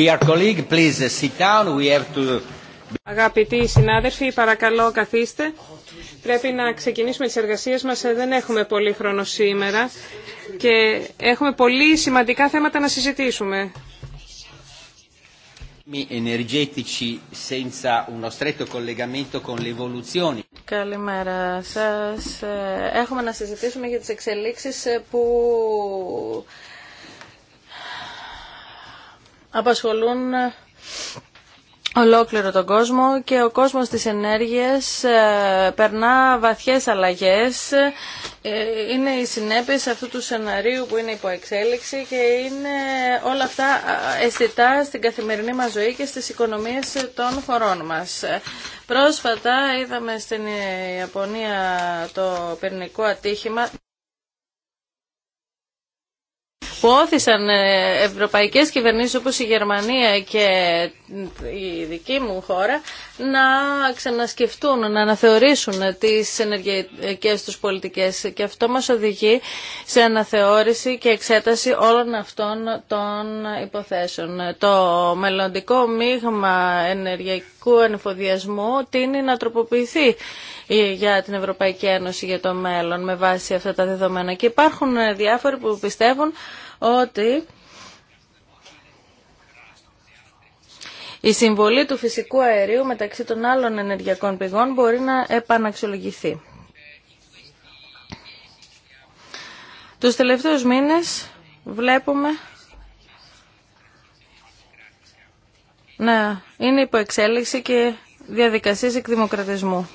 Dear colleague, please sit down. We have to... Αγαπητοί συνάδελφοι, παρακαλώ καθίστε. Πρέπει να ξεκινήσουμε τις εργασίες μας. Δεν έχουμε πολύ χρόνο σήμερα και έχουμε πολύ σημαντικά θέματα να συζητήσουμε. Ενεργέτικοι senza uno stretto collegamento con le evoluzioni Καλημέρα σας. Έχουμε να συζητήσουμε για τις εξελίξεις που απασχολούν ολόκληρο τον κόσμο και ο κόσμος της ενέργειας ε, περνά βαθιές αλλαγές. Ε, είναι οι συνέπειες αυτού του σενάριου που είναι υπό εξέλιξη και είναι όλα αυτά ε, αισθητά στην καθημερινή μας ζωή και στις οικονομίες των χωρών μας. Πρόσφατα είδαμε στην Ιαπωνία το πυρηνικό ατύχημα που όθησαν ε, ευρωπαϊκές κυβερνήσεις όπως η Γερμανία και η δική μου χώρα να ξανασκεφτούν, να αναθεωρήσουν τις ενεργειακές τους πολιτικές και αυτό μας οδηγεί σε αναθεώρηση και εξέταση όλων αυτών των υποθέσεων. Το μελλοντικό μείγμα ενεργειακού ανεφοδιασμού τίνει να τροποποιηθεί για την Ευρωπαϊκή Ένωση για το μέλλον με βάση αυτά τα δεδομένα. Και υπάρχουν διάφοροι που πιστεύουν ότι η συμβολή του φυσικού αερίου μεταξύ των άλλων ενεργειακών πηγών μπορεί να επαναξιολογηθεί. Τους τελευταίους μήνες βλέπουμε να είναι υποεξέλιξη και διαδικασίες εκδημοκρατισμού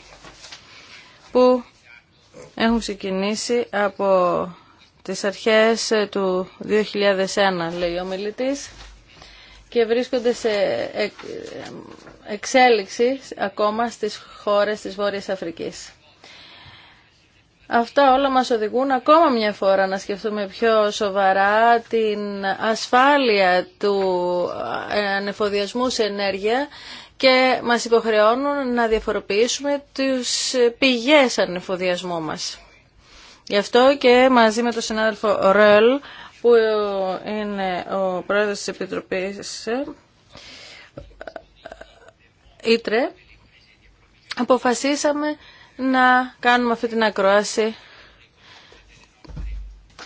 που έχουν ξεκινήσει από τις αρχές ε, του 2001, λέει ο μιλητής, και βρίσκονται σε ε, εξέλιξη ακόμα στις χώρες της Βόρειας Αφρικής. Αυτά όλα μας οδηγούν ακόμα μια φορά να σκεφτούμε πιο σοβαρά την ασφάλεια του ε, ανεφοδιασμού σε ενέργεια και μας υποχρεώνουν να διαφοροποιήσουμε τις πηγές ανεφοδιασμού μας. Γι' αυτό και μαζί με τον συνάδελφο Ρελ, που είναι ο πρόεδρος της Επιτροπής ε, Ήτρε, αποφασίσαμε να κάνουμε αυτή την ακρόαση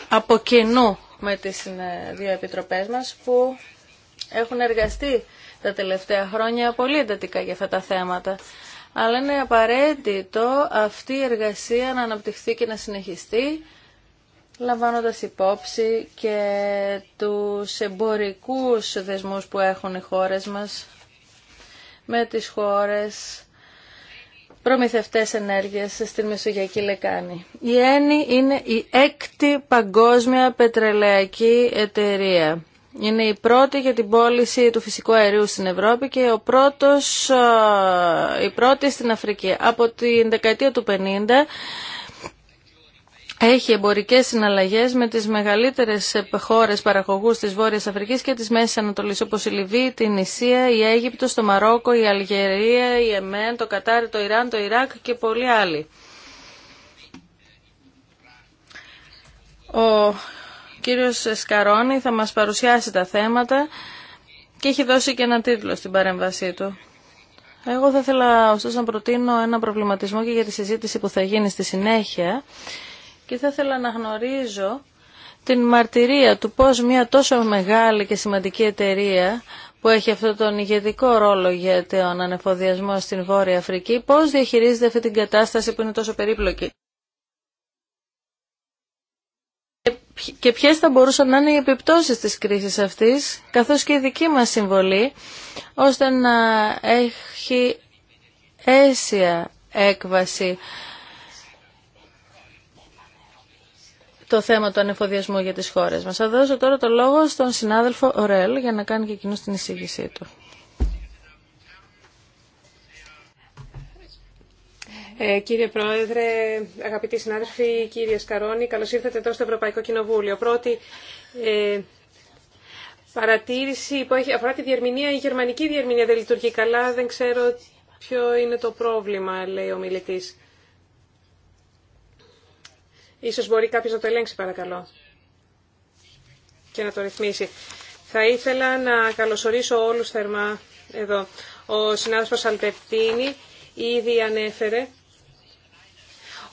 από κοινού με τις ε, δύο επιτροπές μας που έχουν εργαστεί τα τελευταία χρόνια πολύ εντατικά για αυτά τα θέματα αλλά είναι απαραίτητο αυτή η εργασία να αναπτυχθεί και να συνεχιστεί λαμβάνοντας υπόψη και τους εμπορικούς δεσμούς που έχουν οι χώρες μας με τις χώρες προμηθευτές ενέργειας στην Μεσογειακή Λεκάνη. Η ΕΝΗ είναι η έκτη παγκόσμια πετρελαϊκή εταιρεία. Είναι η πρώτη για την πώληση του φυσικού αερίου στην Ευρώπη και ο πρώτος, η πρώτη στην Αφρική. Από την δεκαετία του 50 έχει εμπορικές συναλλαγές με τις μεγαλύτερες χώρες παραγωγούς της Βόρειας Αφρικής και της Μέσης Ανατολής όπως η Λιβύη, την Ισία, η Αίγυπτος, το Μαρόκο, η Αλγερία, η Εμέν, το Κατάρι, το Ιράν, το Ιράκ και πολλοί άλλοι. Ο κύριος Σκαρόνη θα μας παρουσιάσει τα θέματα και έχει δώσει και ένα τίτλο στην παρέμβασή του. Εγώ θα ήθελα ωστόσο να προτείνω ένα προβληματισμό και για τη συζήτηση που θα γίνει στη συνέχεια και θα ήθελα να γνωρίζω την μαρτυρία του πώς μια τόσο μεγάλη και σημαντική εταιρεία που έχει αυτό τον ηγετικό ρόλο για τον ανεφοδιασμό στην Βόρεια Αφρική, πώς διαχειρίζεται αυτή την κατάσταση που είναι τόσο περίπλοκη. και ποιες θα μπορούσαν να είναι οι επιπτώσεις της κρίσης αυτής, καθώς και η δική μας συμβολή, ώστε να έχει αίσια έκβαση το θέμα του ανεφοδιασμού για τις χώρες μας. Θα δώσω τώρα το λόγο στον συνάδελφο Ορέλ για να κάνει και εκείνο την εισήγησή του. Ε, κύριε Πρόεδρε, αγαπητοί συνάδελφοι, κύριε Σκαρόνη, καλώς ήρθατε εδώ στο Ευρωπαϊκό Κοινοβούλιο. Πρώτη ε, παρατήρηση που έχει, αφορά τη διερμηνία. Η γερμανική διερμηνία δεν λειτουργεί καλά. Δεν ξέρω ποιο είναι το πρόβλημα, λέει ο μιλητής. Ίσως μπορεί κάποιος να το ελέγξει, παρακαλώ, και να το ρυθμίσει. Θα ήθελα να καλωσορίσω όλους θερμά εδώ. Ο συνάδελφος Αλπεπτίνη ήδη ανέφερε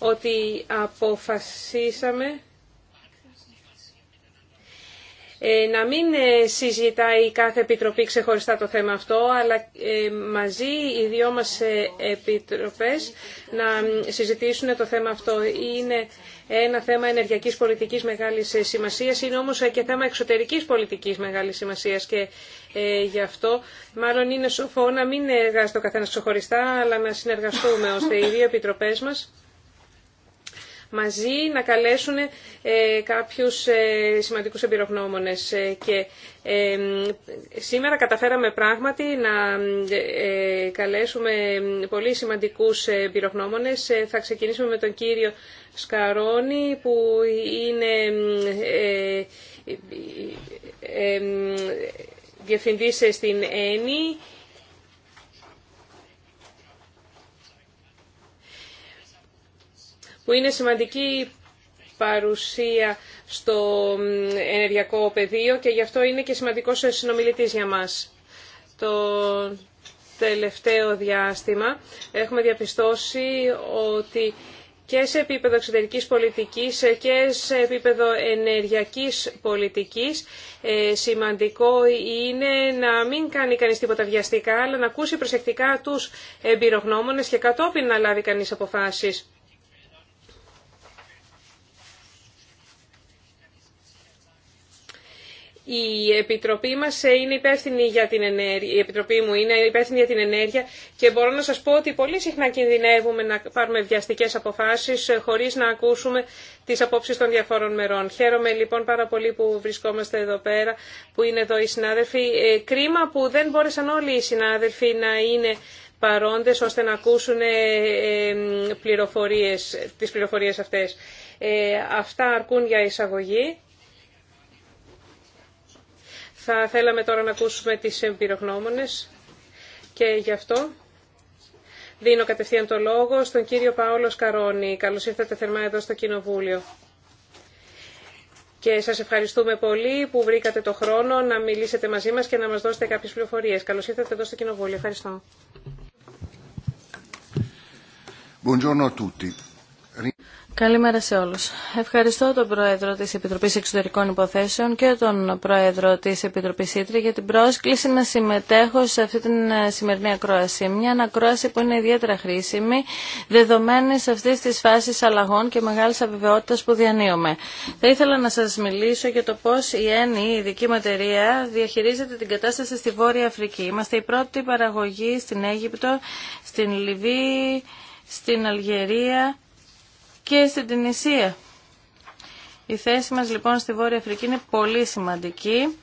ότι αποφασίσαμε ε, να μην ε, συζητάει κάθε επιτροπή ξεχωριστά το θέμα αυτό, αλλά ε, μαζί οι δυο μας επιτροπές να συζητήσουν το θέμα αυτό. Είναι ένα θέμα ενεργειακής πολιτικής μεγάλης σημασίας, είναι όμως και θέμα εξωτερικής πολιτικής μεγάλης σημασίας και γι' αυτό μάλλον είναι σοφό να μην εργάζεται ο καθένας ξεχωριστά, αλλά να συνεργαστούμε ώστε οι δύο επιτροπές μας μαζί να καλέσουν κάποιους σημαντικούς εμπειρογνώμονες. Και σήμερα καταφέραμε πράγματι να καλέσουμε πολύ σημαντικούς εμπειρογνώμονες. Θα ξεκινήσουμε με τον κύριο Σκαρόνη που είναι διευθυντής στην ΕΝΗ που είναι σημαντική παρουσία στο ενεργειακό πεδίο και γι' αυτό είναι και σημαντικός συνομιλητής για μας. Το τελευταίο διάστημα έχουμε διαπιστώσει ότι και σε επίπεδο εξωτερικής πολιτικής και σε επίπεδο ενεργειακής πολιτικής ε, σημαντικό είναι να μην κάνει κανείς τίποτα βιαστικά αλλά να ακούσει προσεκτικά τους εμπειρογνώμονες και κατόπιν να λάβει κανείς αποφάσεις. Η Επιτροπή μα είναι υπεύθυνη για την η Επιτροπή μου είναι υπεύθυνη για την ενέργεια και μπορώ να σα πω ότι πολύ συχνά κινδυνεύουμε να πάρουμε βιαστικέ αποφάσει χωρί να ακούσουμε τι απόψει των διαφόρων μερών. Χαίρομαι λοιπόν πάρα πολύ που βρισκόμαστε εδώ πέρα, που είναι εδώ οι συνάδελφοι. Ε, κρίμα που δεν μπόρεσαν όλοι οι συνάδελφοι να είναι παρόντες ώστε να ακούσουν ε, πληροφορίες, τις πληροφορίες αυτές. Ε, αυτά αρκούν για εισαγωγή. Θα θέλαμε τώρα να ακούσουμε τις εμπειρογνώμονες και γι' αυτό δίνω κατευθείαν το λόγο στον κύριο Παόλο Σκαρόνη. Καλώς ήρθατε θερμά εδώ στο Κοινοβούλιο. Και σας ευχαριστούμε πολύ που βρήκατε το χρόνο να μιλήσετε μαζί μας και να μας δώσετε κάποιες πληροφορίες. Καλώς ήρθατε εδώ στο Κοινοβούλιο. Ευχαριστώ. Buongiorno a Καλημέρα σε όλους. Ευχαριστώ τον Πρόεδρο της Επιτροπής Εξωτερικών Υποθέσεων και τον Πρόεδρο της Επιτροπής Ήτρη για την πρόσκληση να συμμετέχω σε αυτή την ε, σημερινή ακρόαση. Μια ανακρόαση που είναι ιδιαίτερα χρήσιμη, δεδομένη σε αυτή τη φάση αλλαγών και μεγάλη αβεβαιότητα που διανύουμε. Θα ήθελα να σα μιλήσω για το πώ η ΕΝΗ, η δική μου διαχειρίζεται την κατάσταση στη Βόρεια Αφρική. Είμαστε η πρώτη παραγωγή στην Αίγυπτο, στην Λιβύη, στην Αλγερία και στην Τινησία. Η θέση μας λοιπόν στη Βόρεια Αφρική είναι πολύ σημαντική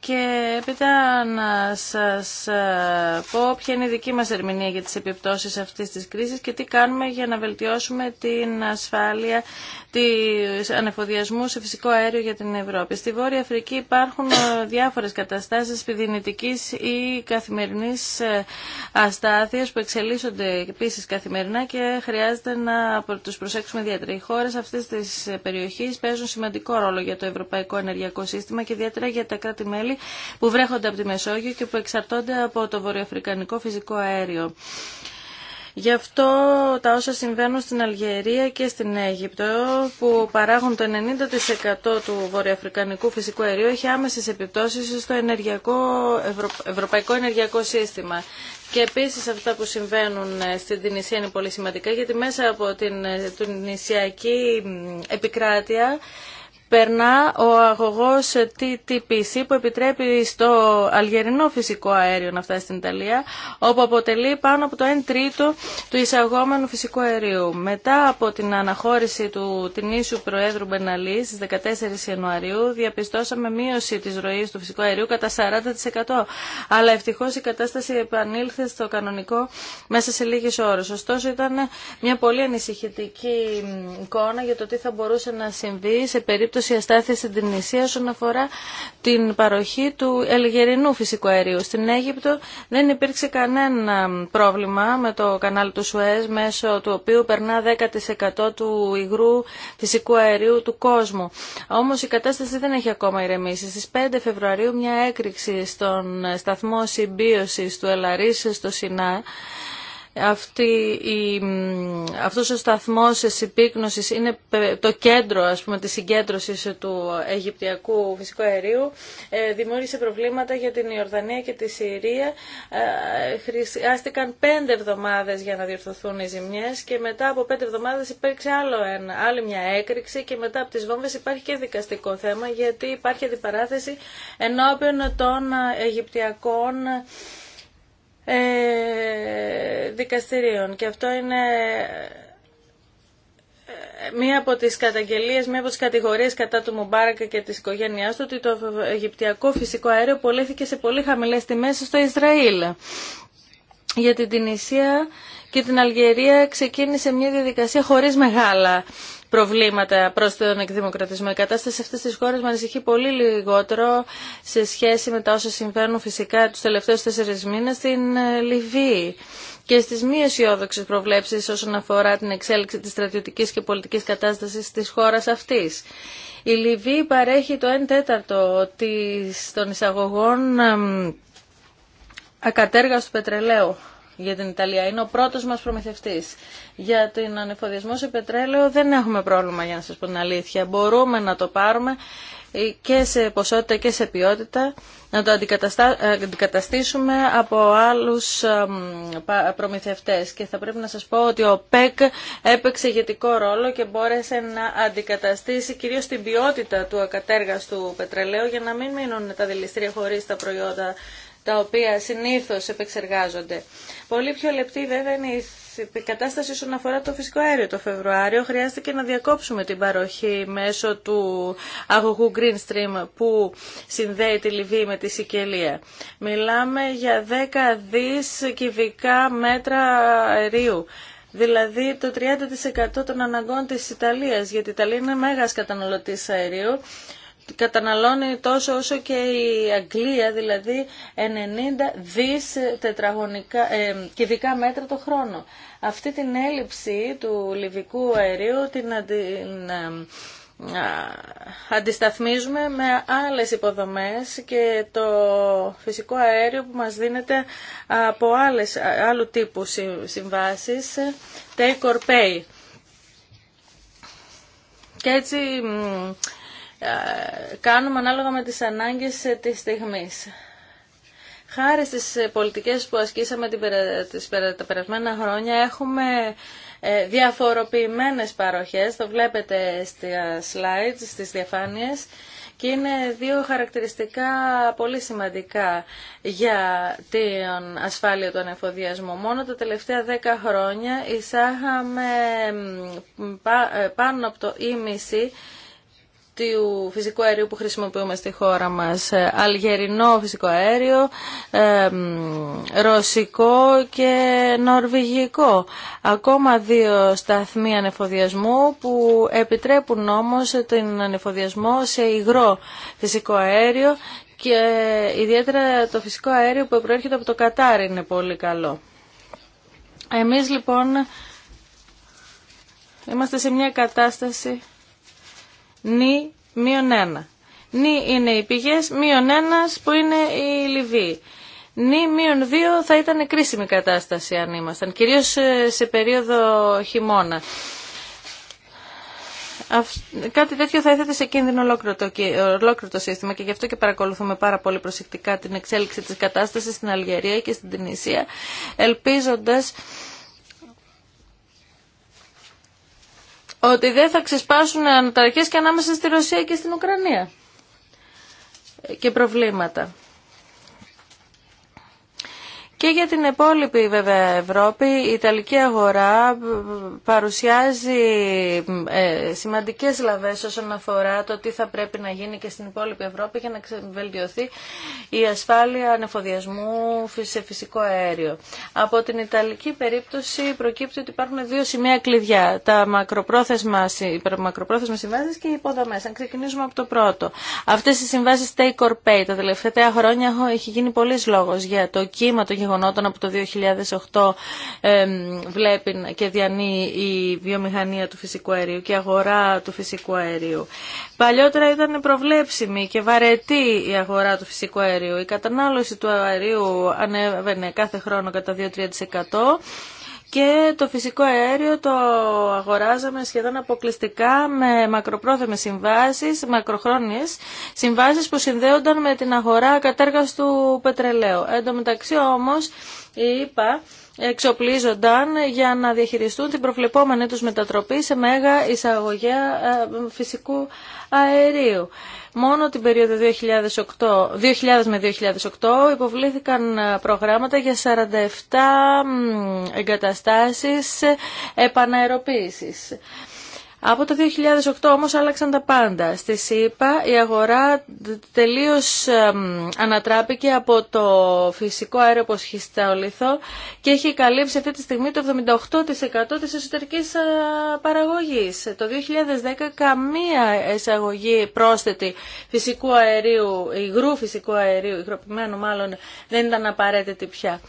και έπειτα να σας ε, πω ποια είναι η δική μας ερμηνεία για τις επιπτώσεις αυτής της κρίσης και τι κάνουμε για να βελτιώσουμε την ασφάλεια της ανεφοδιασμού σε φυσικό αέριο για την Ευρώπη. Στη Βόρεια Αφρική υπάρχουν ε, διάφορες καταστάσεις πυδινητικής ή καθημερινής ε, αστάθειας που εξελίσσονται επίσης καθημερινά και χρειάζεται να τους προσέξουμε ιδιαίτερα. Οι χώρες αυτής της περιοχής παίζουν σημαντικό ρόλο για το ευρωπαϊκό ενεργειακό σύστημα και ιδιαίτερα για τα κράτη-μέλη που βρέχονται από τη Μεσόγειο και που εξαρτώνται από το βορειοαφρικανικό φυσικό αέριο. Γι' αυτό τα όσα συμβαίνουν στην Αλγερία και στην Αίγυπτο που παράγουν το 90% του βορειοαφρικανικού φυσικού αερίου έχει άμεσες επιπτώσεις στο ενεργειακό, ευρωπαϊκό ενεργειακό σύστημα. Και επίση αυτά που συμβαίνουν ε, στην Τινησία είναι πολύ σημαντικά γιατί μέσα από την ε, τινησιακή επικράτεια περνά ο αγωγός TTPC που επιτρέπει στο αλγερινό φυσικό αέριο να φτάσει στην Ιταλία, όπου αποτελεί πάνω από το 1 τρίτο του εισαγόμενου φυσικού αερίου. Μετά από την αναχώρηση του την Προέδρου Μπεναλή στις 14 Ιανουαρίου, διαπιστώσαμε μείωση της ροής του φυσικού αερίου κατά 40%. Αλλά ευτυχώς η κατάσταση επανήλθε στο κανονικό μέσα σε λίγες ώρες. Ωστόσο ήταν μια πολύ ανησυχητική εικόνα για το τι θα μπορούσε να συμβεί σε περίπτωση η αστάθεια στην νησία όσον αφορά την παροχή του ελγερινού φυσικού αερίου. Στην Αίγυπτο δεν υπήρξε κανένα πρόβλημα με το κανάλι του Σουέζ μέσω του οποίου περνά 10% του υγρού φυσικού αερίου του κόσμου. Όμως η κατάσταση δεν έχει ακόμα ηρεμήσει. Στις 5 Φεβρουαρίου μια έκρηξη στον σταθμό συμπίωσης του ΕΛΑΡΗΣ στο Σινά αυτή η, αυτός ο σταθμός συμπίκνωσης είναι το κέντρο ας πούμε, της συγκέντρωσης του Αιγυπτιακού φυσικού αερίου ε, δημιούργησε προβλήματα για την Ιορδανία και τη Συρία ε, χρειάστηκαν πέντε εβδομάδες για να διορθωθούν οι ζημιές και μετά από πέντε εβδομάδες υπήρξε άλλη μια έκρηξη και μετά από τις βόμβες υπάρχει και δικαστικό θέμα γιατί υπάρχει αντιπαράθεση ενώπιον των Αιγυπτιακών ε, δικαστηρίων και αυτό είναι ε, μία από τις καταγγελίες, μία από τις κατηγορίες κατά του Μουμπάρακα και της οικογένειάς του ότι το αιγυπτιακό φυσικό αέριο πολέθηκε σε πολύ χαμηλές τιμές στο Ισραήλ. Για την Τινησία και την Αλγερία ξεκίνησε μια διαδικασία χωρίς μεγάλα προβλήματα προ τον εκδημοκρατισμό. Η κατάσταση αυτής της χώρας με ανησυχεί πολύ λιγότερο σε σχέση με τα όσα συμβαίνουν φυσικά του τελευταίους τέσσερι μήνες στην ε, Λιβύη και στις μη αισιόδοξε προβλέψεις όσον αφορά την εξέλιξη της στρατιωτικής και πολιτικής κατάστασης τη χώρα αυτή. Η Λιβύη παρέχει το 1 τέταρτο των εισαγωγών ακατέργαστου πετρελαίου για την Ιταλία. Είναι ο πρώτος μας προμηθευτής. Για την ανεφοδιασμό σε πετρέλαιο δεν έχουμε πρόβλημα για να σας πω την αλήθεια. Μπορούμε να το πάρουμε και σε ποσότητα και σε ποιότητα να το αντικαταστήσουμε από άλλους προμηθευτές και θα πρέπει να σας πω ότι ο ΠΕΚ έπαιξε ηγετικό ρόλο και μπόρεσε να αντικαταστήσει κυρίως την ποιότητα του ακατέργαστου πετρελαίου για να μην μείνουν τα δηληστήρια χωρίς τα προϊόντα τα οποία συνήθως επεξεργάζονται. Πολύ πιο λεπτή βέβαια είναι η κατάσταση όσον αφορά το φυσικό αέριο το Φεβρουάριο χρειάστηκε να διακόψουμε την παροχή μέσω του αγωγού Green Stream που συνδέει τη Λιβύη με τη Σικελία. Μιλάμε για 10 δις κυβικά μέτρα αερίου. Δηλαδή το 30% των αναγκών της Ιταλίας, γιατί η Ιταλία είναι μέγας καταναλωτής αερίου καταναλώνει τόσο όσο και η Αγγλία, δηλαδή 90 δις τετραγωνικά, ε, κυβικά μέτρα το χρόνο. Αυτή την έλλειψη του λιβικού αερίου την, αντι, ε, αντισταθμίζουμε με άλλες υποδομές και το φυσικό αέριο που μας δίνεται από άλλες, άλλου τύπου συμβάσεις, take or pay. Και έτσι ε, κάνουμε ανάλογα με τις ανάγκες ε, της στιγμής. Χάρη στις ε, πολιτικές που ασκήσαμε τα περασμένα χρόνια έχουμε διαφοροποιημένες παροχές, το βλέπετε στα slides, στις διαφάνειες, και είναι δύο χαρακτηριστικά πολύ σημαντικά για την ασφάλεια του ανεφοδιασμού. Μόνο τα τελευταία δέκα χρόνια εισάγαμε πάνω από το ίμιση του φυσικού αερίου που χρησιμοποιούμε στη χώρα μας. Ε, Αλγερινό φυσικό αέριο, ε, ρωσικό και νορβηγικό. Ακόμα δύο σταθμοί ανεφοδιασμού που επιτρέπουν όμως τον ανεφοδιασμό σε υγρό φυσικό αέριο και ιδιαίτερα το φυσικό αέριο που προέρχεται από το Κατάρ είναι πολύ καλό. Εμείς λοιπόν είμαστε σε μια κατάσταση νη μείον ένα. Νη είναι οι πηγές, μείον ένας που είναι η Λιβύη. Νη μείον δύο θα ήταν κρίσιμη κατάσταση αν ήμασταν, κυρίως σε περίοδο χειμώνα. Κάτι τέτοιο θα έθετε σε κίνδυνο ολόκληρο το, το σύστημα και γι' αυτό και παρακολουθούμε πάρα πολύ προσεκτικά την εξέλιξη της κατάστασης στην Αλγερία και στην Τινησία, ελπίζοντας ότι δεν θα ξεσπάσουν αναταραχές και ανάμεσα στη Ρωσία και στην Ουκρανία ε, και προβλήματα. Και για την υπόλοιπη βέβαια Ευρώπη η Ιταλική αγορά παρουσιάζει ε, σημαντικές λαβές όσον αφορά το τι θα πρέπει να γίνει και στην υπόλοιπη Ευρώπη για να βελτιωθεί η ασφάλεια ανεφοδιασμού σε φυσικό αέριο. Από την Ιταλική περίπτωση προκύπτει ότι υπάρχουν δύο σημεία κλειδιά. Τα μακροπρόθεσμα, οι συμβάσεις και οι υποδομές. Αν ξεκινήσουμε από το πρώτο. Αυτές οι συμβάσεις take or pay τα τελευταία χρόνια έχει γίνει πολλής λόγος για το κύμα, το γεγονό γεγονότων από το 2008 βλέπει και διανύει η βιομηχανία του φυσικού αερίου και η αγορά του φυσικού αερίου. Παλιότερα ήταν προβλέψιμη και βαρετή η αγορά του φυσικού αερίου. Η κατανάλωση του αερίου ανέβαινε κάθε χρόνο κατά 2-3% και το φυσικό αέριο το αγοράζαμε σχεδόν αποκλειστικά με μακροπρόθεμες συμβάσεις, μακροχρόνιες συμβάσεις που συνδέονταν με την αγορά κατέργας του πετρελαίου. Εν τω μεταξύ όμως η ΕΠΑ εξοπλίζονταν για να διαχειριστούν την προβλεπόμενη τους μετατροπή σε μέγα εισαγωγέα ε, φυσικού αερίου. Μόνο την περίοδο 2008, 2000 με 2008 υποβλήθηκαν ε, προγράμματα για 47 εγκαταστάσεις ε, επαναεροποίησης. Από το 2008 όμως άλλαξαν τα πάντα. Στη ΣΥΠΑ η αγορά τελείως ανατράπηκε από το φυσικό αέριο που σχισταολιθώ και έχει καλύψει αυτή τη στιγμή το 78% της εσωτερικής παραγωγής. Το 2010 καμία εισαγωγή πρόσθετη φυσικού αερίου, υγρού φυσικού αερίου, υγροποιημένου μάλλον, δεν ήταν απαραίτητη πια.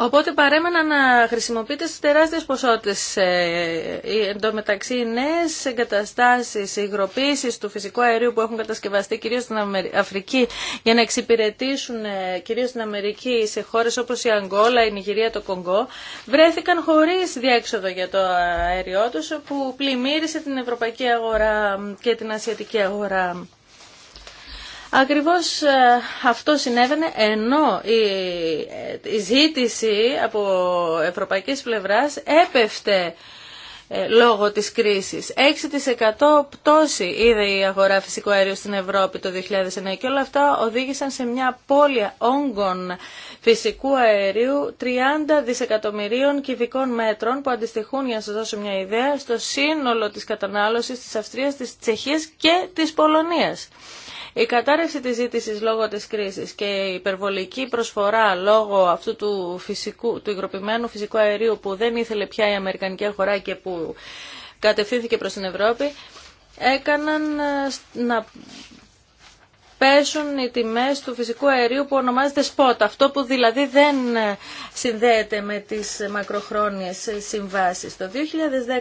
Οπότε παρέμενα να χρησιμοποιείτε στις τεράστιες ποσότητες ε, ε, ε, εντωμεταξύ οι νέες εγκαταστάσεις, του φυσικού αερίου που έχουν κατασκευαστεί κυρίως στην Αφρική για να εξυπηρετήσουν ε, κυρίως στην Αμερική σε χώρες όπως η Αγγόλα, η Νιγηρία, το Κονγκό βρέθηκαν χωρίς διέξοδο για το αέριό τους που πλημμύρισε την ευρωπαϊκή αγορά και την ασιατική αγορά. Ακριβώς ε, αυτό συνέβαινε ενώ ε, η ζήτηση από ευρωπαϊκής πλευράς έπεφτε ε, λόγω της κρίσης. 6% πτώση είδε η αγορά φυσικού αέριου στην Ευρώπη το 2009 και όλα αυτά οδήγησαν σε μια πόλια όγκων φυσικού αερίου 30 δισεκατομμυρίων κυβικών μέτρων που αντιστοιχούν, για να σας δώσω μια ιδέα, στο σύνολο της κατανάλωσης της Αυστρίας, της Τσεχίας και της Πολωνίας. Η κατάρρευση της ζήτησης λόγω της κρίσης και η υπερβολική προσφορά λόγω αυτού του, φυσικού, του υγροπημένου φυσικού αερίου που δεν ήθελε πια η Αμερικανική αγορά και που κατευθύνθηκε προς την Ευρώπη έκαναν ε, να πέσουν οι τιμές του φυσικού αερίου που ονομάζεται spot, αυτό που δηλαδή δεν ε, συνδέεται με τις μακροχρόνιες συμβάσεις. Το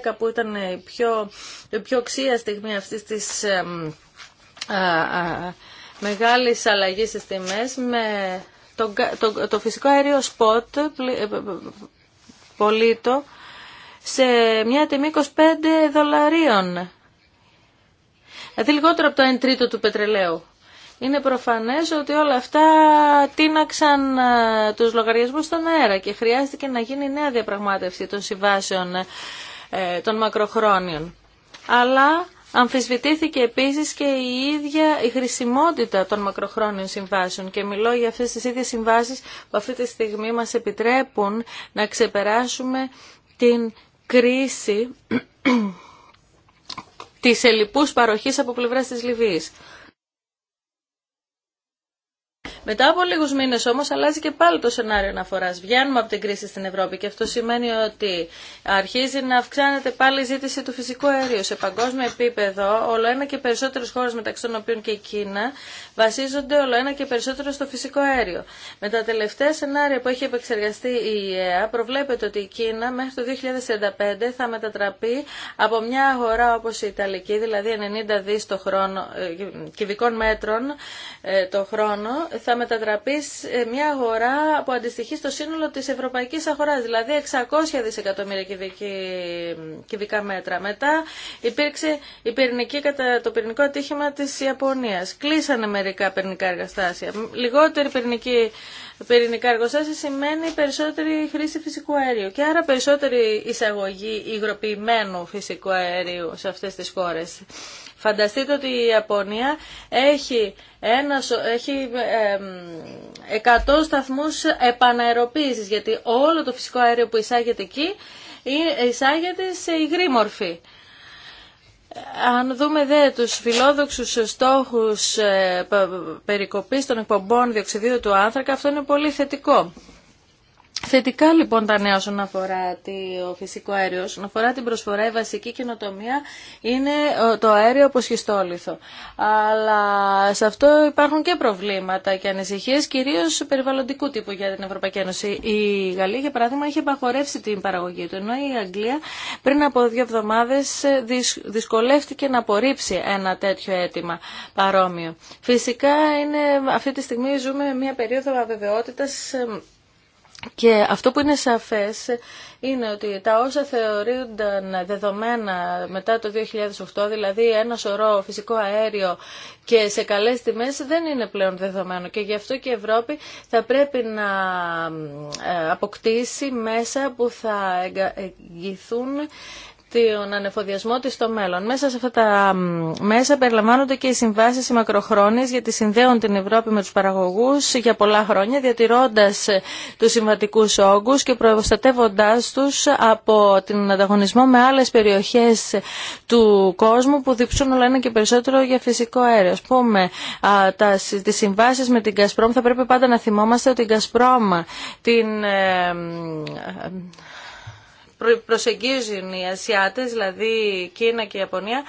2010 που ήταν η πιο, η ξία στιγμή αυτής της ε, μεγάλης αλλαγής στις τιμές με το, το, το φυσικό αέριο σποτ ε, ε, πολίτο σε μια τιμή 25 δολαρίων. Δηλαδή λιγότερο από το 1 τρίτο του πετρελαίου. Είναι προφανές ότι όλα αυτά τίναξαν τους λογαριασμούς στον αέρα και χρειάστηκε να γίνει νέα διαπραγμάτευση των συμβάσεων ε, των μακροχρόνιων. Αλλά Αμφισβητήθηκε επίσης και η ίδια η χρησιμότητα των μακροχρόνιων συμβάσεων και μιλώ για αυτές τις ίδιες συμβάσεις που αυτή τη στιγμή μας επιτρέπουν να ξεπεράσουμε την κρίση της ελλειπούς παροχής από πλευράς της Λιβύης. Μετά από λίγους μήνες όμως αλλάζει και πάλι το σενάριο αναφοράς. Βγαίνουμε από την κρίση στην Ευρώπη και αυτό σημαίνει ότι αρχίζει να αυξάνεται πάλι η ζήτηση του φυσικού αερίου. Σε παγκόσμιο επίπεδο όλο ένα και περισσότερες χώρες μεταξύ των οποίων και η Κίνα βασίζονται όλο ένα και περισσότερο στο φυσικό αέριο. Με τα τελευταία σενάρια που έχει επεξεργαστεί η ΙΕΑ προβλέπεται ότι η Κίνα μέχρι το 2035 θα μετατραπεί από μια αγορά όπω η Ιταλική, δηλαδή 90 δις το χρόνο, ε, κυβικών μέτρων ε, το χρόνο, θα μετατραπεί σε μια αγορά που αντιστοιχεί στο σύνολο της ευρωπαϊκής αγοράς, δηλαδή 600 δισεκατομμύρια κυβικά μέτρα. Μετά υπήρξε η πυρηνική, το πυρηνικό ατύχημα της Ιαπωνίας. Κλείσανε μερικά πυρηνικά εργοστάσια. Λιγότερη πυρηνική πυρηνικά εργοστάσια σημαίνει περισσότερη χρήση φυσικού αερίου και άρα περισσότερη εισαγωγή υγροποιημένου φυσικού αερίου σε αυτές τις χώρες. Φανταστείτε ότι η Ιαπωνία έχει, ένα, έχει 100 σταθμούς επαναεροποίησης, γιατί όλο το φυσικό αέριο που εισάγεται εκεί εισάγεται σε υγρή μορφή. Αν δούμε δε τους φιλόδοξους στόχους ε, περικοπής των εκπομπών διοξιδίου του άνθρακα, αυτό είναι πολύ θετικό. Θετικά λοιπόν τα νέα όσον αφορά το φυσικό αέριο, όσον αφορά την προσφορά, η βασική καινοτομία είναι ε, το αέριο από σχιστόλιθο. Αλλά σε αυτό υπάρχουν και προβλήματα και ανησυχίες, κυρίως περιβαλλοντικού τύπου για την Ευρωπαϊκή Ένωση. Η Γαλλία, για παράδειγμα, είχε απαγορεύσει την παραγωγή του, ενώ η Αγγλία πριν από δύο εβδομάδες ε, δυσκολεύτηκε να απορρίψει ένα τέτοιο αίτημα παρόμοιο. Φυσικά είναι, αυτή τη στιγμή ζούμε μια περίοδο αβεβαιότητας ε, και αυτό που είναι σαφές είναι ότι τα όσα θεωρούνταν δεδομένα μετά το 2008, δηλαδή ένα σωρό φυσικό αέριο και σε καλές τιμές δεν είναι πλέον δεδομένο και γι' αυτό και η Ευρώπη θα πρέπει να ε, αποκτήσει μέσα που θα εγγυηθούν τον ανεφοδιασμό της στο μέλλον. Μέσα σε αυτά τα μέσα περιλαμβάνονται και οι συμβάσεις οι μακροχρόνιες γιατί συνδέουν την Ευρώπη με τους παραγωγούς για πολλά χρόνια διατηρώντας ε, τους συμβατικούς όγκους και προστατεύοντάς τους από την ανταγωνισμό με άλλες περιοχές του κόσμου που διψούν όλα ένα και περισσότερο για φυσικό αέριο. Ας πούμε, τα, τις συμβάσεις με την Gazprom θα πρέπει πάντα να θυμόμαστε ότι η Gazprom την ε, προσεγγίζουν οι Ασιάτες, δηλαδή Κίνα και η Ιαπωνία,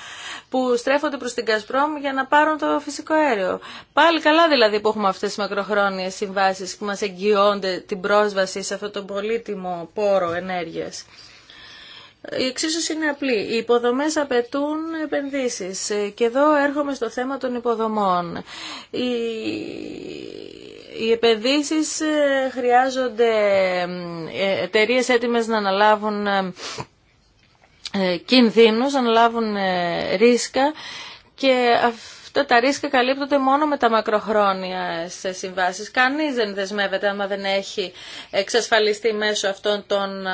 που στρέφονται προς την Κασπρόμ για να πάρουν το φυσικό αέριο. Πάλι καλά δηλαδή που έχουμε αυτές τις μακροχρόνιες συμβάσεις που μας εγγυώνται την πρόσβαση σε αυτό το πολύτιμο πόρο ενέργειας. Η εξίσωση είναι απλή. Οι υποδομές απαιτούν επενδύσεις. Και εδώ έρχομαι στο θέμα των υποδομών. Η οι επενδύσει ε, χρειάζονται ε, εταιρείε έτοιμε να αναλάβουν ε, κινδύνους, να αναλάβουν ρίσκα και τα ρίσκα καλύπτονται μόνο με τα μακροχρόνια σε συμβάσεις. Κανείς δεν δεσμεύεται άμα δεν έχει εξασφαλιστεί μέσω αυτών των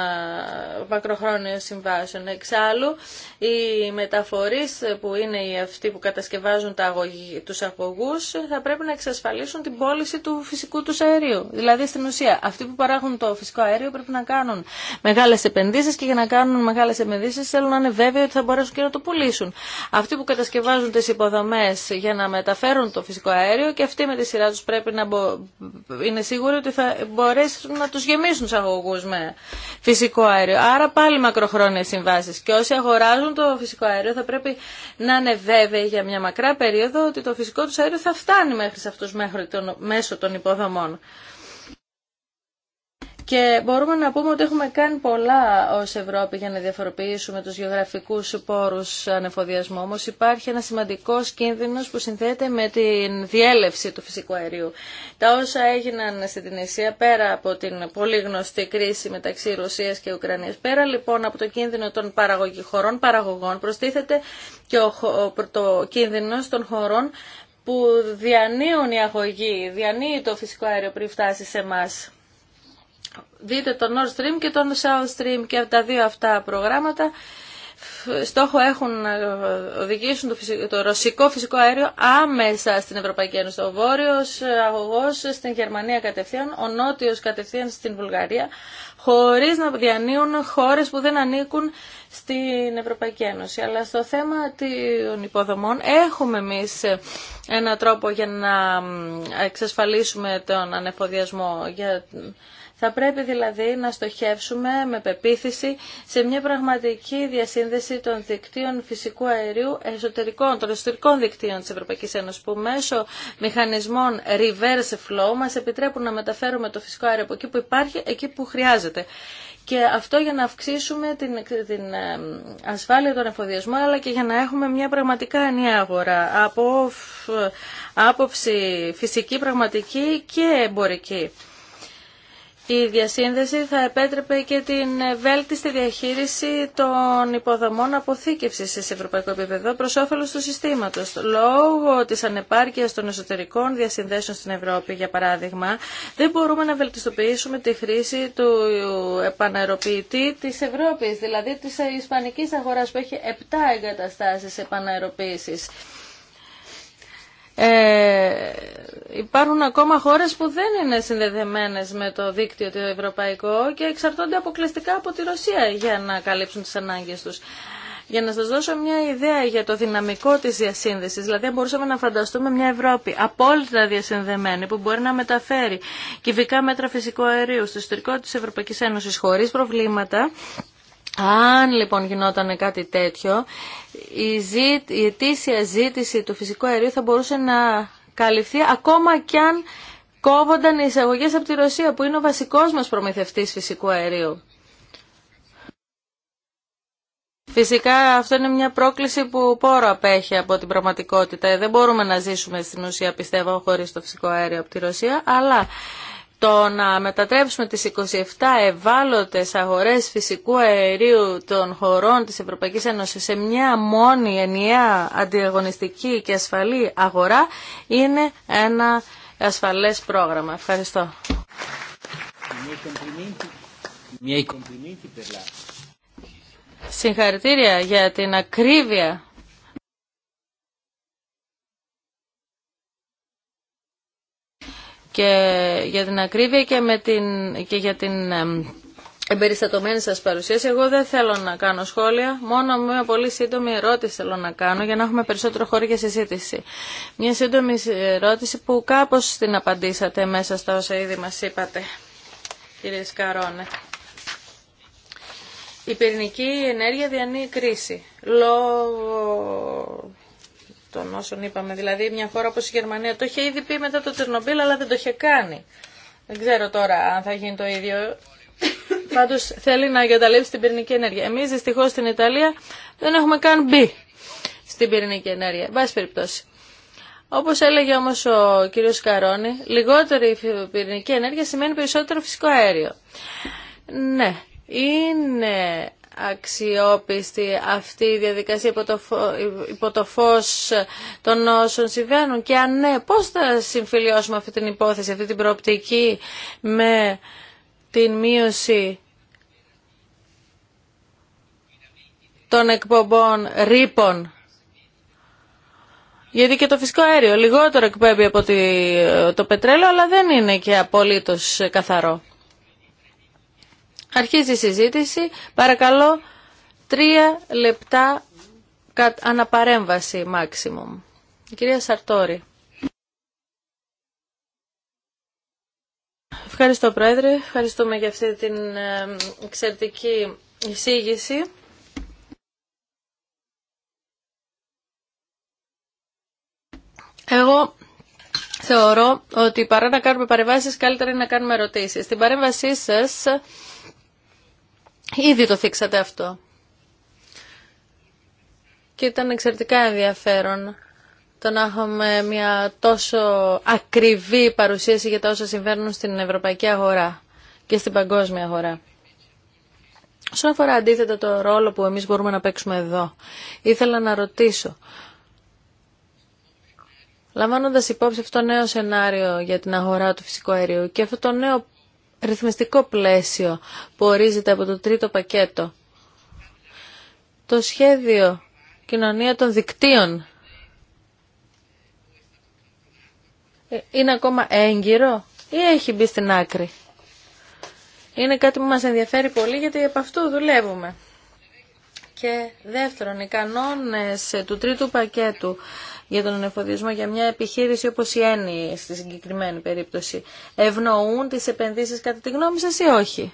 μακροχρόνιων συμβάσεων. Εξάλλου, οι μεταφορείς που είναι αυτοί που κατασκευάζουν τα αγωγού αγωγούς θα πρέπει να εξασφαλίσουν την πώληση του φυσικού του αερίου. Δηλαδή, στην ουσία, αυτοί που παράγουν το φυσικό αέριο πρέπει να κάνουν μεγάλες επενδύσεις και για να κάνουν μεγάλες επενδύσεις θέλουν να είναι βέβαιοι ότι θα μπορέσουν και να το πουλήσουν. Αυτοί που κατασκευάζουν τις υποδομές για να μεταφέρουν το φυσικό αέριο και αυτοί με τη σειρά τους πρέπει να είναι σίγουροι ότι θα μπορέσουν να τους γεμίσουν τους αγωγούς με φυσικό αέριο. Άρα πάλι μακροχρόνιες συμβάσεις και όσοι αγοράζουν το φυσικό αέριο θα πρέπει να είναι βέβαιοι για μια μακρά περίοδο ότι το φυσικό τους αέριο θα φτάνει μέχρι σε αυτούς μέχρι τον, μέσω των υποδομών. Και μπορούμε να πούμε ότι έχουμε κάνει πολλά ως Ευρώπη για να διαφοροποιήσουμε τους γεωγραφικούς πόρους ανεφοδιασμού. Όμως υπάρχει ένα σημαντικό κίνδυνος που συνδέεται με τη διέλευση του φυσικού αερίου. Τα όσα έγιναν στην Τινησία πέρα από την πολύ γνωστή κρίση μεταξύ Ρωσίας και Ουκρανίας, πέρα λοιπόν από το κίνδυνο των χωρών παραγωγών, προστίθεται και το κίνδυνο των χωρών που διανύουν η αγωγή, διανύει το φυσικό αέριο πριν φτάσει σε εμάς δείτε τον Nord Stream και τον South Stream και τα δύο αυτά προγράμματα στόχο έχουν να ε, οδηγήσουν το, ρωσικό φυσικό αέριο άμεσα στην Ευρωπαϊκή Ένωση. Ο βόρειος ε, αγωγός στην Γερμανία κατευθείαν, ο νότιο κατευθείαν στην Βουλγαρία, χωρίς να διανύουν χώρες που δεν ανήκουν στην Ευρωπαϊκή Ένωση. Αλλά στο θέμα των υποδομών έχουμε εμεί ε, ένα τρόπο για να εξασφαλίσουμε τον ανεφοδιασμό για θα πρέπει δηλαδή να στοχεύσουμε με πεποίθηση σε μια πραγματική διασύνδεση των δικτύων φυσικού αερίου εσωτερικών, των εσωτερικών δικτύων της Ευρωπαϊκής Ένωσης που μέσω μηχανισμών reverse flow μας επιτρέπουν να μεταφέρουμε το φυσικό αέριο από εκεί που υπάρχει, εκεί που χρειάζεται. Και αυτό για να αυξήσουμε την, την ε, ασφάλεια των εφοδιασμών, αλλά και για να έχουμε μια πραγματικά ενιαία αγορά από ε, άποψη φυσική, πραγματική και εμπορική η διασύνδεση θα επέτρεπε και την βέλτιστη διαχείριση των υποδομών αποθήκευσης σε ευρωπαϊκό επίπεδο προς όφελος του συστήματος. Λόγω της ανεπάρκειας των εσωτερικών διασυνδέσεων στην Ευρώπη, για παράδειγμα, δεν μπορούμε να βελτιστοποιήσουμε τη χρήση του επαναεροποιητή της Ευρώπης, δηλαδή της ισπανικής αγοράς που έχει 7 εγκαταστάσεις επαναεροποίησης. Ε, υπάρχουν ακόμα χώρες που δεν είναι συνδεδεμένες με το δίκτυο το ευρωπαϊκό και εξαρτώνται αποκλειστικά από τη Ρωσία για να καλύψουν τις ανάγκες τους. Για να σας δώσω μια ιδέα για το δυναμικό της διασύνδεσης, δηλαδή μπορούσαμε να φανταστούμε μια Ευρώπη απόλυτα διασυνδεμένη που μπορεί να μεταφέρει κυβικά μέτρα φυσικού αερίου στο ιστορικό της Ευρωπαϊκής Ένωσης χωρίς προβλήματα, αν λοιπόν γινόταν κάτι τέτοιο, η, ζή, η ζήτηση του φυσικού αερίου θα μπορούσε να καλυφθεί ακόμα κι αν κόβονταν οι εισαγωγές από τη Ρωσία που είναι ο βασικός μας προμηθευτής φυσικού αερίου. Φυσικά αυτό είναι μια πρόκληση που πόρο απέχει από την πραγματικότητα. Δεν μπορούμε να ζήσουμε στην ουσία πιστεύω χωρίς το φυσικό αέριο από τη Ρωσία, αλλά το να μετατρέψουμε τις 27 ευάλωτες αγορές φυσικού αερίου των χωρών της Ευρωπαϊκής Ένωσης σε μια μόνη ενιαία αντιαγωνιστική και ασφαλή αγορά είναι ένα ασφαλές πρόγραμμα. Ευχαριστώ. Συγχαρητήρια για την ακρίβεια και για την ακρίβεια και, με την, και για την εμπεριστατωμένη σας παρουσίαση. Εγώ δεν θέλω να κάνω σχόλια, μόνο μια πολύ σύντομη ερώτηση θέλω να κάνω για να έχουμε περισσότερο χώρο για συζήτηση. Μια σύντομη ερώτηση που κάπως την απαντήσατε μέσα στα όσα ήδη μας είπατε, κύριε Σκαρόνε. Η πυρηνική ενέργεια διανύει κρίση λόγω των όσων είπαμε. Δηλαδή μια χώρα όπως η Γερμανία το είχε ήδη πει μετά το Τσερνομπίλ αλλά δεν το είχε κάνει. Δεν ξέρω τώρα αν θα γίνει το ίδιο. Πάντως θέλει να εγκαταλείψει την πυρηνική ενέργεια. Εμείς δυστυχώς στην Ιταλία δεν έχουμε καν μπει στην πυρηνική ενέργεια. Εν περιπτώσει. Όπως έλεγε όμως ο κύριος Καρόνη, λιγότερη πυρηνική ενέργεια σημαίνει περισσότερο φυσικό αέριο. Ναι, είναι αξιόπιστη αυτή η διαδικασία υπό το, φω... υπό το φως των όσων συμβαίνουν και αν ναι, πώς θα συμφιλιώσουμε αυτή την υπόθεση, αυτή την προοπτική με την μείωση των εκπομπών ρήπων γιατί και το φυσικό αέριο λιγότερο εκπέμπει από το πετρέλαιο αλλά δεν είναι και απολύτως καθαρό. Αρχίζει η συζήτηση. Παρακαλώ, τρία λεπτά αναπαρέμβαση maximum. Η κυρία Σαρτόρη. Ευχαριστώ Πρόεδρε, ευχαριστούμε για αυτή την ε, εξαιρετική εισήγηση. Εγώ θεωρώ ότι παρά να κάνουμε παρεμβάσεις, καλύτερα είναι να κάνουμε ερωτήσεις. Στην παρέμβασή σας Ήδη το θίξατε αυτό. Και ήταν εξαιρετικά ενδιαφέρον το να έχουμε μια τόσο ακριβή παρουσίαση για τα όσα συμβαίνουν στην ευρωπαϊκή αγορά και στην παγκόσμια αγορά. Όσον αφορά αντίθετα το ρόλο που εμείς μπορούμε να παίξουμε εδώ, ήθελα να ρωτήσω, λαμβάνοντας υπόψη αυτό το νέο σενάριο για την αγορά του φυσικού αερίου και αυτό το νέο ρυθμιστικό πλαίσιο που ορίζεται από το τρίτο πακέτο. Το σχέδιο κοινωνία των δικτύων είναι ακόμα έγκυρο ή έχει μπει στην άκρη. Είναι κάτι που μας ενδιαφέρει πολύ γιατί από αυτού δουλεύουμε. Και δεύτερον, οι κανόνες του τρίτου πακέτου για τον εφοδιασμό για μια επιχείρηση όπως η Έννη στη συγκεκριμένη περίπτωση ευνοούν τις επενδύσεις κατά τη γνώμη σας ή όχι.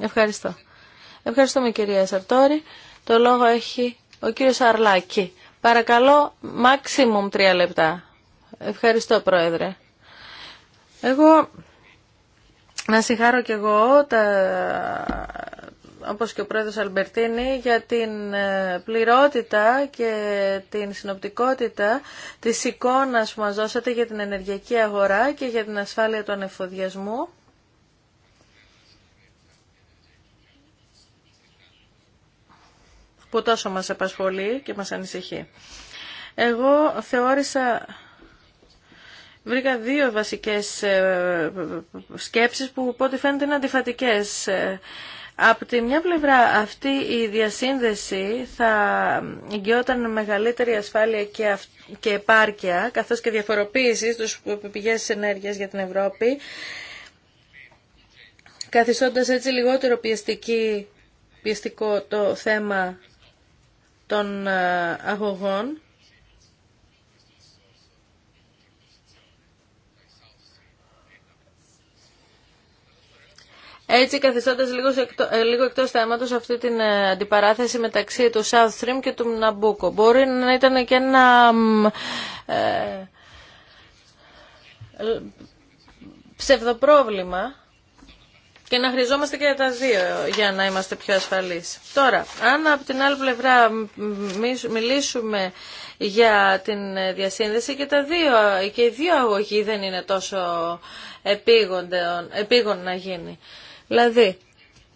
Ευχαριστώ. Ευχαριστούμε κυρία Σαρτόρη. Το λόγο έχει ο κύριος Αρλάκη. Παρακαλώ, maximum τρία λεπτά. Ευχαριστώ, Πρόεδρε. Εγώ να συγχάρω κι εγώ τα όπως και ο πρόεδρος Αλμπερτίνη, για την ε, πληρότητα και την συνοπτικότητα της εικόνας που μας δώσατε για την ενεργειακή αγορά και για την ασφάλεια του ανεφοδιασμού. που τόσο μας απασχολεί και μας ανησυχεί. Εγώ θεώρησα βρήκα δύο βασικές ε, σκέψεις που πότε φαίνεται είναι αντιφατικές. Ε, από τη μια πλευρά αυτή η διασύνδεση θα εγγυόταν μεγαλύτερη ασφάλεια και, και επάρκεια, καθώς και διαφοροποίηση στους πηγές ενέργειας για την Ευρώπη, καθιστώντας έτσι λιγότερο πιεστική, πιεστικό το θέμα των ε, αγωγών έτσι καθιστώντας λίγο, εκτό, ε, λίγο εκτός θέματος αυτή την ε, αντιπαράθεση μεταξύ του South Stream και του Ναμπούκο. Μπορεί να ήταν και ένα... Ε, ε, ψευδοπρόβλημα και να χρειαζόμαστε και τα δύο για να είμαστε πιο ασφαλείς. Τώρα, αν από την άλλη πλευρά μιλήσουμε για την διασύνδεση και τα δύο, και οι δύο αγωγοί δεν είναι τόσο επίγον να γίνει. Δηλαδή,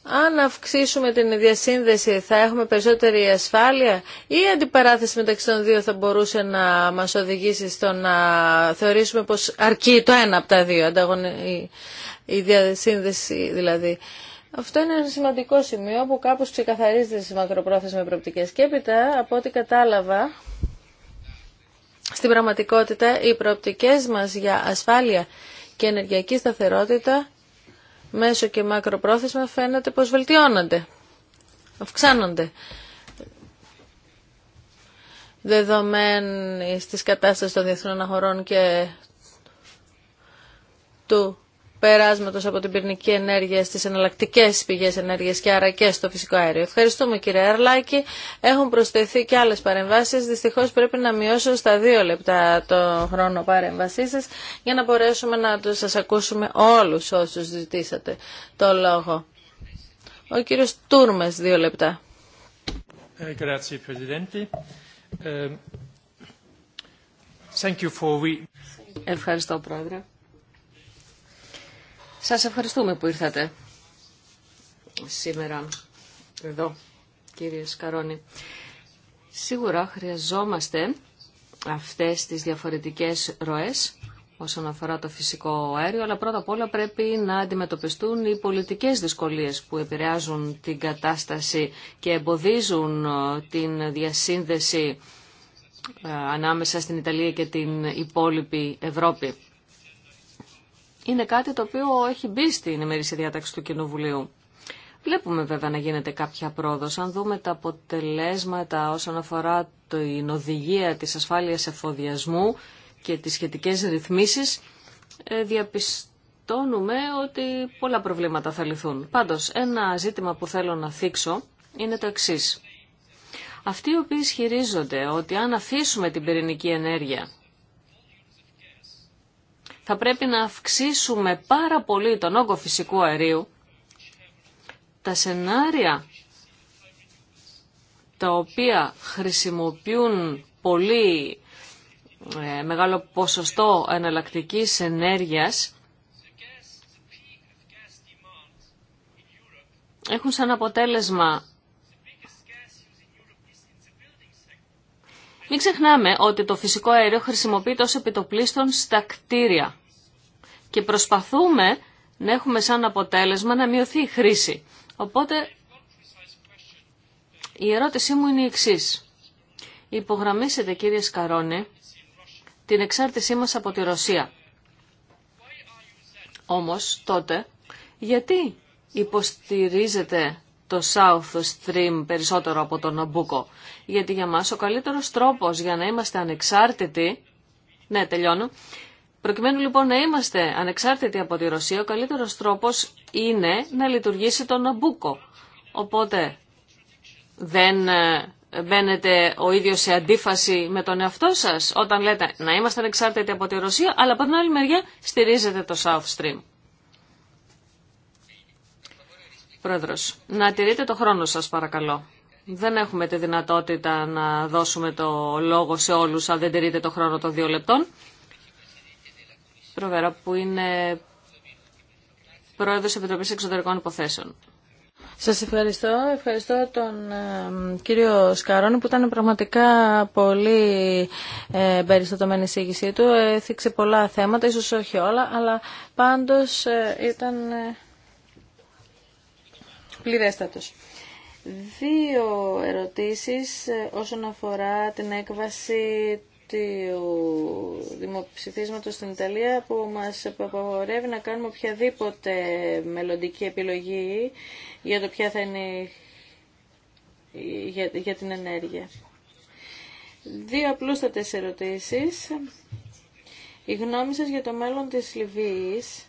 αν αυξήσουμε την διασύνδεση θα έχουμε περισσότερη ασφάλεια ή η αντιπαράθεση μεταξύ των δύο θα μπορούσε να μας οδηγήσει στο να θεωρήσουμε πως αρκεί το ένα από τα δύο, η διασύνδεση δηλαδή. Αυτό είναι ένα σημαντικό σημείο που κάπως ξεκαθαρίζεται στις μακροπρόθεσμες προοπτικές. Και έπειτα, από ό,τι κατάλαβα, στην πραγματικότητα οι προοπτικές μας για ασφάλεια και ενεργειακή σταθερότητα μέσο και μακροπρόθεσμα φαίνεται πως βελτιώνονται, αυξάνονται. Δεδομένη της κατάστασης των διεθνών αγορών και του περάσματος από την πυρηνική ενέργεια στις εναλλακτικέ πηγές ενέργειας και άρα και στο φυσικό αέριο. Ευχαριστούμε κύριε Αρλάκη. Έχουν προσθεθεί και άλλες παρεμβάσεις. Δυστυχώς πρέπει να μειώσω στα δύο λεπτά το χρόνο παρέμβασή σας για να μπορέσουμε να τους σας ακούσουμε όλους όσους ζητήσατε το λόγο. Ο κύριος Τούρμες, δύο λεπτά. Ε, ε, Ευχαριστώ, Πρόεδρε. Σας ευχαριστούμε που ήρθατε σήμερα εδώ, κύριε Σκαρόνη. Σίγουρα χρειαζόμαστε αυτές τις διαφορετικές ροές όσον αφορά το φυσικό αέριο, αλλά πρώτα απ' όλα πρέπει να αντιμετωπιστούν οι πολιτικές δυσκολίες που επηρεάζουν την κατάσταση και εμποδίζουν ε, την διασύνδεση ε, ανάμεσα στην Ιταλία και την υπόλοιπη Ευρώπη είναι κάτι το οποίο έχει μπει στην ημερήσια διάταξη του Κοινοβουλίου. Βλέπουμε βέβαια να γίνεται κάποια πρόοδος. Αν δούμε τα αποτελέσματα όσον αφορά την οδηγία της ασφάλειας εφοδιασμού και τις σχετικές ρυθμίσεις, ε, διαπιστώνουμε ότι πολλά προβλήματα θα λυθούν. Πάντως, ένα ζήτημα που θέλω να θίξω είναι το εξής. Αυτοί οι οποίοι ισχυρίζονται ότι αν αφήσουμε την πυρηνική ενέργεια θα πρέπει να αυξήσουμε πάρα πολύ τον όγκο φυσικού αερίου. Τα σενάρια τα οποία χρησιμοποιούν πολύ ε, μεγάλο ποσοστό εναλλακτική ενέργειας έχουν σαν αποτέλεσμα Μην ξεχνάμε ότι το φυσικό αέριο χρησιμοποιείται ως επιτοπλίστων στα κτίρια και προσπαθούμε να έχουμε σαν αποτέλεσμα να μειωθεί η χρήση. Οπότε η ερώτησή μου είναι η εξής. Υπογραμμίσετε κύριε Σκαρόνη την εξάρτησή μας από τη Ρωσία. Όμως τότε γιατί υποστηρίζετε το South Stream περισσότερο από τον Ναμπούκο. Γιατί για μας ο καλύτερος τρόπος για να είμαστε ανεξάρτητοι... Ναι, τελειώνω. Προκειμένου λοιπόν να είμαστε ανεξάρτητοι από τη Ρωσία, ο καλύτερος τρόπος είναι να λειτουργήσει το Ναμπούκο. Οπότε δεν ε, μπαίνετε ο ίδιος σε αντίφαση με τον εαυτό σας όταν λέτε να είμαστε ανεξάρτητοι από τη Ρωσία, αλλά από την άλλη μεριά στηρίζετε το South Stream. να τηρείτε το χρόνο σας παρακαλώ. Δεν έχουμε τη δυνατότητα να δώσουμε το λόγο σε όλους αν δεν τηρείτε το χρόνο των δύο λεπτών. Προβέρα που είναι Πρόεδρος Επιτροπής Εξωτερικών Υποθέσεων. Σας ευχαριστώ. Ευχαριστώ τον ε, κύριο Σκαρόνη που ήταν πραγματικά πολύ ε, περιστατωμένη η εισήγησή του. Έθιξε πολλά θέματα, ίσως όχι όλα, αλλά πάντως ε, ήταν... Ε, Δύο ερωτήσεις ε, όσον αφορά την έκβαση του δημοψηφίσματος στην Ιταλία που μας απαγορεύει να κάνουμε οποιαδήποτε μελλοντική επιλογή για το ποια θα είναι για, την ενέργεια. Δύο απλούστατες ερωτήσεις. Η γνώμη σας για το μέλλον της Λιβύης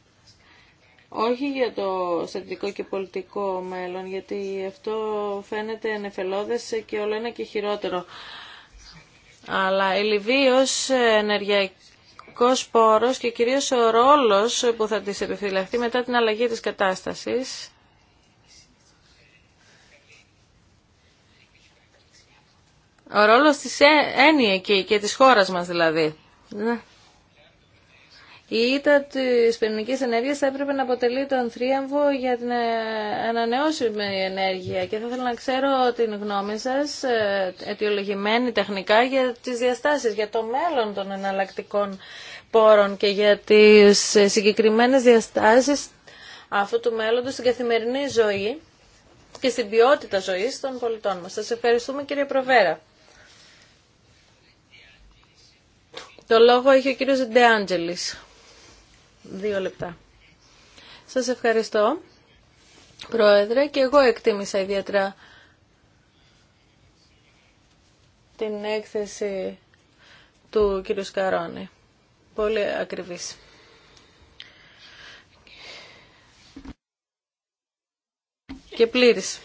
όχι για το στρατηγικό και πολιτικό μέλλον, γιατί αυτό φαίνεται νεφελώδες και όλο ένα και χειρότερο. Αλλά η Λιβύη ως ενεργειακός πόρος και κυρίως ο ρόλος που θα της επιφυλαχθεί μετά την αλλαγή της κατάστασης, ο ρόλος της έννοια και της χώρας μας δηλαδή. Ναι. Η ήττα τη πυρηνική ενέργεια θα έπρεπε να αποτελεί τον θρίαμβο για την ε, ανανεώσιμη ενέργεια και θα ήθελα να ξέρω την γνώμη σας, ε, αιτιολογημένη τεχνικά, για τις διαστάσεις, για το μέλλον των εναλλακτικών πόρων και για τις ε, συγκεκριμένες διαστάσεις αυτού του μέλλοντο στην καθημερινή ζωή και στην ποιότητα ζωή των πολιτών μα. Σα ευχαριστούμε κύριε Προβέρα. Το λόγο έχει ο κύριος Ντεάντζελης. Δύο λεπτά. Σας ευχαριστώ, Πρόεδρε, και εγώ εκτίμησα ιδιαίτερα την έκθεση του κ. Σκαρόνη. Πολύ ακριβής. Και πλήρης.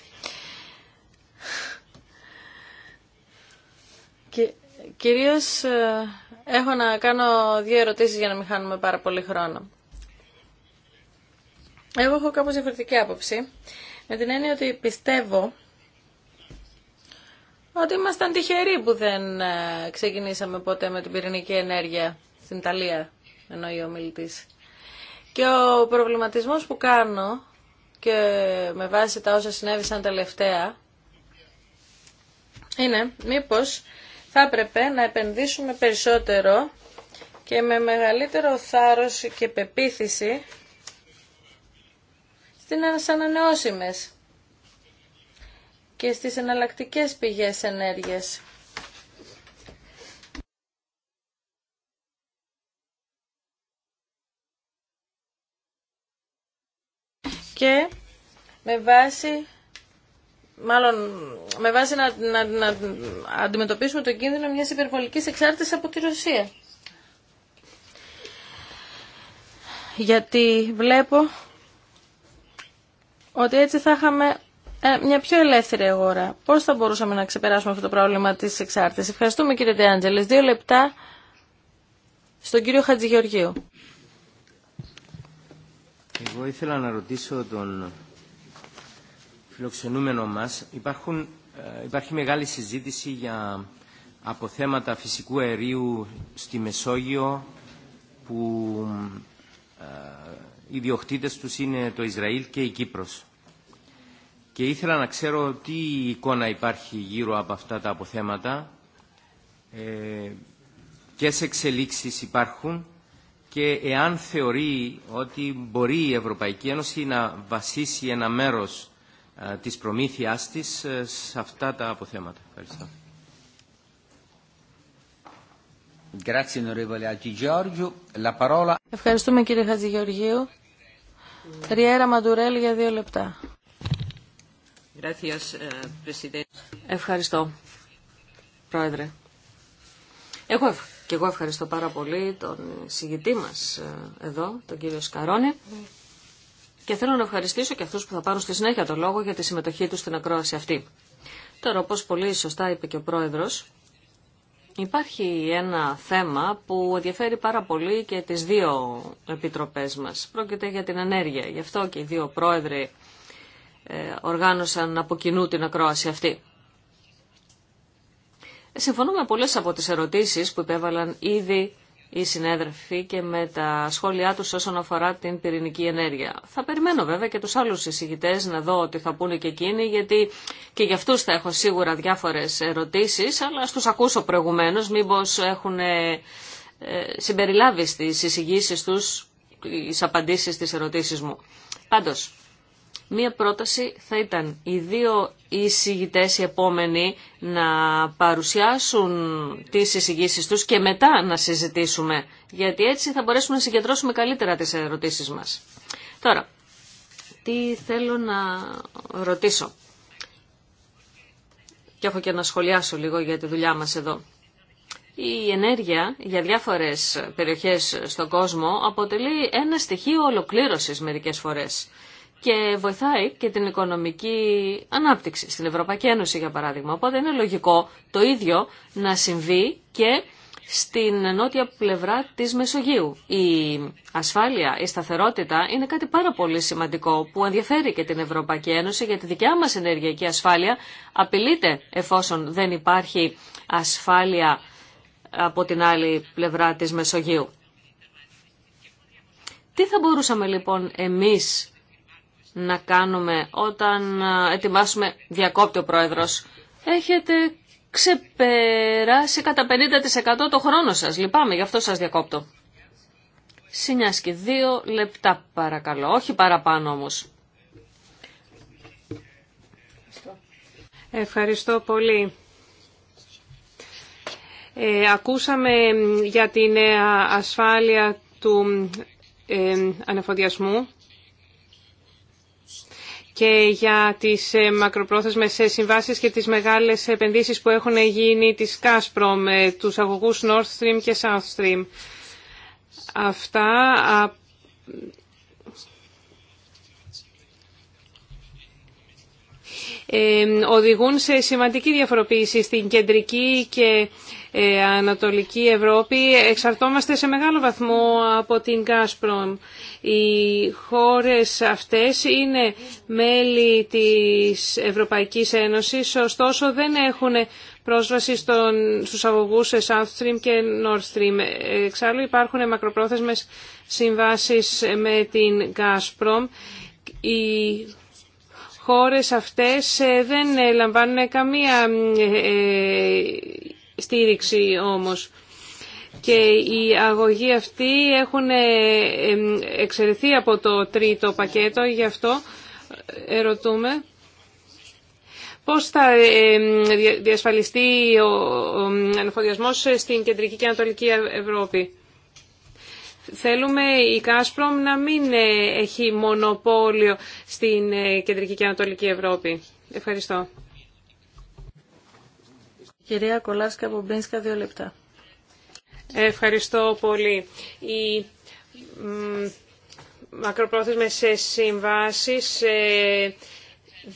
Και, κυρίως ε, έχω να κάνω δύο ερωτήσεις για να μην χάνουμε πάρα πολύ χρόνο. Εγώ έχω κάπως διαφορετική άποψη, με την έννοια ότι πιστεύω ότι ήμασταν τυχεροί που δεν ε, ξεκινήσαμε ποτέ με την πυρηνική ενέργεια στην Ιταλία, εννοεί ο μιλητής. Και ο προβληματισμός που κάνω και με βάση τα όσα συνέβησαν τελευταία είναι μήπως θα έπρεπε να επενδύσουμε περισσότερο και με μεγαλύτερο θάρρος και πεποίθηση στις ανανεώσιμες και στις εναλλακτικές πηγές ενέργειας. Και με βάση μάλλον με βάση να, να αντιμετωπίσουμε τον κίνδυνο μιας υπερβολικής εξάρτησης από τη Ρωσία. Γιατί βλέπω ότι έτσι θα είχαμε ε, μια πιο ελεύθερη αγορά. Πώς θα μπορούσαμε να ξεπεράσουμε αυτό το πρόβλημα της εξάρτησης. Ευχαριστούμε κύριε Ντεάντζελες. Δύο λεπτά στον κύριο Χατζηγεωργίου. Εγώ ήθελα να ρωτήσω τον φιλοξενούμενο μας. Υπάρχουν, ε, υπάρχει μεγάλη συζήτηση για αποθέματα φυσικού αερίου στη Μεσόγειο που ε, οι διοκτήτες τους είναι το Ισραήλ και η Κύπρος. Και ήθελα να ξέρω τι εικόνα υπάρχει γύρω από αυτά τα αποθέματα, ε, ποιες εξελίξεις υπάρχουν και εάν θεωρεί ότι μπορεί η Ευρωπαϊκή Ένωση να βασίσει ένα μέρος ε, της προμήθειάς της ε, σε αυτά τα αποθέματα. Ευχαριστώ. Ευχαριστούμε κύριε Χατζηγεωργίου. Ριέρα Μαντουρέλ για δύο λεπτά. Ε, ευχαριστώ, Πρόεδρε. Εγώ και εγώ ευχαριστώ πάρα πολύ τον συγητή μας ε, εδώ, τον κύριο Σκαρόνη. Και θέλω να ευχαριστήσω και αυτούς που θα πάρουν στη συνέχεια το λόγο για τη συμμετοχή τους στην ακρόαση αυτή. Τώρα, όπως πολύ σωστά είπε και ο Πρόεδρος, Υπάρχει ένα θέμα που ενδιαφέρει πάρα πολύ και τις δύο επιτροπές μας. Πρόκειται για την ενέργεια. Γι' αυτό και οι δύο πρόεδροι ε, οργάνωσαν από κοινού την ακρόαση αυτή. Ε, συμφωνούμε με πολλές από τις ερωτήσεις που υπέβαλαν ήδη οι συνέδρεφοι και με τα σχόλιά τους όσον αφορά την πυρηνική ενέργεια. Θα περιμένω βέβαια και τους άλλους εισηγητές να δω ότι θα πούνε και εκείνοι, γιατί και για αυτούς θα έχω σίγουρα διάφορες ερωτήσεις, αλλά στους ακούσω προηγουμένως, μήπως έχουν ε, ε, συμπεριλάβει στις εισηγήσεις τους τις απαντήσεις στις ερωτήσεις μου. Πάντως, Μία πρόταση θα ήταν οι δύο εισηγητέ οι επόμενοι να παρουσιάσουν τις εισηγήσεις τους και μετά να συζητήσουμε, γιατί έτσι θα μπορέσουμε να συγκεντρώσουμε καλύτερα τις ερωτήσεις μας. Τώρα, τι θέλω να ρωτήσω και έχω και να σχολιάσω λίγο για τη δουλειά μας εδώ. Η ενέργεια για διάφορες περιοχές στον κόσμο αποτελεί ένα στοιχείο ολοκλήρωσης μερικές φορές και βοηθάει και την οικονομική ανάπτυξη στην Ευρωπαϊκή Ένωση για παράδειγμα. Οπότε είναι λογικό το ίδιο να συμβεί και στην νότια πλευρά της Μεσογείου. Η ασφάλεια, η σταθερότητα είναι κάτι πάρα πολύ σημαντικό που ενδιαφέρει και την Ευρωπαϊκή Ένωση γιατί η δικιά μας ενεργειακή ασφάλεια απειλείται εφόσον δεν υπάρχει ασφάλεια από την άλλη πλευρά της Μεσογείου. Τι θα μπορούσαμε λοιπόν εμείς να κάνουμε όταν ετοιμάσουμε διακόπτει ο πρόεδρος. Έχετε ξεπεράσει κατά 50% το χρόνο σας. Λυπάμαι, γι' αυτό σας διακόπτω. Συνιάσκη, δύο λεπτά παρακαλώ, όχι παραπάνω όμως. Ευχαριστώ πολύ. Ε, ακούσαμε για την ε, ασφάλεια του ε, ανεφοδιασμού και για τις ε, μακροπρόθεσμες ε, συμβάσεις και τις μεγάλες επενδύσεις που έχουν γίνει της Gazprom, ε, τους αγωγούς North Stream και South Stream. Αυτά οδηγούν σε σημαντική διαφοροποίηση στην κεντρική και ε, ανατολική Ευρώπη. Εξαρτώμαστε σε μεγάλο βαθμό από την Gazprom. Οι χώρες αυτές είναι μέλη της Ευρωπαϊκής Ένωσης, ωστόσο δεν έχουν πρόσβαση στον, στους αγωγούς South Stream και North Stream. Εξάλλου υπάρχουν μακροπρόθεσμες συμβάσεις με την Gazprom. Οι χώρες αυτές ε, δεν ε, λαμβάνουν καμία ε, στήριξη όμως. Και οι αγωγοί αυτοί έχουν εξαιρεθεί από το τρίτο πακέτο, γι' αυτό ερωτούμε πώς θα διασφαλιστεί ο ανεφοδιασμός στην Κεντρική και Ανατολική Ευρώπη. Θέλουμε η Κάσπρομ να μην ε, έχει μονοπόλιο στην ε, Κεντρική και Ανατολική Ευρώπη. Ευχαριστώ. Κυρία Κολάσκα Μπομπίνσκα, δύο λεπτά. Ευχαριστώ πολύ. Η μακροπρόθεσμες ε, συμβάσεις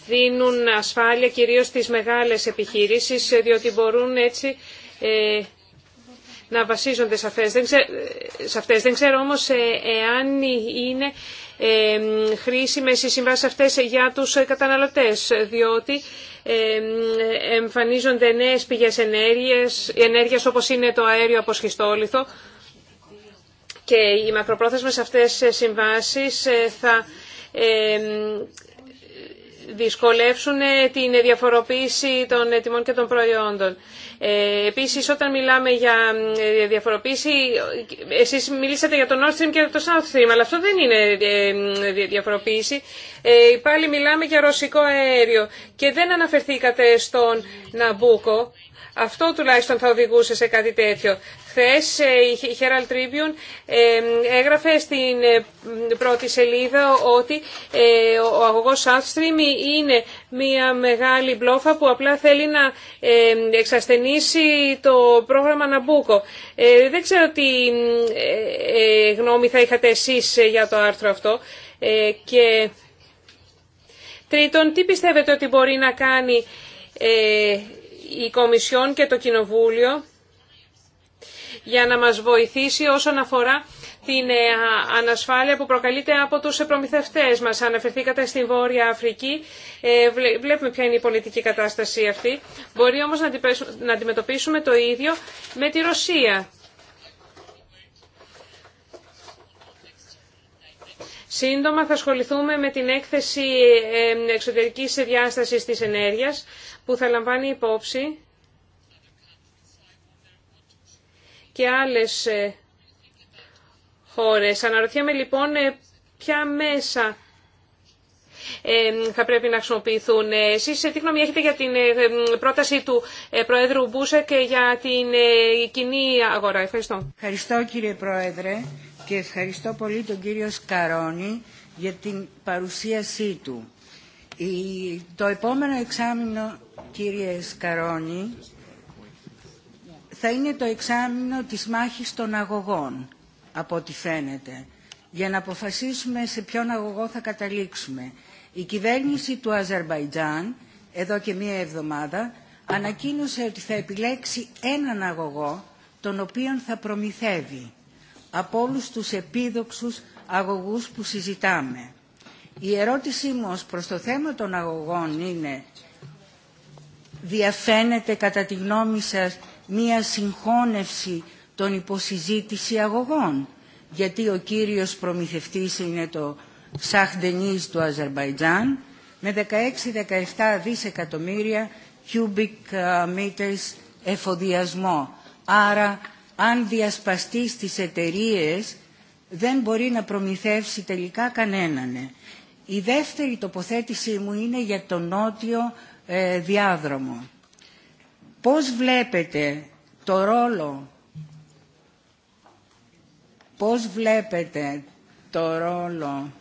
δίνουν ασφάλεια κυρίως στις μεγάλες επιχειρήσεις διότι μπορούν έτσι να βασίζονται σε αυτές. Δεν, ξέρω, όμως ε, εάν είναι ε, χρήσιμες οι συμβάσεις αυτές για τους καταναλωτές, διότι ε, εμφανίζονται νέες πηγές ενέργειας, ενέργειας όπως είναι το αέριο από και οι μακροπρόθεσμες αυτές συμβάσεις θα δυσκολεύσουν την διαφοροποίηση των τιμών και των προϊόντων. Ε, επίσης, όταν μιλάμε για ε, διαφοροποίηση, εσείς μιλήσατε για το Nord Stream και το South Stream, αλλά αυτό δεν είναι ε, διαφοροποίηση. Πάλι μιλάμε για ρωσικό αέριο και δεν αναφερθήκατε στον Ναμπούκο. Αυτό τουλάχιστον θα οδηγούσε σε κάτι τέτοιο χθε ε, η Herald Tribune ε, έγραφε στην ε, πρώτη σελίδα ότι ο αγωγός South είναι μια μεγάλη μπλόφα που απλά θέλει να εξασθενήσει το πρόγραμμα Ναμπούκο. Δεν ξέρω τι γνώμη θα είχατε εσείς για το άρθρο αυτό και... Τρίτον, τι πιστεύετε ότι μπορεί να κάνει η Κομισιόν και το Κοινοβούλιο για να μας βοηθήσει όσον αφορά την ε, ανασφάλεια που προκαλείται από τους προμηθευτές μας. Αναφερθήκατε στην Βόρεια Αφρική, ε, βλέπουμε ποια είναι η πολιτική κατάσταση αυτή. Μπορεί όμως να αντιμετωπίσουμε το ίδιο με τη Ρωσία. Σύντομα θα ασχοληθούμε με την έκθεση ε, εξωτερικής διάστασης της ενέργειας που θα λαμβάνει υπόψη και άλλες ε, χώρες. Αναρωτιέμαι λοιπόν ε, ποια μέσα ε, θα πρέπει να χρησιμοποιηθούν. Εσείς τι γνώμη έχετε για την πρόταση του Προέδρου και για την κοινή αγορά. Ευχαριστώ. Ευχαριστώ κύριε Πρόεδρε και ευχαριστώ πολύ τον κύριο Σκαρόνη για την παρουσίασή του. Το επόμενο εξάμεινο, κύριε Σκαρόνη, θα είναι το εξάμεινο της μάχης των αγωγών, από ό,τι φαίνεται, για να αποφασίσουμε σε ποιον αγωγό θα καταλήξουμε. Η κυβέρνηση του Αζερβαϊτζάν, εδώ και μία εβδομάδα, ανακοίνωσε ότι θα επιλέξει έναν αγωγό, τον οποίον θα προμηθεύει από όλους τους επίδοξους αγωγούς που συζητάμε. Η ερώτησή μου ως προς το θέμα των αγωγών είναι διαφαίνεται κατά τη γνώμη σας μία συγχώνευση των υποσυζήτηση αγωγών. Γιατί ο κύριος προμηθευτής είναι το Σαχντενής του Αζερβαϊτζάν με 16-17 δισεκατομμύρια cubic ε, meters εφοδιασμό. Άρα αν διασπαστεί στις εταιρείε δεν μπορεί να προμηθεύσει τελικά κανέναν. Η δεύτερη τοποθέτησή μου είναι για τον νότιο ε, διάδρομο. Πώς βλέπετε το ρόλο, πώς βλέπετε το ρόλο,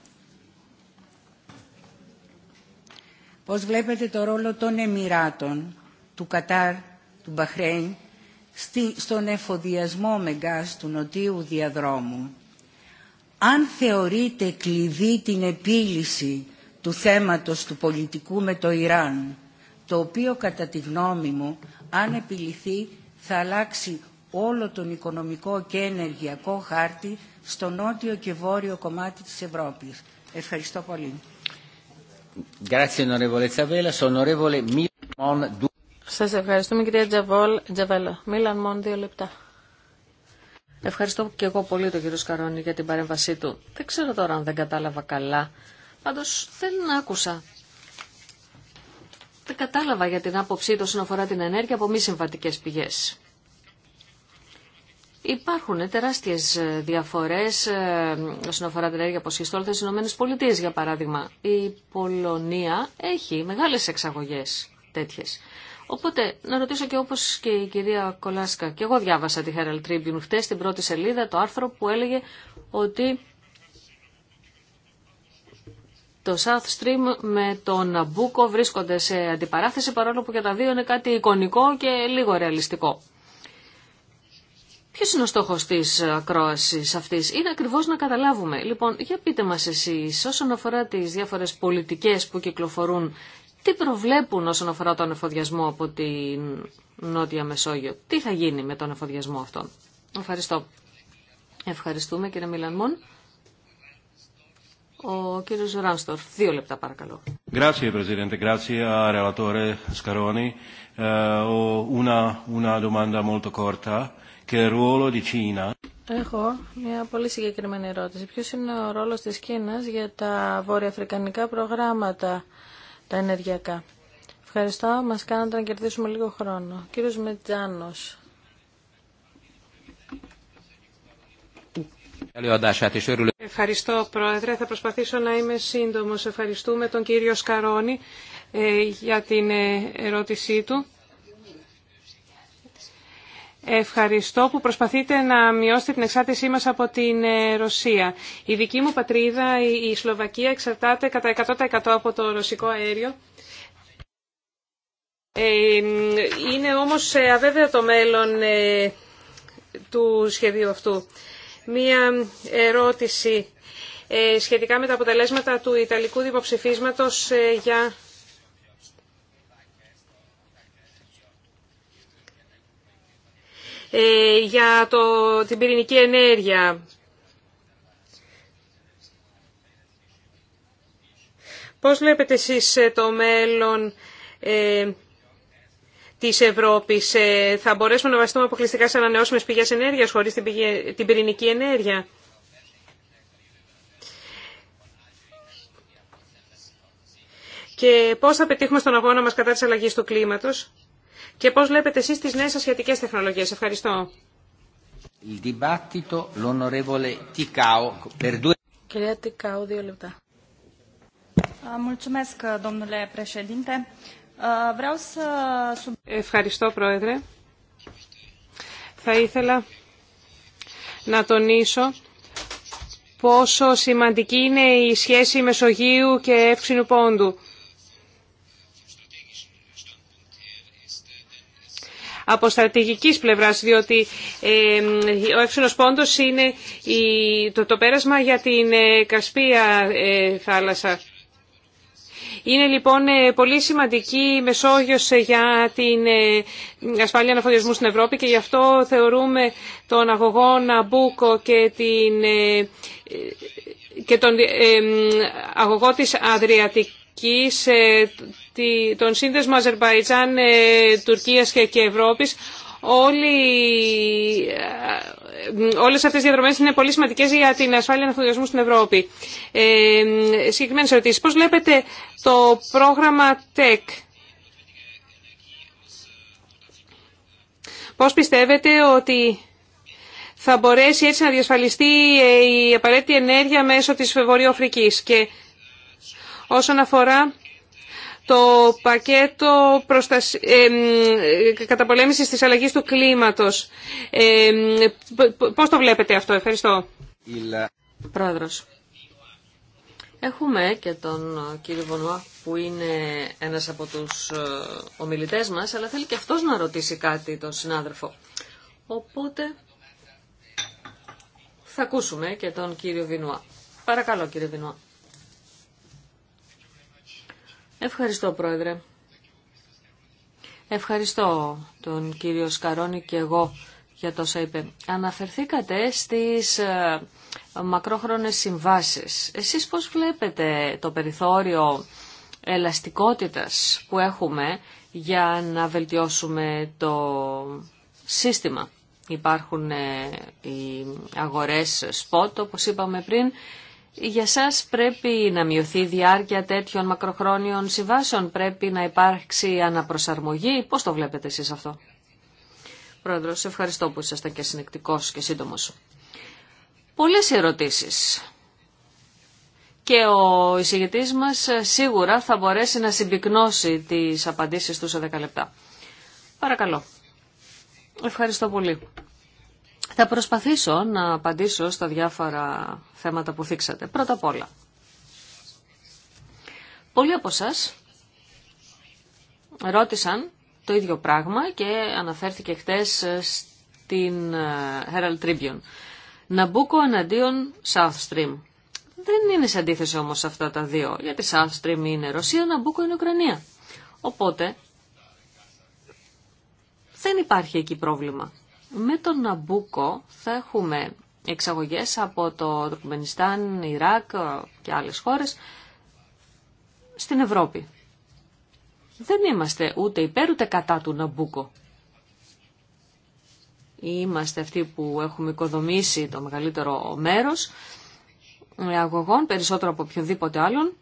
πώς βλέπετε το ρόλο των Εμμυράτων, του Κατάρ, του Μπαχρέιν, στον εφοδιασμό με γκάς του νοτίου διαδρόμου. Αν θεωρείτε κλειδί την επίλυση του θέματος του πολιτικού με το Ιράν, το οποίο κατά τη γνώμη μου αν επιληθεί θα αλλάξει όλο τον οικονομικό και ενεργειακό χάρτη στο νότιο και βόρειο κομμάτι της Ευρώπης. Ευχαριστώ πολύ. Σας ευχαριστούμε κυρία Τζαβόλ. Τζαβέλα, Μίλαν μόνο δύο λεπτά. Ευχαριστώ και εγώ πολύ τον κύριο Σκαρόνι για την παρέμβασή του. Δεν ξέρω τώρα αν δεν κατάλαβα καλά. Πάντως δεν άκουσα δεν κατάλαβα για την άποψή του όσον αφορά την ενέργεια από μη συμβατικέ πηγέ. Υπάρχουν τεράστιε διαφορέ ε, όσον αφορά την ενέργεια από σχιστόλθε στι ΗΠΑ, για παράδειγμα. Η Πολωνία έχει μεγάλε εξαγωγέ τέτοιε. Οπότε, να ρωτήσω και όπω και η κυρία Κολάσκα, και εγώ διάβασα τη Herald Tribune χτε στην πρώτη σελίδα το άρθρο που έλεγε ότι το South Stream με τον Ναμπούκο βρίσκονται σε αντιπαράθεση παρόλο που και τα δύο είναι κάτι εικονικό και λίγο ρεαλιστικό. Ποιο είναι ο στόχο τη ακρόαση αυτή, είναι ακριβώ να καταλάβουμε. Λοιπόν, για πείτε μα εσεί όσον αφορά τι διάφορες πολιτικές που κυκλοφορούν, τι προβλέπουν όσον αφορά τον εφοδιασμό από την Νότια Μεσόγειο, τι θα γίνει με τον εφοδιασμό αυτόν. Ευχαριστώ. Ευχαριστούμε κύριε Μιλανμόν. Ο κύριος Ράνστορφ, δύο λεπτά παρακαλώ. Grazie Presidente, grazie Relatore Scaroni. Ε, una, una domanda molto corta. Che Έχω μια πολύ συγκεκριμένη ερώτηση. Ποιος είναι ο ρόλος της Κίνας για τα βορειοαφρικανικά προγράμματα, τα ενεργειακά. Ευχαριστώ. Μας κάνατε να κερδίσουμε λίγο χρόνο. Κύριος Μετζάνος. Ευχαριστώ, Πρόεδρε. Θα προσπαθήσω να είμαι σύντομο. Ευχαριστούμε τον κύριο Σκαρόνη ε, για την ε, ερώτησή του. Ευχαριστώ που προσπαθείτε να μειώσετε την εξάρτησή μας από την ε, Ρωσία. Η δική μου πατρίδα, η Σλοβακία, εξαρτάται κατά 100% από το ρωσικό αέριο. Είναι όμως αβέβαιο το μέλλον του σχεδίου αυτού μία ερώτηση ε, σχετικά με τα αποτελέσματα του Ιταλικού Δημοψηφίσματος ε, για ε, για το, την πυρηνική ενέργεια. Πώς βλέπετε εσείς το μέλλον ε, της Ευρώπης. Ε, θα μπορέσουμε να βασιστούμε αποκλειστικά σε ανανεώσιμες πηγές ενέργειας χωρίς την πυρηνική ενέργεια. Και πώς θα πετύχουμε στον αγώνα μας κατά της αλλαγής του κλίματος και πώς βλέπετε εσείς τις νέες ασιατικές τεχνολογίες. Ευχαριστώ. Κυρία Τικάου, δύο λεπτά. Ευχαριστώ, Πρόεδρε. Θα ήθελα να τονίσω πόσο σημαντική είναι η σχέση Μεσογείου και Εύξηνου Πόντου. από στρατηγικής πλευράς, διότι ο Εύξηνο Πόντος είναι το, πέρασμα για την ε, Κασπία ε, θάλασσα. Είναι λοιπόν ε, πολύ σημαντική η Μεσόγειος ε, για την ε, ασφάλεια αναφοδιασμού στην Ευρώπη και γι' αυτό θεωρούμε τον αγωγό Ναμπούκο και, την, και τον αγωγό της Αδριατικής, τον σύνδεσμο Αζερβαϊτζάν, Τουρκίας και Ευρώπης, όλοι ε, όλες αυτές οι διαδρομές είναι πολύ σημαντικές για την ασφάλεια αναφοδιασμού στην Ευρώπη. Ε, συγκεκριμένες ερωτήσεις. Πώς βλέπετε το πρόγραμμα TEC. Πώς πιστεύετε ότι θα μπορέσει έτσι να διασφαλιστεί ε, η απαραίτητη ενέργεια μέσω της Βορειοαφρικής. Και όσον αφορά το πακέτο προστασ... καταπολέμησης της αλλαγής του κλίματος. Ε, πώς το βλέπετε αυτό, ευχαριστώ. Ηλα... Πρόεδρος. Έχουμε και τον κύριο Βονουά που είναι ένας από τους ε, ομιλητές μας, αλλά θέλει και αυτός να ρωτήσει κάτι τον συνάδελφο. Οπότε θα ακούσουμε και τον κύριο Βινουά. Παρακαλώ κύριο Βινουά. Ευχαριστώ, Πρόεδρε. Ευχαριστώ τον κύριο Σκαρόνη και εγώ για τόσα είπε. Αναφερθήκατε στις ε, μακρόχρονες συμβάσεις. Εσείς πώς βλέπετε το περιθώριο ελαστικότητας που έχουμε για να βελτιώσουμε το σύστημα. Υπάρχουν ε, οι αγορές spot, όπως είπαμε πριν, για σας πρέπει να μειωθεί η διάρκεια τέτοιων μακροχρόνιων συμβάσεων, πρέπει να υπάρξει αναπροσαρμογή. Πώς το βλέπετε εσείς αυτό. Πρόεδρο, ευχαριστώ που ήσασταν και συνεκτικός και σύντομος. Πολλές ερωτήσεις. Και ο εισηγητής μας σίγουρα θα μπορέσει να συμπυκνώσει τις απαντήσεις του σε 10 λεπτά. Παρακαλώ. Ευχαριστώ πολύ. Θα προσπαθήσω να απαντήσω στα διάφορα θέματα που θίξατε. Πρώτα απ' όλα. Πολλοί από εσά ρώτησαν το ίδιο πράγμα και αναφέρθηκε χτες στην Herald Tribune. Ναμπούκο εναντίον South Stream. Δεν είναι σε αντίθεση όμως αυτά τα δύο, γιατί South Stream είναι Ρωσία, Ναμπούκο είναι Ουκρανία. Οπότε δεν υπάρχει εκεί πρόβλημα. Με τον Ναμπούκο θα έχουμε εξαγωγές από το Τουρκμενιστάν, Ιράκ και άλλες χώρες στην Ευρώπη. Δεν είμαστε ούτε υπέρ ούτε κατά του Ναμπούκο. Είμαστε αυτοί που έχουμε οικοδομήσει το μεγαλύτερο μέρος αγωγών, περισσότερο από οποιοδήποτε άλλον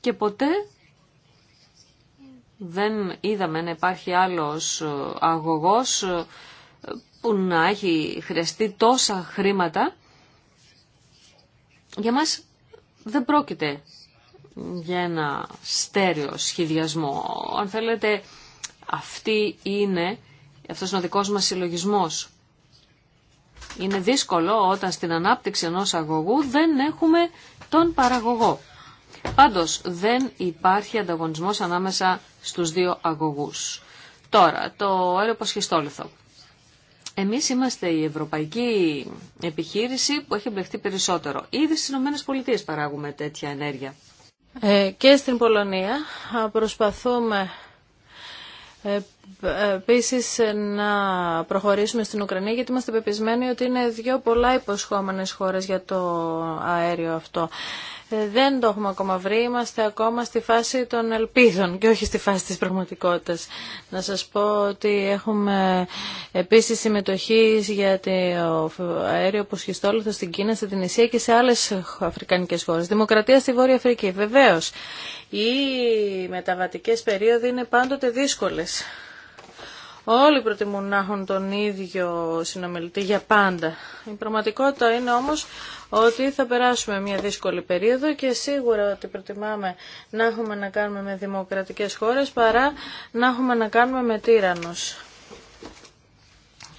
και ποτέ δεν είδαμε να υπάρχει άλλος ε, αγωγός ε, που να έχει χρειαστεί τόσα χρήματα. Για μας δεν πρόκειται για ένα στέρεο σχεδιασμό. Αν θέλετε, αυτή είναι, αυτός είναι ο δικός μας συλλογισμός. Είναι δύσκολο όταν στην ανάπτυξη ενός αγωγού δεν έχουμε τον παραγωγό. Πάντως δεν υπάρχει ανταγωνισμός ανάμεσα στους δύο αγωγούς. Τώρα, το έρωπο σχιστόλιθο. Εμείς είμαστε η ευρωπαϊκή επιχείρηση που έχει εμπλεχτεί περισσότερο. Ήδη στις ΗΠΑ παράγουμε τέτοια ενέργεια. Ε, και στην Πολωνία προσπαθούμε ε, επίση να προχωρήσουμε στην Ουκρανία, γιατί είμαστε πεπισμένοι ότι είναι δύο πολλά υποσχόμενε χώρε για το αέριο αυτό. Ε, δεν το έχουμε ακόμα βρει, είμαστε ακόμα στη φάση των ελπίδων και όχι στη φάση της πραγματικότητας. Να σας πω ότι έχουμε επίσης συμμετοχή για το αέριο που σχιστόλουθα στην Κίνα, στην Ισία και σε άλλες αφρικανικές χώρες. Δημοκρατία στη Βόρεια Αφρική, βεβαίως. Οι μεταβατικές περίοδοι είναι πάντοτε δύσκολες. Όλοι προτιμούν να έχουν τον ίδιο συνομιλητή για πάντα. Η πραγματικότητα είναι όμως ότι θα περάσουμε μια δύσκολη περίοδο και σίγουρα ότι προτιμάμε να έχουμε να κάνουμε με δημοκρατικές χώρες παρά να έχουμε να κάνουμε με τύραννους.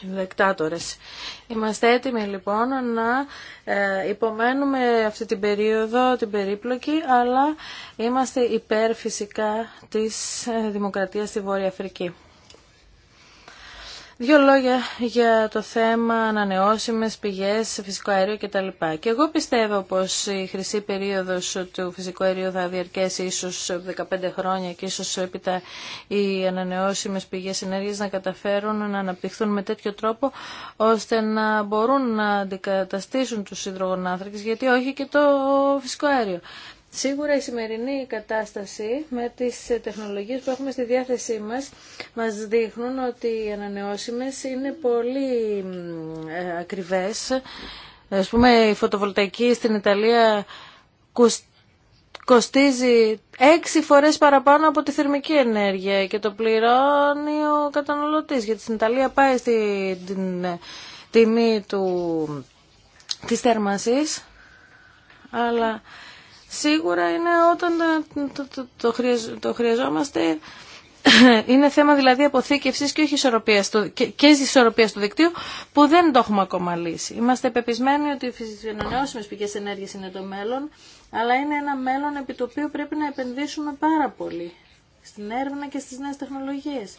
Δεκτάτορες. Είμαστε έτοιμοι λοιπόν να ε, υπομένουμε αυτή την περίοδο, την περίπλοκη, αλλά είμαστε υπέρ φυσικά της ε, δημοκρατίας στη Βόρεια Αφρική. Δύο λόγια για το θέμα ανανεώσιμες πηγές, φυσικό αέριο κτλ. Και εγώ πιστεύω πως η χρυσή περίοδο του φυσικού αερίου θα διαρκέσει ίσως 15 χρόνια και ίσως έπειτα οι ανανεώσιμες πηγές ενέργειας να καταφέρουν να αναπτυχθούν με τέτοιο τρόπο ώστε να μπορούν να αντικαταστήσουν τους υδρογονάνθρακες γιατί όχι και το φυσικό αέριο. Σίγουρα η σημερινή κατάσταση με τις τεχνολογίες που έχουμε στη διάθεσή μας μας δείχνουν ότι οι ανανεώσιμες είναι πολύ ε, ακριβές. Ας πούμε η φωτοβολταϊκή στην Ιταλία κοστίζει έξι φορές παραπάνω από τη θερμική ενέργεια και το πληρώνει ο καταναλωτής γιατί στην Ιταλία πάει στην ε, τιμή του, της θέρμασης αλλά σίγουρα είναι όταν το, το, το, το χρειαζόμαστε είναι θέμα δηλαδή αποθήκευση και όχι ισορροπίας του, και, ισορροπία του δικτύου που δεν το έχουμε ακόμα λύσει. Είμαστε πεπισμένοι ότι οι ανανεώσιμε πηγές ενέργεια είναι το μέλλον, αλλά είναι ένα μέλλον επί το οποίο πρέπει να επενδύσουμε πάρα πολύ στην έρευνα και στις νέες τεχνολογίες.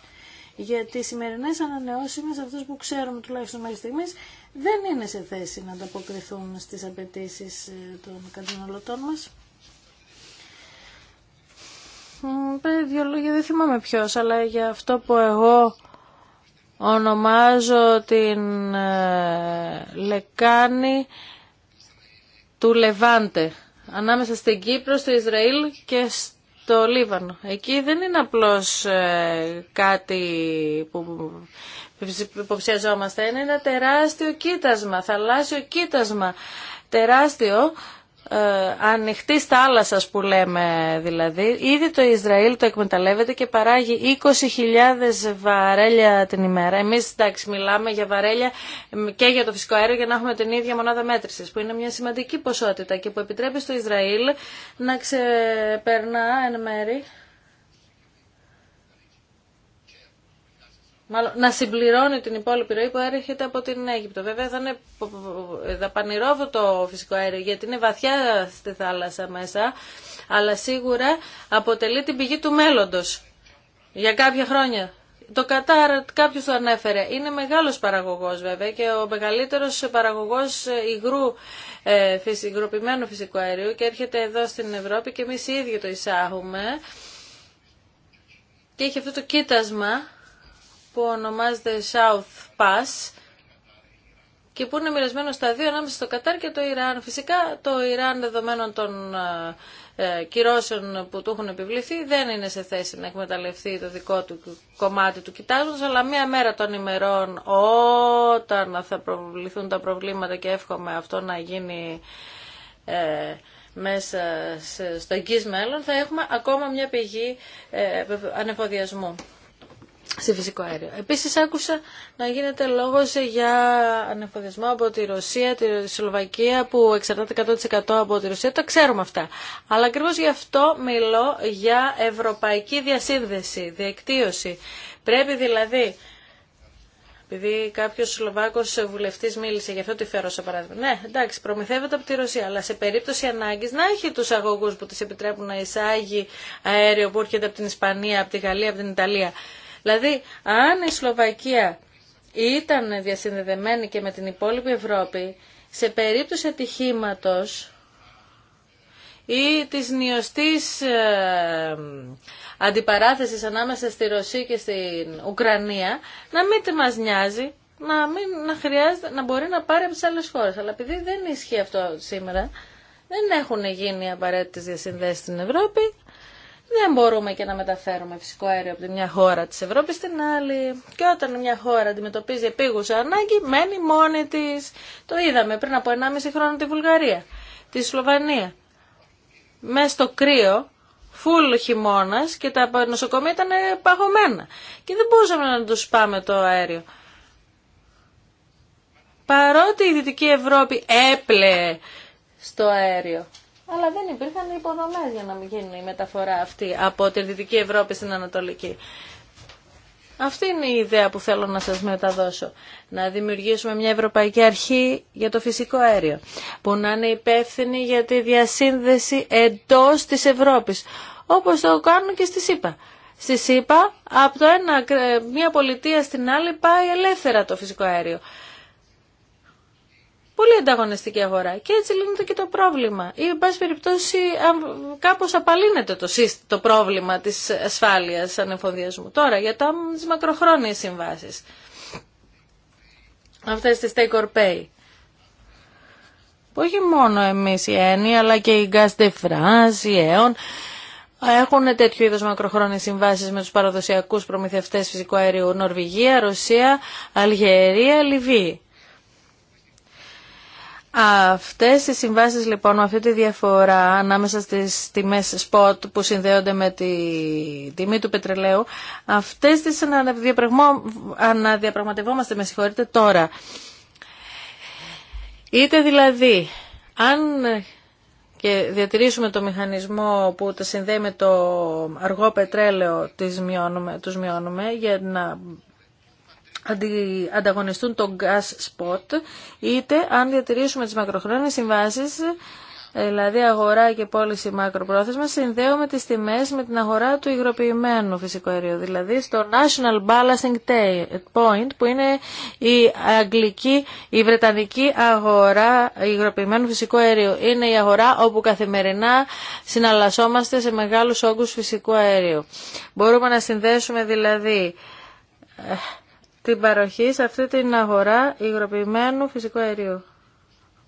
Γιατί οι σημερινέ ανανεώσιμε, αυτέ που ξέρουμε τουλάχιστον μέχρι στιγμή, δεν είναι σε θέση να ανταποκριθούν στι απαιτήσει ε, των καταναλωτών μα. Πρέπει δύο λόγια, δεν θυμάμαι ποιο, αλλά για αυτό που εγώ ονομάζω την ε, λεκάνη του Λεβάντε, ανάμεσα στην Κύπρο, στο Ισραήλ και στο Λίβανο. Εκεί δεν είναι απλώς ε, κάτι που υποψιαζόμαστε, είναι ένα τεράστιο κοίτασμα, θαλάσσιο κοίτασμα, τεράστιο ε, ανοιχτή θάλασσα που λέμε δηλαδή. Ήδη το Ισραήλ το εκμεταλλεύεται και παράγει 20.000 βαρέλια την ημέρα. Εμείς εντάξει μιλάμε για βαρέλια και για το φυσικό αέριο για να έχουμε την ίδια μονάδα μέτρησης που είναι μια σημαντική ποσότητα και που επιτρέπει στο Ισραήλ να ξεπερνά εν μέρη μάλλον να συμπληρώνει την υπόλοιπη ροή που έρχεται από την Αίγυπτο. Βέβαια θα είναι ε, δαπανηρόβο το φυσικό αέριο γιατί είναι βαθιά στη θάλασσα μέσα, αλλά σίγουρα αποτελεί την πηγή του μέλλοντος για κάποια χρόνια. Το Κατάρ κάποιο το ανέφερε. Είναι μεγάλος παραγωγός βέβαια και ο μεγαλύτερος παραγωγός υγρού ε, υγροποιημένου φυσικού αερίου και έρχεται εδώ στην Ευρώπη και εμείς οι ίδιοι το εισάγουμε. Και έχει αυτό το κοίτασμα που ονομάζεται South Pass και που είναι μοιρασμένο στα δύο ανάμεσα στο Κατάρ και το Ιράν. Φυσικά το Ιράν δεδομένων των ε, ε, κυρώσεων που του έχουν επιβληθεί δεν είναι σε θέση να εκμεταλλευτεί το δικό του κομμάτι του κοιτάζοντας, αλλά μία μέρα των ημερών, όταν θα προβληθούν τα προβλήματα εύχομαι αυτό να γίνει ε, μέσα στο εγγύς μέλλον θα έχουμε ακόμα μια πηγή ε, ανεφοδιασμού σε φυσικό αέριο. Επίσης άκουσα να γίνεται λόγος για ανεφοδισμό από τη Ρωσία, τη Σλοβακία που εξαρτάται 100% από τη Ρωσία. Τα ξέρουμε αυτά. Αλλά ακριβώ γι' αυτό μιλώ για ευρωπαϊκή διασύνδεση, διεκτίωση. Πρέπει δηλαδή επειδή κάποιο Σλοβάκο βουλευτή μίλησε, γι' αυτό τη φέρω σε παράδειγμα. Ναι, εντάξει, προμηθεύεται από τη Ρωσία, αλλά σε περίπτωση ανάγκη να έχει του αγωγού που τη επιτρέπουν να εισάγει αέριο που έρχεται από την Ισπανία, από τη Γαλλία, από την Ιταλία. Δηλαδή, αν η Σλοβακία ήταν διασυνδεδεμένη και με την υπόλοιπη Ευρώπη, σε περίπτωση ατυχήματο ή της νιωστής ε, αντιπαράθεσης ανάμεσα στη Ρωσία και στην Ουκρανία, να μην μας νοιάζει, να, μην, να, χρειάζεται, να μπορεί να πάρει από τι άλλε χώρε. Αλλά επειδή δεν ισχύει αυτό σήμερα, δεν έχουν γίνει απαραίτητε διασυνδέσεις στην Ευρώπη, δεν μπορούμε και να μεταφέρουμε φυσικό αέριο από τη μια χώρα της Ευρώπης στην άλλη. Και όταν μια χώρα αντιμετωπίζει επίγουσα ανάγκη, μένει μόνη της. Το είδαμε πριν από 1,5 χρόνο τη Βουλγαρία, τη Σλοβανία. Μέσα στο κρύο, φουλ χειμώνα και τα νοσοκομεία ήταν παγωμένα. Και δεν μπορούσαμε να τους πάμε το αέριο. Παρότι η Δυτική Ευρώπη έπλεε στο αέριο αλλά δεν υπήρχαν υποδομέ για να μην γίνει η μεταφορά αυτή από την Δυτική Ευρώπη στην Ανατολική. Αυτή είναι η ιδέα που θέλω να σας μεταδώσω. Να δημιουργήσουμε μια Ευρωπαϊκή Αρχή για το φυσικό αέριο, που να είναι υπεύθυνη για τη διασύνδεση εντός της Ευρώπης, όπως το κάνουν και στη ΣΥΠΑ. Στη ΣΥΠΑ, από το ένα, ε, μια πολιτεία στην άλλη πάει ελεύθερα το φυσικό αέριο. Πολύ ανταγωνιστική αγορά. Και έτσι λύνεται και το πρόβλημα. Ή, εν πάση περιπτώσει, κάπω απαλύνεται το, το πρόβλημα της ασφάλειας ανεφοδιασμού. Τώρα, για τι μακροχρόνιε συμβάσεις. Αυτές τι take or pay. Που όχι μόνο εμεί οι Έννοι, αλλά και οι Gas de France, οι Aeon, έχουν τέτοιου είδου μακροχρόνιε συμβάσει με του παραδοσιακού προμηθευτέ φυσικού αερίου Νορβηγία, Ρωσία, Αλγερία, Λιβύη. Αυτές οι συμβάσεις λοιπόν αυτή τη διαφορά ανάμεσα στις τιμές SPOT που συνδέονται με τη τιμή του πετρελαίου αυτές τις αναδιαπραγματευόμαστε με τώρα. Είτε δηλαδή αν και διατηρήσουμε το μηχανισμό που τα συνδέει με το αργό πετρέλαιο τις τους μειώνουμε για να ανταγωνιστούν το gas spot, είτε αν διατηρήσουμε τις μακροχρόνιες συμβάσεις, δηλαδή αγορά και πώληση μακροπρόθεσμα, συνδέουμε τις τιμές με την αγορά του υγροποιημένου φυσικού αερίου, δηλαδή στο National Balancing Point, που είναι η αγγλική, η βρετανική αγορά υγροποιημένου φυσικού αερίου. Είναι η αγορά όπου καθημερινά συναλλασσόμαστε σε μεγάλους όγκους φυσικού αερίου. Μπορούμε να συνδέσουμε δηλαδή ε, την παροχή σε αυτή την αγορά υγροποιημένου φυσικού αερίου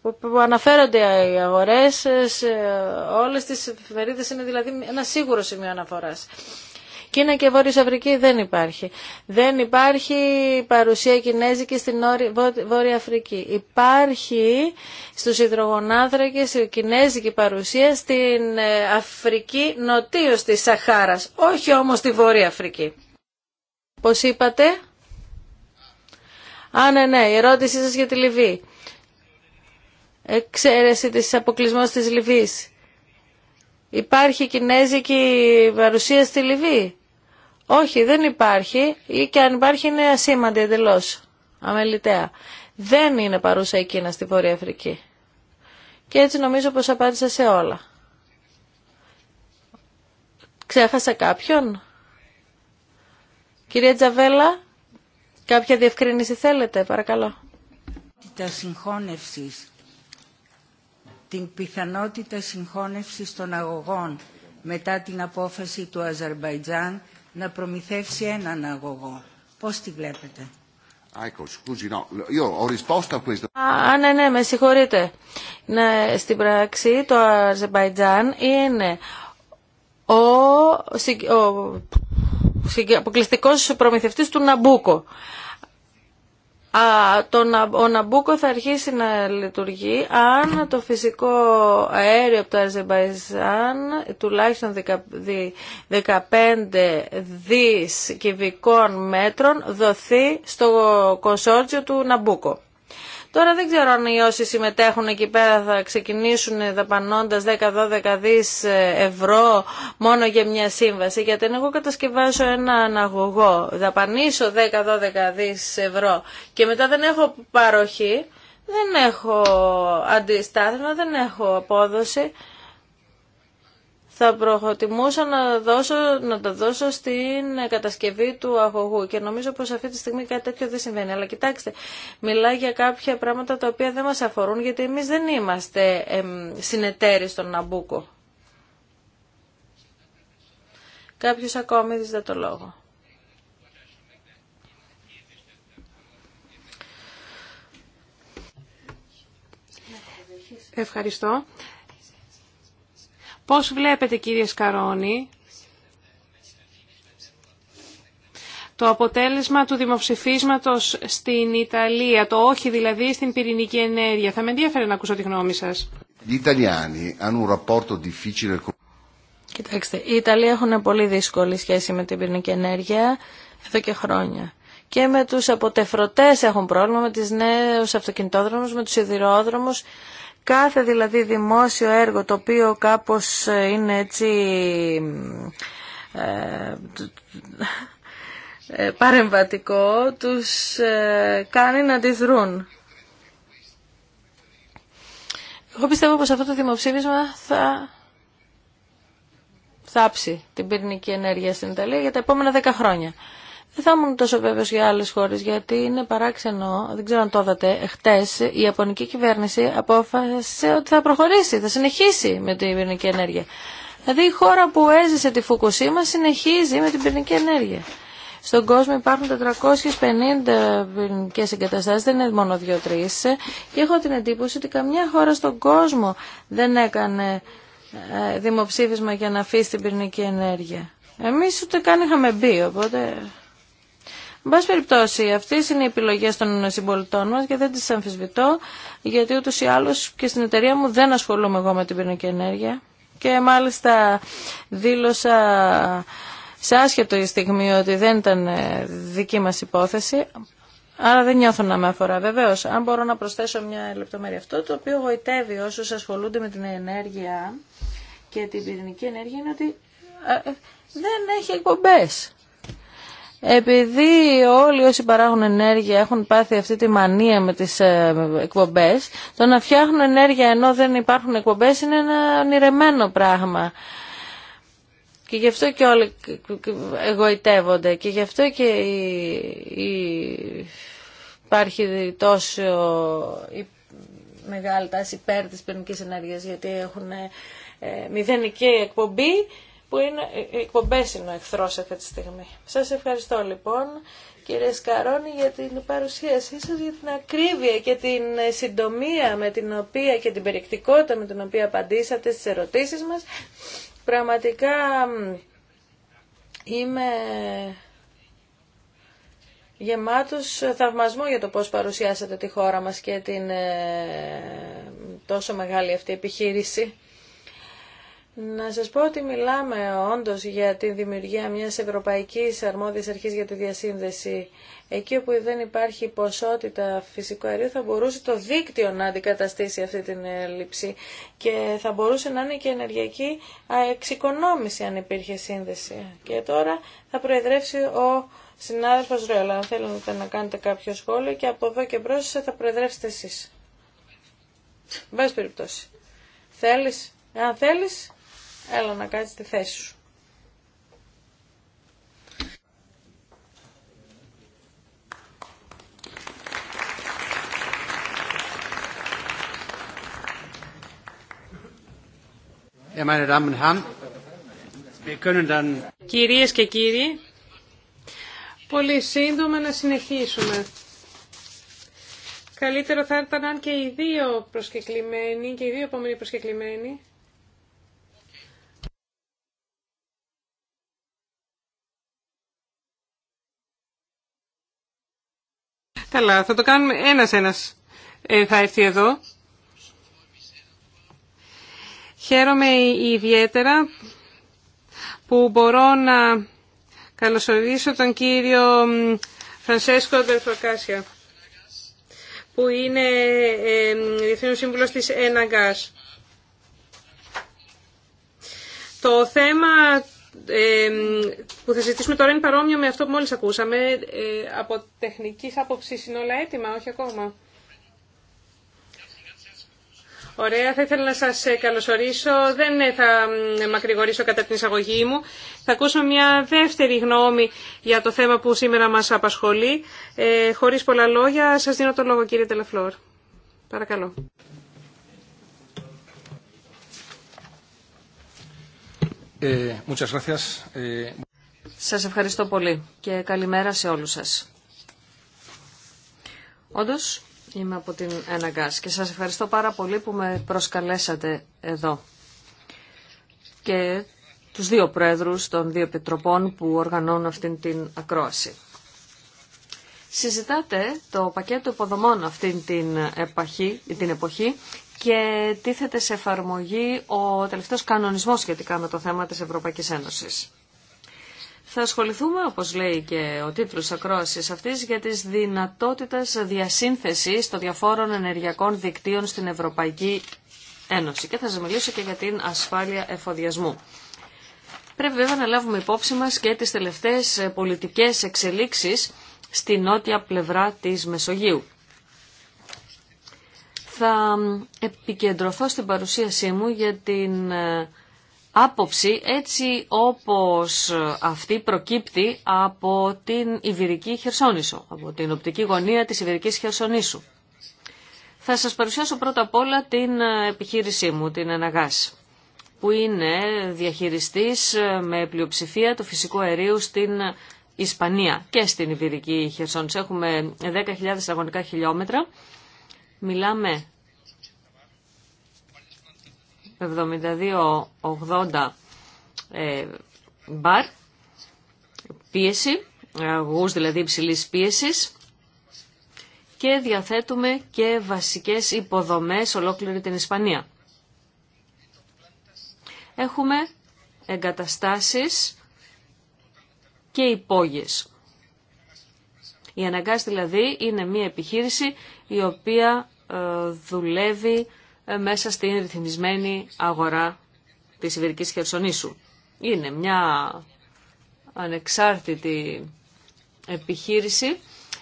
που αναφέρονται οι αγορές ε, σε όλες τις εφημερίδες είναι δηλαδή ένα σίγουρο σημείο αναφοράς. Κίνα και Βόρειο Αφρική δεν υπάρχει. Δεν υπάρχει παρουσία κινέζικη στην Βόρεια Αφρική. Υπάρχει στους υδρογονάνθρακες η κινέζικη παρουσία στην ε, Αφρική νοτίως της Σαχάρας, όχι όμως στη Βόρεια Αφρική. Πώς είπατε, Α, ναι, ναι, η ερώτησή σας για τη Λιβύη. Εξαίρεση της αποκλεισμός της Λιβύης. Υπάρχει κινέζικη παρουσία στη Λιβύη. Όχι, δεν υπάρχει ή και αν υπάρχει είναι ασήμαντη εντελώ. αμεληταία. Δεν είναι παρούσα η Κίνα στη Βόρεια Αφρική. Και έτσι νομίζω πως απάντησα σε όλα. Ξέχασα κάποιον. Κυρία Τζαβέλα, Κάποια διευκρίνηση θέλετε, παρακαλώ. Τα συγχώνευσης, την πιθανότητα συγχώνευσης των αγωγών μετά την απόφαση του Αζερβαϊτζάν να προμηθεύσει έναν αγωγό. Πώς τη βλέπετε. Α, ναι, ναι, με συγχωρείτε. Ναι, στην πράξη το Αζερβαϊτζάν είναι ο, ο αποκλειστικό προμηθευτή του Ναμπούκο. το, ο Ναμπούκο θα αρχίσει να λειτουργεί αν το φυσικό αέριο από το Αζερμπαϊζάν τουλάχιστον 15 δις κυβικών μέτρων δοθεί στο κονσόρτσιο του Ναμπούκο. Τώρα δεν ξέρω αν οι όσοι συμμετέχουν εκεί πέρα θα ξεκινησουν δαπανωντας δαπανώντα 10-12 δις ευρώ μόνο για μια σύμβαση. Γιατί εγω εγώ κατασκευάσω ένα αναγωγό, δαπανίσω 10-12 δις ευρώ και μετά δεν έχω παροχή, δεν έχω αντιστάθμα, δεν έχω απόδοση θα προτιμούσα να, δώσω, να τα δώσω στην κατασκευή του αγωγού και νομίζω πως αυτή τη στιγμή κάτι τέτοιο δεν συμβαίνει. Αλλά κοιτάξτε, μιλάει για κάποια πράγματα τα οποία δεν μας αφορούν γιατί εμείς δεν είμαστε εμ, συνεταίροι στον Ναμπούκο. Κάποιος ακόμη δεν το λόγο. Ευχαριστώ. Πώς βλέπετε κύριε Σκαρόνη το αποτέλεσμα του δημοψηφίσματος στην Ιταλία, το όχι δηλαδή στην πυρηνική ενέργεια. Θα με ενδιαφέρει να ακούσω τη γνώμη σας. Κοιτάξτε, οι Ιταλοί έχουν πολύ δύσκολη σχέση με την πυρηνική ενέργεια εδώ και χρόνια. Και με τους αποτεφρωτές έχουν πρόβλημα, με τις νέους αυτοκινητόδρομους, με τους σιδηρόδρομους. Κάθε δηλαδή δημόσιο έργο το οποίο κάπως ε, είναι έτσι ε, ε, παρεμβατικό τους κάνει να αντιδρούν. Εγώ πιστεύω πως αυτό το δημοψήφισμα θα θάψει την πυρηνική ενέργεια στην Ιταλία για τα επόμενα δέκα χρόνια. Δεν θα ήμουν τόσο βέβαιος για άλλες χώρες, γιατί είναι παράξενο, δεν ξέρω αν το είδατε, χτες η Ιαπωνική κυβέρνηση απόφασε ότι θα προχωρήσει, θα συνεχίσει με την πυρηνική ενέργεια. Δηλαδή η χώρα που έζησε τη Φουκουσίμα συνεχίζει με την πυρηνική ενέργεια. Στον κόσμο υπάρχουν 450 πυρηνικές εγκαταστάσεις, δεν είναι μόνο δύο-τρει. και έχω την εντύπωση ότι καμιά χώρα στον κόσμο δεν έκανε ε, δημοψήφισμα για να αφήσει την πυρηνική ενέργεια. Εμείς ούτε καν είχαμε μπει, οπότε Εν πάση περιπτώσει, αυτέ είναι οι επιλογέ των συμπολιτών μα και δεν τι αμφισβητώ, γιατί ούτω ή άλλω και στην εταιρεία μου δεν ασχολούμαι εγώ με την πυρηνική ενέργεια. Και μάλιστα δήλωσα σε άσχετο στιγμή ότι δεν ήταν ε, δική μα υπόθεση. Άρα δεν νιώθω να με αφορά. Βεβαίω, αν μπορώ να προσθέσω μια λεπτομέρεια αυτό, το οποίο γοητεύει όσου ασχολούνται με την ενέργεια και την πυρηνική ενέργεια είναι ότι ε, ε, δεν έχει εκπομπέ. Επειδή όλοι όσοι παράγουν ενέργεια έχουν πάθει αυτή τη μανία με τις ε, εκπομπές, το να φτιάχνουν ενέργεια ενώ δεν υπάρχουν εκπομπές είναι ένα ονειρεμένο πράγμα. Και γι' αυτό και όλοι εγωιτεύονται και γι' αυτό και υπάρχει τόσο μεγάλη τάση υπέρ της ενέργειας γιατί έχουν ε, μηδενική εκπομπή που είναι, ε, ε, οι είναι ο εχθρό αυτή τη στιγμή. Σα ευχαριστώ λοιπόν κύριε Σκαρόνη για την παρουσίασή σα για την ακρίβεια και την ε, συντομία με την οποία και την περιεκτικότητα με την οποία απαντήσατε στι ερωτήσει μας. Πραγματικά είμαι γεμάτος θαυμασμό για το πώς παρουσιάσατε τη χώρα μας και την τόσο μεγάλη αυτή επιχείρηση. Να σας πω ότι μιλάμε όντως για τη δημιουργία μιας ευρωπαϊκής αρμόδιας αρχής για τη διασύνδεση. Εκεί όπου δεν υπάρχει ποσότητα φυσικού αερίου θα μπορούσε το δίκτυο να αντικαταστήσει αυτή την λήψη και θα μπορούσε να είναι και ενεργειακή εξοικονόμηση αν υπήρχε σύνδεση. Και τώρα θα προεδρεύσει ο συνάδελφος Ρέλα. Αν θέλετε να κάνετε κάποιο σχόλιο και από εδώ και μπρος θα προεδρεύσετε εσείς. Μπες περιπτώσει. Θέλεις, αν θέλεις, Έλα να κάτσεις τη θέση σου. Κυρίες και κύριοι, πολύ σύντομα να συνεχίσουμε. Καλύτερο θα ήταν αν και οι δύο προσκεκλημένοι, και οι δύο επόμενοι προσκεκλημένοι, Καλά, θα το κάνουμε ένας-ένας. Ε, θα έρθει εδώ. Χαίρομαι ιδιαίτερα που μπορώ να καλωσορίσω τον κύριο Φρανσέσκο Δελφροκάσια, που είναι ε, Διευθύνων Σύμβουλος της ΕΝΑΓΑΣ. Το θέμα που θα συζητήσουμε τώρα είναι παρόμοιο με αυτό που μόλις ακούσαμε. Ε, από τεχνικής αποψή είναι όλα έτοιμα, όχι ακόμα. Ωραία, θα ήθελα να σας καλωσορίσω. Δεν ε, θα ε, μακρηγορήσω κατά την εισαγωγή μου. Θα ακούσω μια δεύτερη γνώμη για το θέμα που σήμερα μας απασχολεί. Ε, χωρίς πολλά λόγια, σας δίνω το λόγο κύριε Τελεφλόρ. Παρακαλώ. Σα ε, ε, Σας ευχαριστώ πολύ και καλημέρα σε όλους σας. Όντως, είμαι από την Εναγκάς και σας ευχαριστώ πάρα πολύ που με προσκαλέσατε εδώ. Και τους δύο πρόεδρους των δύο επιτροπών που οργανώνουν αυτήν την ακρόαση. Συζητάτε το πακέτο υποδομών αυτήν την εποχή, την εποχή και τίθεται σε εφαρμογή ο τελευταίος κανονισμός σχετικά με το θέμα της Ευρωπαϊκής Ένωσης. Θα ασχοληθούμε, όπως λέει και ο τίτλος ακρόασης αυτής, για τις δυνατότητες διασύνθεσης των διαφόρων ενεργειακών δικτύων στην Ευρωπαϊκή Ένωση και θα σας μιλήσω και για την ασφάλεια εφοδιασμού. Πρέπει βέβαια να λάβουμε υπόψη μας και τις τελευταίες πολιτικές εξελίξεις στη νότια πλευρά της Μεσογείου θα επικεντρωθώ στην παρουσίασή μου για την ε, άποψη έτσι όπως αυτή προκύπτει από την ιβηρική Χερσόνησο, από την οπτική γωνία της ιβηρικής Χερσονήσου. Θα σας παρουσιάσω πρώτα απ' όλα την ε, επιχείρησή μου, την Αναγάς, που είναι διαχειριστής ε, με πλειοψηφία του φυσικού αερίου στην Ισπανία και στην Ιβυρική Χερσόνησο. Έχουμε 10.000 αγωνικά χιλιόμετρα Μιλάμε 72-80 ε, μπαρ πίεση, αγούς δηλαδή υψηλής πίεσης και διαθέτουμε και βασικές υποδομές ολόκληρη την Ισπανία. Έχουμε εγκαταστάσεις και υπόγειες. Η αναγκάς δηλαδή είναι μια επιχείρηση η οποία ε, δουλεύει ε, μέσα στην ρυθμισμένη αγορά της Ιβερικής Χερσονήσου. Είναι μια ανεξάρτητη επιχείρηση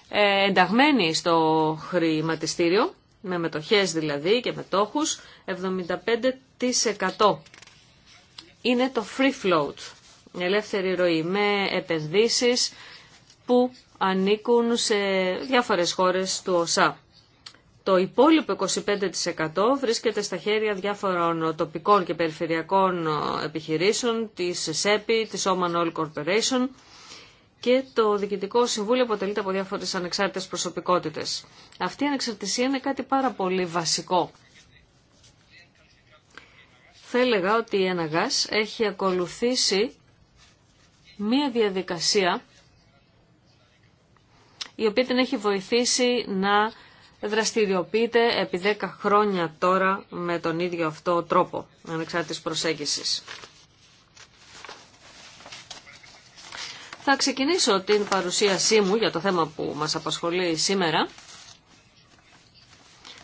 ε, ενταγμένη στο χρηματιστήριο, με μετοχές δηλαδή και μετόχους, 75% είναι το free float, ελεύθερη ροή με επενδύσεις που ανήκουν σε διάφορες χώρες του ΟΣΑ. Το υπόλοιπο 25% βρίσκεται στα χέρια διάφορων τοπικών και περιφερειακών ε, επιχειρήσεων, της ΣΕΠΗ, της Oman Oil Corporation και το Διοικητικό Συμβούλιο αποτελείται από διάφορες ανεξάρτητες προσωπικότητες. Αυτή η ανεξαρτησία είναι κάτι πάρα πολύ βασικό. Θα έλεγα ότι η ΕΝΑΓΑΣ έχει ακολουθήσει μία διαδικασία η οποία την έχει βοηθήσει να δραστηριοποιείται επί 10 χρόνια τώρα με τον ίδιο αυτό τρόπο ανεξάρτητης προσέγγισης. Θα ξεκινήσω την παρουσίασή μου για το θέμα που μας απασχολεί σήμερα,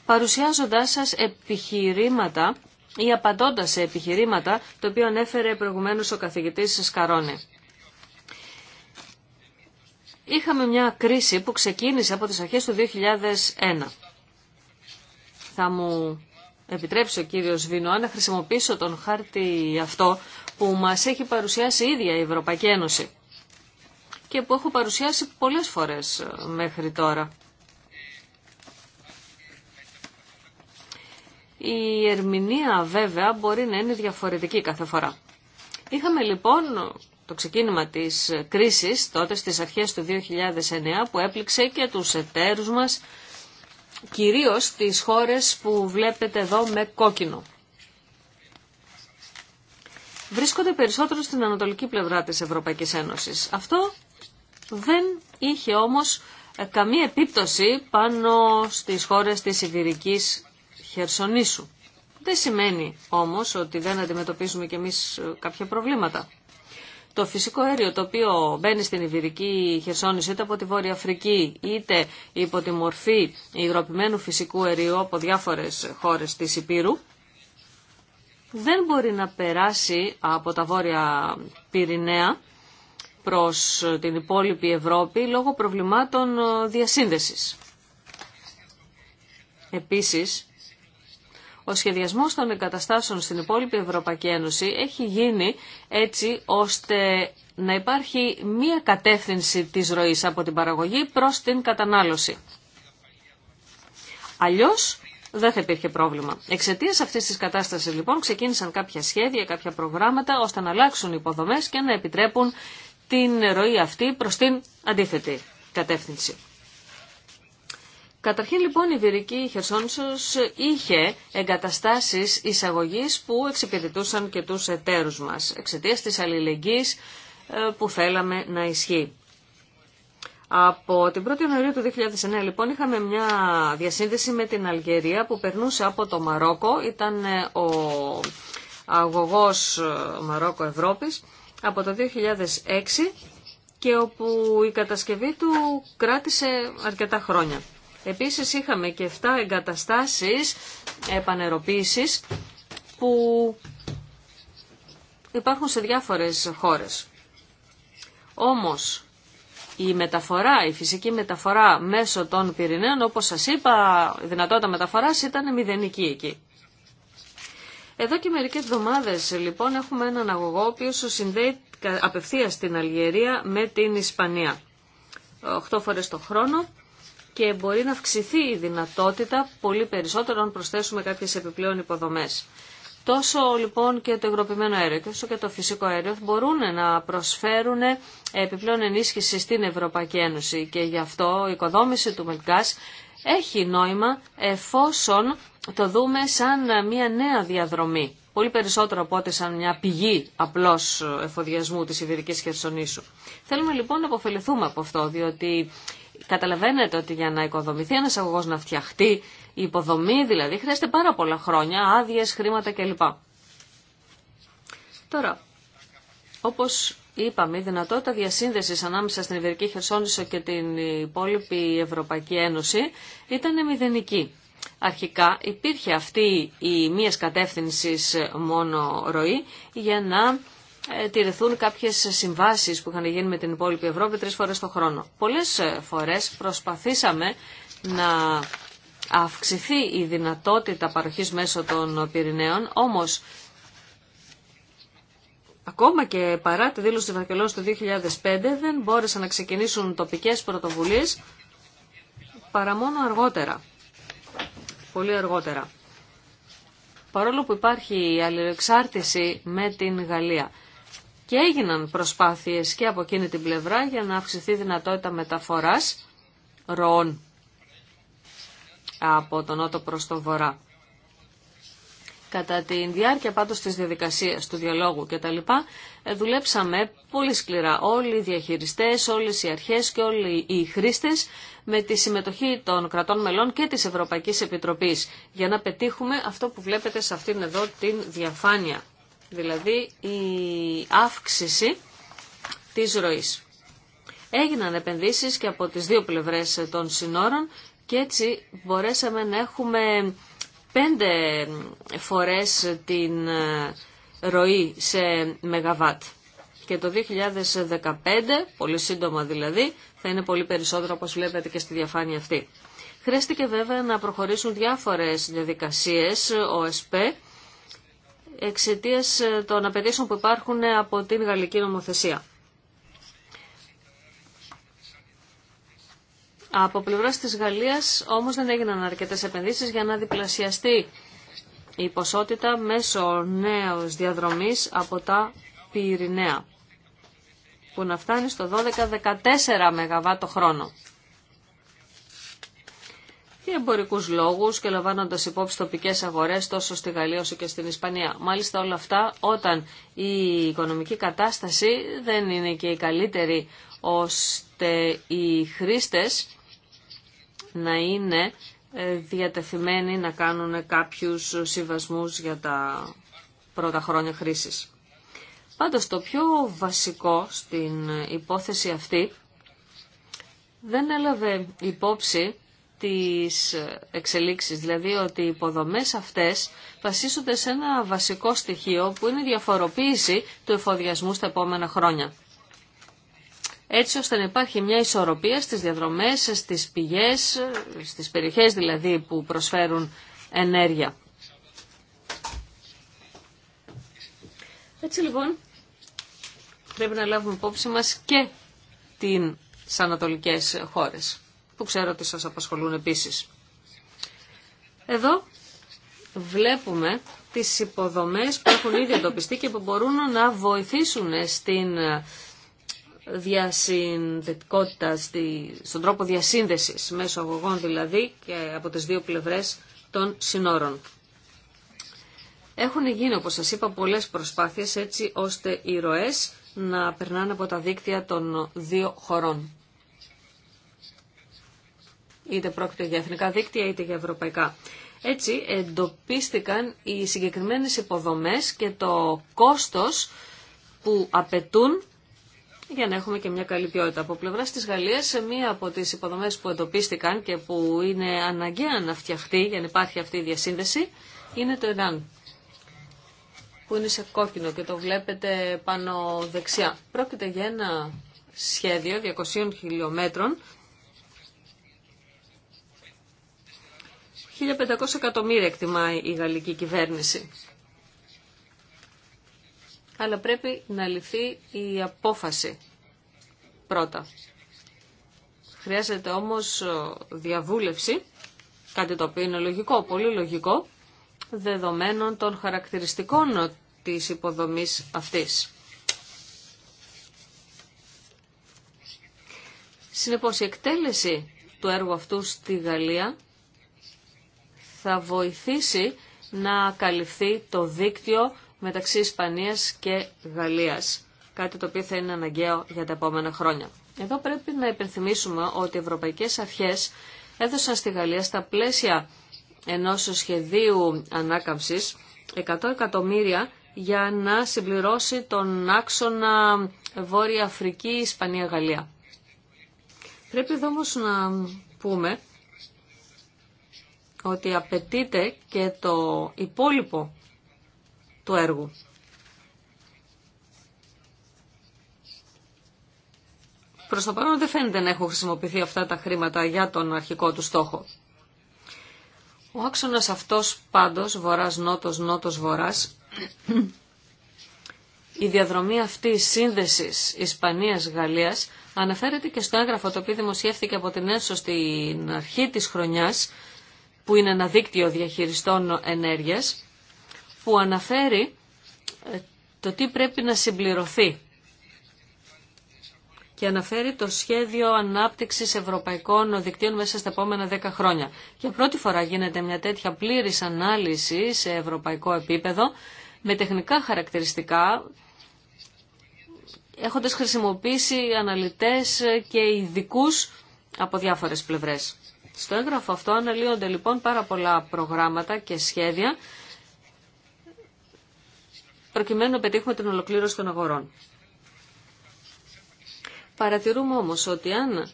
παρουσιάζοντάς σας επιχειρήματα ή απαντώντας σε επιχειρήματα, το οποίο ανέφερε προηγουμένως ο καθηγητής Σκαρόνη. Είχαμε μια κρίση που ξεκίνησε από τις αρχές του 2001. Θα μου επιτρέψει ο κύριος Βινό να χρησιμοποιήσω τον χάρτη αυτό που μας έχει παρουσιάσει η ίδια η Ευρωπαϊκή Ένωση και που έχω παρουσιάσει πολλές φορές ε, μέχρι τώρα. Η ερμηνεία βέβαια μπορεί να είναι διαφορετική κάθε φορά. Είχαμε λοιπόν το ξεκίνημα της κρίσης τότε στις αρχές του 2009 που έπληξε και τους εταίρους μας κυρίως τις χώρες που βλέπετε εδώ με κόκκινο. Βρίσκονται περισσότερο στην ανατολική πλευρά της Ευρωπαϊκής Ένωσης. Αυτό δεν είχε όμως ε, καμία επίπτωση πάνω στις χώρες της Ιβηρικής Χερσονήσου. Δεν σημαίνει όμως ότι δεν αντιμετωπίζουμε κι εμείς ε, κάποια προβλήματα το φυσικό αέριο το οποίο μπαίνει στην Ιβυρική Χερσόνησο είτε από τη Βόρεια Αφρική είτε υπό τη μορφή υγροποιημένου φυσικού αερίου από διάφορες χώρες της Υπήρου δεν μπορεί να περάσει από τα Βόρεια Πυρηναία προς την υπόλοιπη Ευρώπη λόγω προβλημάτων διασύνδεσης. Επίσης, ο σχεδιασμός των εγκαταστάσεων στην υπόλοιπη Ευρωπαϊκή Ένωση έχει γίνει έτσι ώστε να υπάρχει μία κατεύθυνση της ροής από την παραγωγή προς την κατανάλωση. Αλλιώς δεν θα υπήρχε πρόβλημα. Εξαιτία αυτή τη κατάσταση λοιπόν ξεκίνησαν κάποια σχέδια, κάποια προγράμματα ώστε να αλλάξουν υποδομέ και να επιτρέπουν την ροή αυτή προ την αντίθετη κατεύθυνση. Καταρχήν λοιπόν η Βυρική Χερσόνησος είχε εγκαταστάσεις εισαγωγής που εξυπηρετούσαν και τους εταίρους μας εξαιτία της αλληλεγγύης ε, που θέλαμε να ισχύει. Από την 1η Ιανουαρίου του 2009 λοιπόν είχαμε μια διασύνδεση με την Αλγερία που περνούσε από το Μαρόκο, ήταν ε, ο αγωγός ε, Μαρόκο Ευρώπης από το 2006 και όπου η κατασκευή του κράτησε αρκετά χρόνια. Επίσης είχαμε και 7 εγκαταστάσεις επανεροποίησης που υπάρχουν σε διάφορες χώρες. Όμως η μεταφορά, η φυσική μεταφορά μέσω των πυρηναίων, όπως σας είπα, η δυνατότητα μεταφοράς ήταν μηδενική εκεί. Εδώ και μερικές εβδομάδες λοιπόν έχουμε έναν αγωγό ο οποίος συνδέει απευθείας την Αλγερία με την Ισπανία. 8 φορές το χρόνο και μπορεί να αυξηθεί η δυνατότητα πολύ περισσότερο αν προσθέσουμε κάποιες επιπλέον υποδομές. Τόσο λοιπόν και το υγροποιημένο αέριο και όσο και το φυσικό αέριο μπορούν να προσφέρουν επιπλέον ενίσχυση στην Ευρωπαϊκή Ένωση και γι' αυτό η οικοδόμηση του Μελκάς έχει νόημα εφόσον το δούμε σαν μια νέα διαδρομή. Πολύ περισσότερο από ό,τι σαν μια πηγή απλώ εφοδιασμού τη Ιβηρική Χερσονήσου. Θέλουμε λοιπόν να αποφεληθούμε από αυτό, διότι Καταλαβαίνετε ότι για να οικοδομηθεί ένα αγωγός να φτιαχτεί η υποδομή δηλαδή χρειάζεται πάρα πολλά χρόνια, άδειε, χρήματα κλπ. Τώρα, όπως είπαμε, η δυνατότητα διασύνδεση ανάμεσα στην Ιβερική Χερσόνησο και την υπόλοιπη Ευρωπαϊκή Ένωση ήταν μηδενική. Αρχικά υπήρχε αυτή η μια κατεύθυνση μόνο ροή για να ε, τηρηθούν κάποιε συμβάσει που είχαν γίνει με την υπόλοιπη Ευρώπη τρει φορέ το χρόνο. Πολλέ ε, φορέ προσπαθήσαμε να αυξηθεί η δυνατότητα παροχή μέσω των Πυρηναίων, όμω ακόμα και παρά τη δήλωση τη Βαρκελόνη του 2005 δεν μπόρεσαν να ξεκινήσουν τοπικέ πρωτοβουλίε παρά μόνο αργότερα. Πολύ αργότερα. Παρόλο που υπάρχει η αλληλεξάρτηση με την Γαλλία και έγιναν προσπάθειες και από εκείνη την πλευρά για να αυξηθεί η δυνατότητα μεταφοράς ροών από τον νότο προς τον βορρά. Κατά τη διάρκεια πάντως της διαδικασίας του διαλόγου λοιπά, ε, δουλέψαμε πολύ σκληρά όλοι οι διαχειριστές, όλες οι αρχές και όλοι οι χρήστες με τη συμμετοχή των κρατών μελών και της Ευρωπαϊκής Επιτροπής για να πετύχουμε αυτό που βλέπετε σε αυτήν εδώ την διαφάνεια δηλαδή η αύξηση της ροής. Έγιναν επενδύσεις και από τις δύο πλευρές των συνόρων και έτσι μπορέσαμε να έχουμε πέντε φορές την ε, ροή σε μεγαβάτ. Και το 2015, πολύ σύντομα δηλαδή, θα είναι πολύ περισσότερο όπως βλέπετε και στη διαφάνεια αυτή. Χρειάστηκε βέβαια να προχωρήσουν διάφορες διαδικασίες, ο ΕΣΠΕ, εξαιτία ε, των απαιτήσεων που υπάρχουν από την γαλλική νομοθεσία. Από πλευράς της Γαλλίας όμως δεν έγιναν αρκετές επενδύσεις για να διπλασιαστεί η ποσότητα μέσω νέος διαδρομής από τα Πυρηναία που να φτάνει στο 12-14 ΜΒ το χρόνο και εμπορικού λόγου και λαμβάνοντα υπόψη τοπικέ αγορέ τόσο στη Γαλλία όσο και στην Ισπανία. Μάλιστα όλα αυτά όταν η οικονομική κατάσταση δεν είναι και η καλύτερη ώστε οι χρήστες να είναι ε, διατεθειμένοι να κάνουν κάποιους συμβασμούς για τα πρώτα χρόνια χρήσης. Πάντως το πιο βασικό στην υπόθεση αυτή δεν έλαβε υπόψη τις εξελίξεις, δηλαδή ότι οι υποδομές αυτές βασίζονται σε ένα βασικό στοιχείο που είναι η διαφοροποίηση του εφοδιασμού στα επόμενα χρόνια. Έτσι ώστε να υπάρχει μια ισορροπία στις διαδρομές, στις πηγές, στις περιοχές δηλαδή που προσφέρουν ενέργεια. Έτσι λοιπόν πρέπει να λάβουμε υπόψη μας και την ανατολικές χώρες που ξέρω ότι σας απασχολούν επίσης. Εδώ βλέπουμε τις υποδομές που έχουν ήδη εντοπιστεί και που μπορούν να βοηθήσουν στην διασυνδετικότητα, στον τρόπο διασύνδεσης μέσω αγωγών δηλαδή και από τις δύο πλευρές των συνόρων. Έχουν γίνει, όπως σας είπα, πολλές προσπάθειες έτσι ώστε οι ροές να περνάνε από τα δίκτυα των δύο χωρών είτε πρόκειται για εθνικά δίκτυα είτε για ευρωπαϊκά. Έτσι εντοπίστηκαν οι συγκεκριμένες υποδομές και το κόστος που απαιτούν για να έχουμε και μια καλή ποιότητα. Από πλευρά τη Γαλλία, σε μία από τι υποδομέ που εντοπίστηκαν και που είναι αναγκαία να φτιαχτεί για να υπάρχει αυτή η διασύνδεση, είναι το ΕΝΑΝ. Που είναι σε κόκκινο και το βλέπετε πάνω δεξιά. Πρόκειται για ένα σχέδιο 200 χιλιόμετρων 1.500 εκατομμύρια εκτιμάει η γαλλική κυβέρνηση. Αλλά πρέπει να ληφθεί η απόφαση πρώτα. Χρειάζεται όμως ε, διαβούλευση, κάτι το οποίο είναι λογικό, πολύ λογικό, δεδομένων των χαρακτηριστικών της υποδομής αυτής. Συνεπώς η εκτέλεση του έργου αυτού στη Γαλλία θα βοηθήσει να καλυφθεί το δίκτυο μεταξύ Ισπανίας και Γαλλίας. Κάτι το οποίο θα είναι αναγκαίο για τα επόμενα χρόνια. Εδώ πρέπει να υπενθυμίσουμε ότι οι ευρωπαϊκές αρχές έδωσαν στη Γαλλία στα πλαίσια ενός σχεδίου ανάκαμψης 100 εκατομμύρια για να συμπληρώσει τον άξονα Βόρεια Αφρική, Ισπανία, Γαλλία. Πρέπει εδώ όμως να πούμε ότι απαιτείται και το υπόλοιπο του έργου. Προς το παρόν δεν φαίνεται να έχουν χρησιμοποιηθεί αυτά τα χρήματα για τον αρχικό του στόχο. Ο άξονας παντως βόρας πάντως, βόρας. η διαδρομή αυτή σύνδεσης Ισπανίας-Γαλλίας αναφέρεται και στο έγγραφο το οποίο δημοσιεύθηκε από την έσω στην αρχή της χρονιάς που είναι ένα δίκτυο διαχειριστών ενέργειας, που αναφέρει ε, το τι πρέπει να συμπληρωθεί και αναφέρει το σχέδιο ανάπτυξης ευρωπαϊκών δικτύων μέσα στα επόμενα 10 χρόνια. Για πρώτη φορά γίνεται μια τέτοια πλήρης ανάλυση σε ευρωπαϊκό επίπεδο με τεχνικά χαρακτηριστικά έχοντας χρησιμοποιήσει αναλυτές και ειδικού από διάφορες πλευρές. Στο έγγραφο αυτό αναλύονται λοιπόν πάρα πολλά προγράμματα και σχέδια προκειμένου να πετύχουμε την ολοκλήρωση των αγορών. Παρατηρούμε όμως ότι αν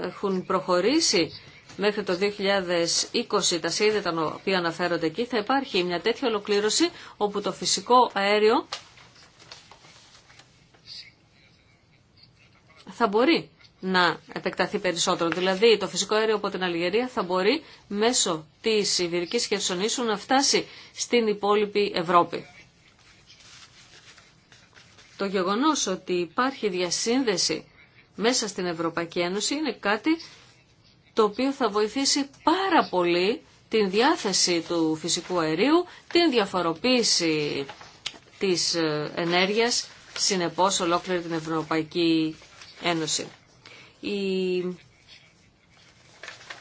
έχουν προχωρήσει μέχρι το 2020 τα σχέδια τα οποία αναφέρονται εκεί θα υπάρχει μια τέτοια ολοκλήρωση όπου το φυσικό αέριο θα μπορεί να επεκταθεί περισσότερο. Δηλαδή το φυσικό αέριο από την Αλγερία θα μπορεί μέσω της Ιβυρικής Χερσονήσου να φτάσει στην υπόλοιπη Ευρώπη. Το γεγονός ότι υπάρχει διασύνδεση μέσα στην Ευρωπαϊκή Ένωση είναι κάτι το οποίο θα βοηθήσει πάρα πολύ την διάθεση του φυσικού αερίου, την διαφοροποίηση της ε, ενέργειας, συνεπώς ολόκληρη την Ευρωπαϊκή Ένωση η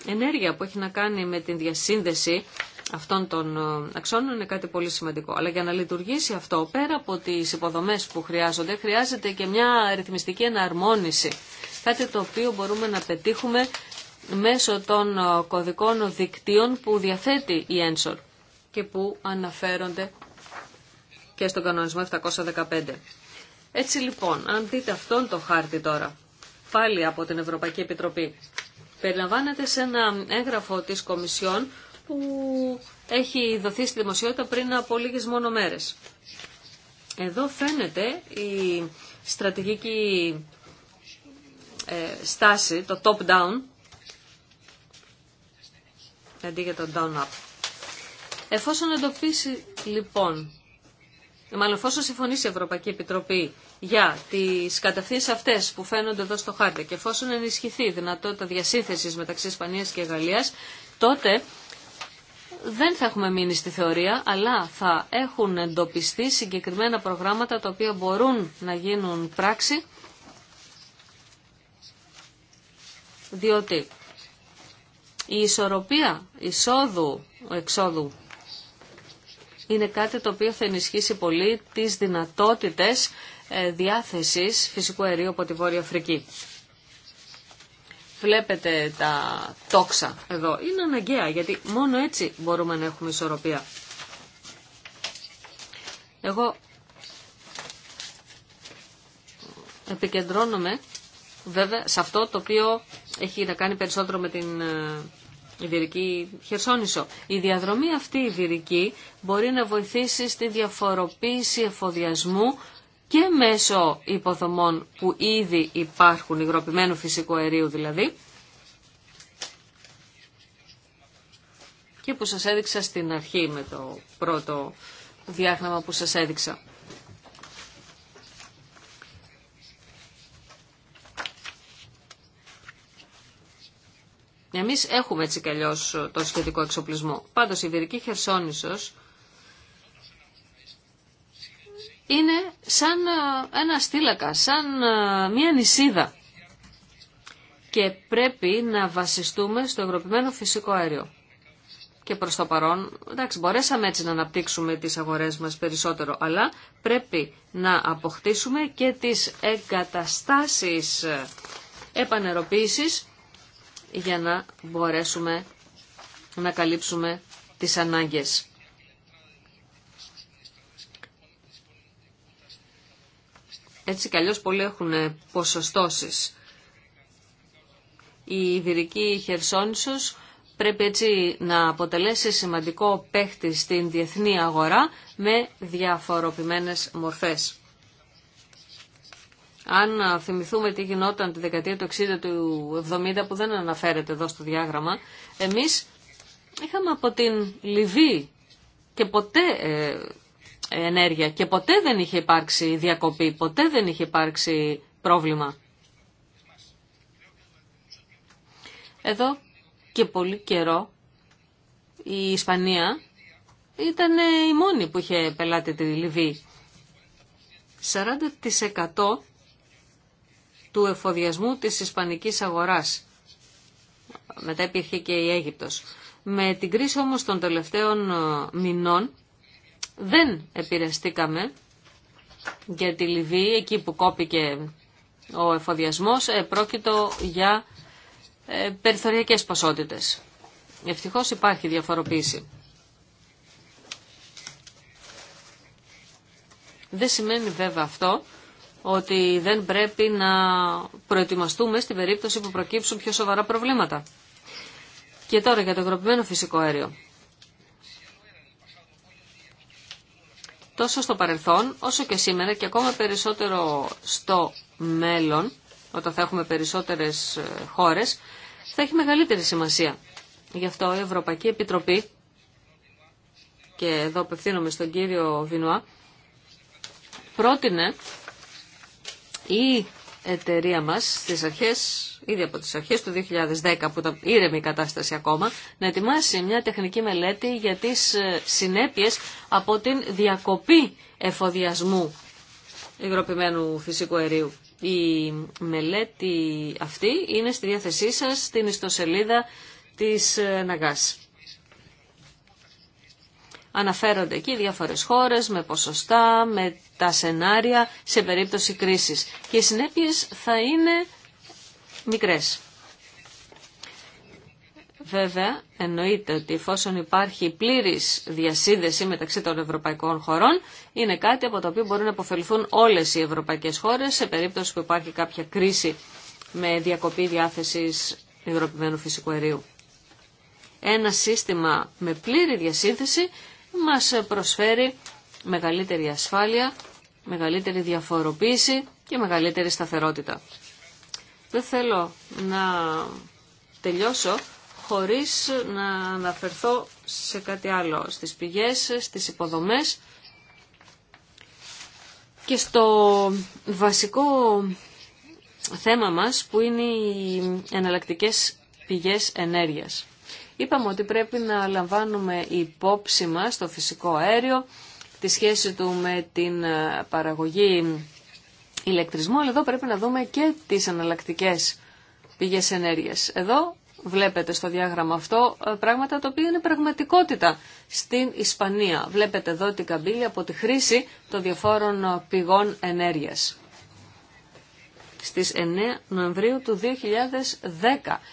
ενέργεια που έχει να κάνει με την διασύνδεση αυτών των ε, αξώνων είναι κάτι πολύ σημαντικό. Αλλά για να λειτουργήσει αυτό, πέρα από τις υποδομές που χρειάζονται, χρειάζεται και μια αριθμιστική εναρμόνιση. Κάτι το οποίο μπορούμε να πετύχουμε μέσω των ε, κωδικών δικτύων που διαθέτει η Ένσορ και που αναφέρονται και στον κανονισμό 715. Έτσι λοιπόν, αν δείτε αυτόν το χάρτη τώρα, πάλι από την Ευρωπαϊκή Επιτροπή. Περιλαμβάνεται σε ένα έγγραφο της Κομισιόν που έχει δοθεί στη δημοσιότητα πριν από λίγες μόνο μέρες. Εδώ φαίνεται η στρατηγική ε, στάση, το top-down, αντί για το down-up. Εφόσον εντοπίσει λοιπόν, μάλλον εφόσον συμφωνήσει η Ευρωπαϊκή Επιτροπή για τις κατευθύνσεις αυτές που φαίνονται εδώ στο χάρτη και εφόσον ενισχυθεί η δυνατότητα διασύνθεσης μεταξύ Ισπανίας και Γαλλίας, τότε δεν θα έχουμε μείνει στη θεωρία, αλλά θα έχουν εντοπιστεί συγκεκριμένα προγράμματα τα οποία μπορούν να γίνουν πράξη, διότι η ισορροπία εισόδου-εξόδου είναι κάτι το οποίο θα ενισχύσει πολύ τις δυνατότητες ε, διάθεσης φυσικού αερίου από τη Βόρεια Αφρική. Βλέπετε τα τόξα εδώ. Είναι αναγκαία γιατί μόνο έτσι μπορούμε να έχουμε ισορροπία. Εγώ επικεντρώνομαι βέβαια σε αυτό το οποίο έχει να κάνει περισσότερο με την Ιβυρική ε, Χερσόνησο. Η διαδρομή αυτή η Ιβυρική μπορεί να βοηθήσει στη διαφοροποίηση εφοδιασμού και μέσω υποδομών που ήδη υπάρχουν, υγροποιημένου φυσικού αερίου δηλαδή, και που σας έδειξα στην αρχή με το πρώτο διάγραμμα που σας έδειξα. Εμείς έχουμε έτσι κι το σχετικό εξοπλισμό. Πάντως η Βυρική Χερσόνησος είναι σαν ε, ένα στήλακα, σαν ε, μια νησίδα. Και πρέπει να βασιστούμε στο ευρωπημένο φυσικό αέριο. Και προς το παρόν, εντάξει, μπορέσαμε έτσι να αναπτύξουμε τις αγορές μας περισσότερο, αλλά πρέπει να αποκτήσουμε και τις εγκαταστάσεις ε, επανεροποίησης για να μπορέσουμε να καλύψουμε τις ανάγκες. Έτσι κι αλλιώς πολλοί έχουν ε, ποσοστώσεις. Η Ιβηρική Χερσόνησος πρέπει έτσι να αποτελέσει σημαντικό παίχτη στην διεθνή αγορά με διαφοροποιημένες μορφές. Αν θυμηθούμε τι γινόταν τη δεκαετία του 60 του 70 που δεν αναφέρεται εδώ στο διάγραμμα, εμείς είχαμε από την Λιβύη και ποτέ ε, ενέργεια και ποτέ δεν είχε υπάρξει διακοπή, ποτέ δεν είχε υπάρξει πρόβλημα. Εδώ και πολύ καιρό η Ισπανία ήταν η μόνη που είχε πελάτη τη Λιβύη. 40% του εφοδιασμού της ισπανικής αγοράς. Μετά υπήρχε και η Αίγυπτος. Με την κρίση όμως των τελευταίων μηνών δεν επηρεαστήκαμε για τη Λιβύη, εκεί που κόπηκε ο εφοδιασμός, ε, πρόκειτο για ε, περιθωριακές ποσότητες. Ευτυχώς υπάρχει διαφοροποίηση. Δεν σημαίνει βέβαια αυτό ότι δεν πρέπει να προετοιμαστούμε στην περίπτωση που προκύψουν πιο σοβαρά προβλήματα. Και τώρα για το εγκροπημένο φυσικό αέριο. τόσο στο παρελθόν όσο και σήμερα και ακόμα περισσότερο στο μέλλον, όταν θα έχουμε περισσότερες ε, χώρες, θα έχει μεγαλύτερη σημασία. Γι' αυτό η Ευρωπαϊκή Επιτροπή, και εδώ απευθύνομαι στον κύριο Βινουά, πρότεινε η εταιρεία μας στις αρχές, ήδη από τις αρχές του 2010 που ήταν ήρεμη η κατάσταση ακόμα, να ετοιμάσει μια τεχνική μελέτη για τις ε, συνέπειες από την διακοπή εφοδιασμού υγροποιημένου φυσικού αερίου. Η μελέτη αυτή είναι στη διάθεσή σας στην ιστοσελίδα της Ναγκάς. Ε, Αναφέρονται εκεί διάφορες χώρες με ποσοστά, με τα σενάρια σε περίπτωση κρίσης. Και οι συνέπειες θα είναι μικρές. Βέβαια, εννοείται ότι εφόσον υπάρχει πλήρης διασύνδεση μεταξύ των ευρωπαϊκών χωρών, είναι κάτι από το οποίο μπορούν να αποφεληθούν όλες οι ευρωπαϊκές χώρες σε περίπτωση που υπάρχει κάποια κρίση με διακοπή διάθεσης υγροποιημένου φυσικού αερίου. Ένα σύστημα με πλήρη διασύνθεση μας προσφέρει μεγαλύτερη ασφάλεια, μεγαλύτερη διαφοροποίηση και μεγαλύτερη σταθερότητα. Δεν θέλω να τελειώσω χωρίς να αναφερθώ σε κάτι άλλο, στις πηγές, στις υποδομές και στο βασικό θέμα μας που είναι οι εναλλακτικές πηγές ενέργειας. Είπαμε ότι πρέπει να λαμβάνουμε υπόψη μας το φυσικό αέριο, τη σχέση του με την ε, παραγωγή ηλεκτρισμού, αλλά εδώ πρέπει να δούμε και τις εναλλακτικέ πηγές ενέργειας. Εδώ βλέπετε στο διάγραμμα αυτό ε, πράγματα τα οποία είναι πραγματικότητα στην Ισπανία. Βλέπετε εδώ την καμπύλη από τη χρήση των διαφόρων πηγών ενέργειας στις 9 Νοεμβρίου του 2010.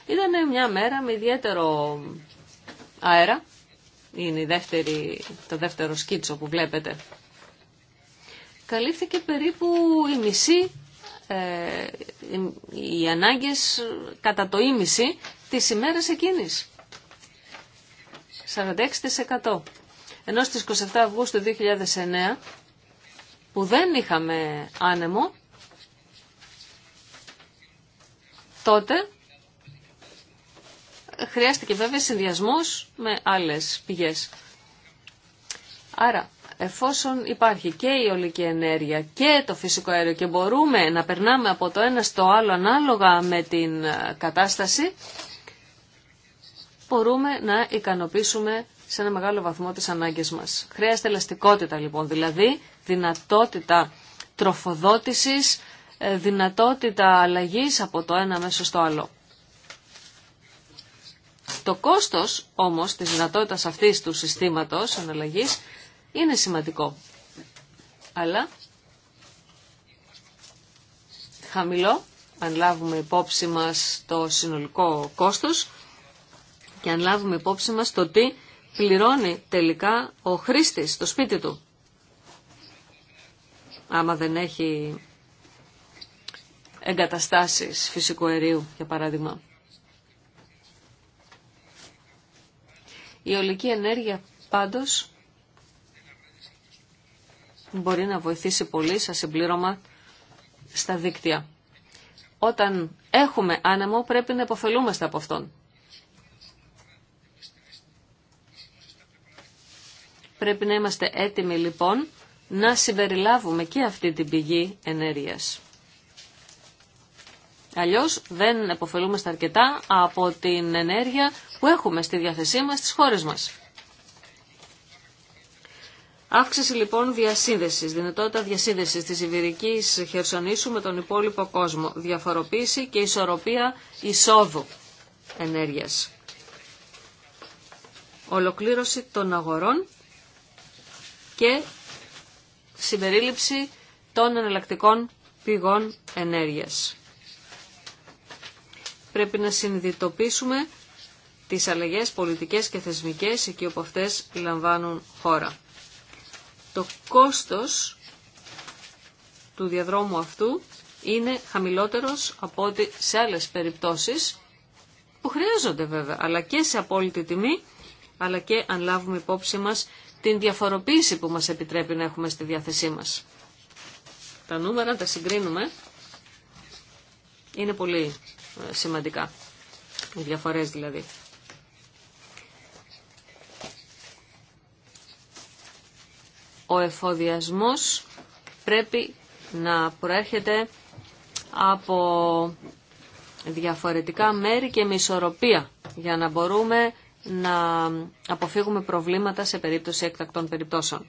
Ήταν μια μέρα με ιδιαίτερο αέρα. Είναι η δεύτερη, το δεύτερο σκίτσο που βλέπετε. Καλύφθηκε περίπου η μισή, ε, οι ανάγκες κατά το ίμιση της ημέρας εκείνης. 46%. Ενώ στις 27 Αυγούστου 2009 που δεν είχαμε άνεμο, τότε χρειάστηκε βέβαια συνδυασμό με άλλες πηγές. Άρα, εφόσον υπάρχει και η ολική ενέργεια και το φυσικό αέριο και μπορούμε να περνάμε από το ένα στο άλλο ανάλογα με την ε, κατάσταση, μπορούμε να ικανοποιήσουμε σε ένα μεγάλο βαθμό τις ανάγκες μας. Χρειάζεται ελαστικότητα λοιπόν, δηλαδή δυνατότητα τροφοδότησης ε, δυνατότητα αλλαγής από το ένα μέσο στο άλλο. Το κόστος όμως της δυνατότητας αυτής του συστήματος αναλλαγής είναι σημαντικό. Αλλά χαμηλό, αν λάβουμε υπόψη μας το συνολικό κόστος και αν λάβουμε υπόψη μας το τι πληρώνει τελικά ο χρήστης στο σπίτι του. Άμα δεν έχει εγκαταστάσεις φυσικού αερίου, για παράδειγμα. Η ολική ενέργεια πάντως μπορεί να βοηθήσει πολύ σε συμπλήρωμα στα δίκτυα. Όταν έχουμε άνεμο πρέπει να υποφελούμαστε από αυτόν. Πρέπει να είμαστε έτοιμοι λοιπόν να συμπεριλάβουμε και αυτή την πηγή ενέργειας. Αλλιώ δεν στα αρκετά από την ενέργεια που έχουμε στη διάθεσή μας στις χώρες μας. Αύξηση λοιπόν διασύνδεση, δυνατότητα διασύνδεση τη Ιβυρική Χερσονήσου με τον υπόλοιπο κόσμο. Διαφοροποίηση και ισορροπία εισόδου ενέργεια. Ολοκλήρωση των αγορών και συμπερίληψη των εναλλακτικών πηγών ενέργειας. Πρέπει να συνειδητοποιήσουμε τις αλλαγές πολιτικές και θεσμικές εκεί όπου αυτές λαμβάνουν χώρα. Το κόστος του διαδρόμου αυτού είναι χαμηλότερος από ό,τι σε άλλες περιπτώσεις που χρειάζονται βέβαια, αλλά και σε απόλυτη τιμή, αλλά και αν λάβουμε υπόψη μας την διαφοροποίηση που μας επιτρέπει να έχουμε στη διάθεσή μας. Τα νούμερα τα συγκρίνουμε. Είναι πολύ σημαντικά. Οι δηλαδή. Ο εφοδιασμός πρέπει να προέρχεται από διαφορετικά μέρη και μισορροπία για να μπορούμε να αποφύγουμε προβλήματα σε περίπτωση εκτακτών περιπτώσεων.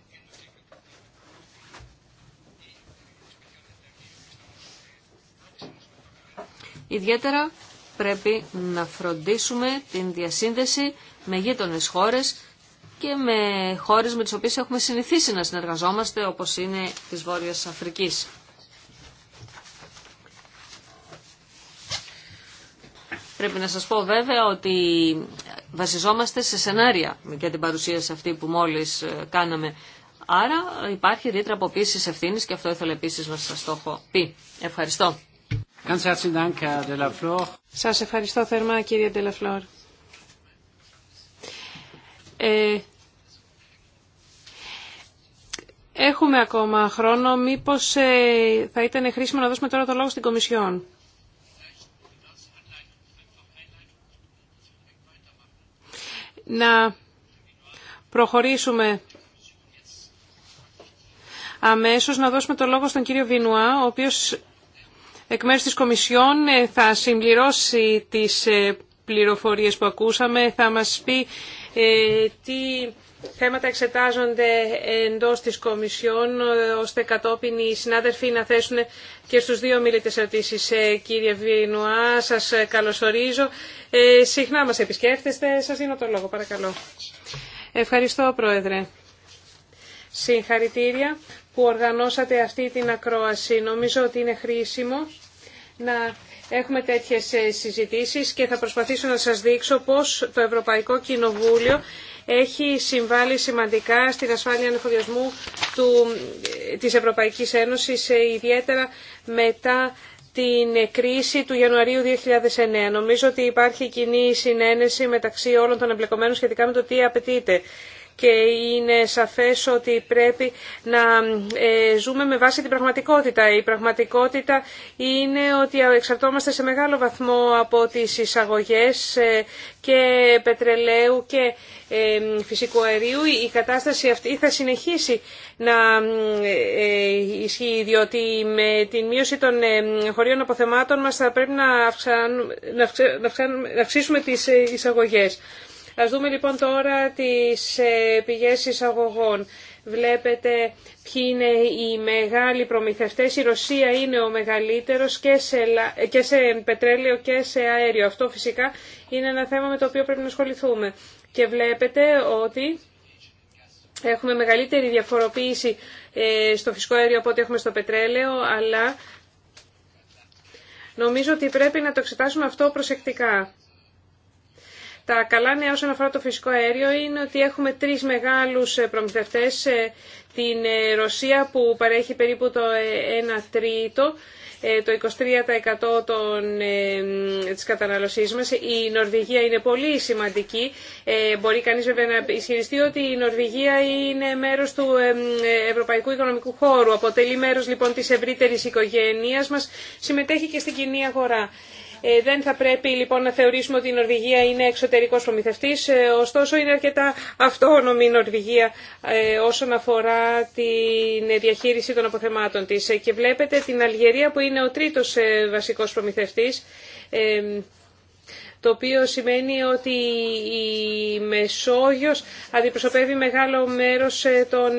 Ιδιαίτερα πρέπει να φροντίσουμε την διασύνδεση με γείτονες χώρες και με χώρες με τις οποίες έχουμε συνηθίσει να συνεργαζόμαστε, όπως είναι της Βόρειας Αφρικής. Πρέπει να σας πω βέβαια ότι βασιζόμαστε σε σενάρια για την παρουσίαση αυτή που μόλις ε, κάναμε. Άρα υπάρχει ρήτρα αποποίησης ευθύνης και αυτό ήθελα επίσης να σας το έχω πει. Ευχαριστώ. Σας ευχαριστώ θερμά κύριε Ντελαφλόρ. έχουμε ακόμα χρόνο. Μήπως ε, θα ήταν χρήσιμο να δώσουμε τώρα το λόγο στην Κομισιόν. Να προχωρήσουμε αμέσως να δώσουμε το λόγο στον κύριο Βινουά, ο οποίος εκ μέρους της Κομισιόν ε, θα συμπληρώσει τις ε, πληροφορίες που ακούσαμε, θα μας πει ε, τι θέματα εξετάζονται εντός της Κομισιόν, ώστε κατόπιν οι συνάδελφοι να θέσουν και στους δύο μίλητες ερωτήσεις. Κύριε Βινουά, σας καλωσορίζω. Συχνά μας επισκέφτεστε. Σας δίνω το λόγο, παρακαλώ. Ευχαριστώ, Πρόεδρε. Συγχαρητήρια που οργανώσατε αυτή την ακρόαση. Νομίζω ότι είναι χρήσιμο να έχουμε τέτοιες ε, συζητήσεις και θα προσπαθήσω να σας δείξω πώς το Ευρωπαϊκό Κοινοβούλιο έχει συμβάλει σημαντικά στην ασφάλεια ανεφοδιασμού του, ε, της Ευρωπαϊκής Ένωσης, ε, ιδιαίτερα μετά την κρίση του Ιανουαρίου 2009. Νομίζω ότι υπάρχει κοινή συνένεση μεταξύ όλων των εμπλεκομένων σχετικά με το τι απαιτείται και είναι σαφές ότι πρέπει να ε, ζούμε με βάση την πραγματικότητα. Η πραγματικότητα είναι ότι εξαρτώμαστε σε μεγάλο βαθμό από τις εισαγωγές ε, και πετρελαίου και ε, φυσικού αερίου. Η κατάσταση αυτή θα συνεχίσει να ισχύει, διότι με την μείωση των χωρίων αποθεμάτων μας θα πρέπει να αυξήσουμε τις εισαγωγές. Ας δούμε λοιπόν τώρα τις ε, πηγές εισαγωγών. Βλέπετε ποιοι είναι οι μεγάλοι προμηθευτές. Η Ρωσία είναι ο μεγαλύτερος και σε, ε, και σε πετρέλαιο και σε αέριο. Αυτό φυσικά είναι ένα θέμα με το οποίο πρέπει να ασχοληθούμε. Και βλέπετε ότι έχουμε μεγαλύτερη διαφοροποίηση ε, στο φυσικό αέριο από ό,τι έχουμε στο πετρέλαιο, αλλά νομίζω ότι πρέπει να το εξετάσουμε αυτό προσεκτικά. Τα καλά νέα όσον αφορά το φυσικό αέριο είναι ότι έχουμε τρεις μεγάλους ε, προμηθευτές ε, την ε, Ρωσία που παρέχει περίπου το 1 τρίτο το 23% των, της καταναλωσής μας. Η Νορβηγία είναι πολύ σημαντική. Μπορεί κανείς βέβαια να ισχυριστεί ότι η Νορβηγία είναι μέρος του Ευρωπαϊκού Οικονομικού Χώρου. Αποτελεί μέρος λοιπόν της ευρύτερης οικογένειας μας. Συμμετέχει και στην κοινή αγορά δεν θα πρέπει λοιπόν να θεωρήσουμε ότι η Νορβηγία είναι εξωτερικός προμηθευτής, ωστόσο είναι αρκετά αυτόνομη η Νορβηγία όσον αφορά την διαχείριση των αποθεμάτων της. Και βλέπετε την Αλγερία που είναι ο τρίτος βασικός προμηθευτής, το οποίο σημαίνει ότι η Μεσόγειος αντιπροσωπεύει μεγάλο μέρος των,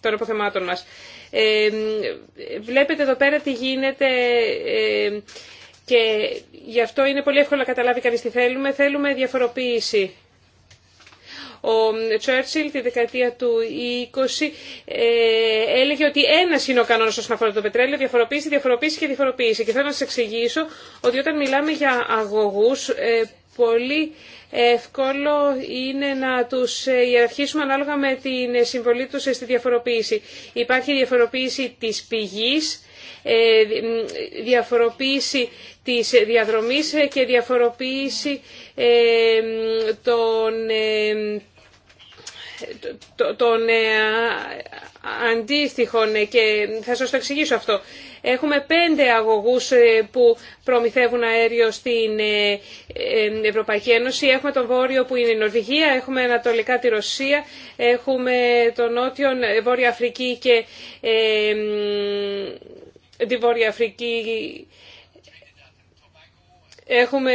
των αποθεμάτων μας. Βλέπετε εδώ πέρα τι γίνεται και γι' αυτό είναι πολύ εύκολο να καταλάβει κανείς τι θέλουμε. Θέλουμε διαφοροποίηση. Ο Τσέρτσιλ τη δεκαετία του 20 ε, έλεγε ότι ένα είναι ο κανόνα όσον αφορά το πετρέλαιο, διαφοροποίηση, διαφοροποίηση και διαφοροποίηση. Και θέλω να σα εξηγήσω ότι όταν μιλάμε για αγωγού ε, πολύ εύκολο είναι να τους ε, ιεραρχήσουμε ανάλογα με την συμβολή τους ε, στη διαφοροποίηση. Υπάρχει διαφοροποίηση της πηγής, ε, διαφοροποίηση της διαδρομής και διαφοροποίηση των, των αντίστοιχων ε, και θα σας το εξηγήσω αυτό. Έχουμε πέντε αγωγούς ε, που προμηθεύουν αέριο στην ε, Ευρωπαϊκή Ένωση. Έχουμε τον Βόρειο που είναι η Νορβηγία, έχουμε Ανατολικά τη Ρωσία, έχουμε τον Νότιο, Βόρεια Αφρική και ε, τη Βόρεια Αφρική Έχουμε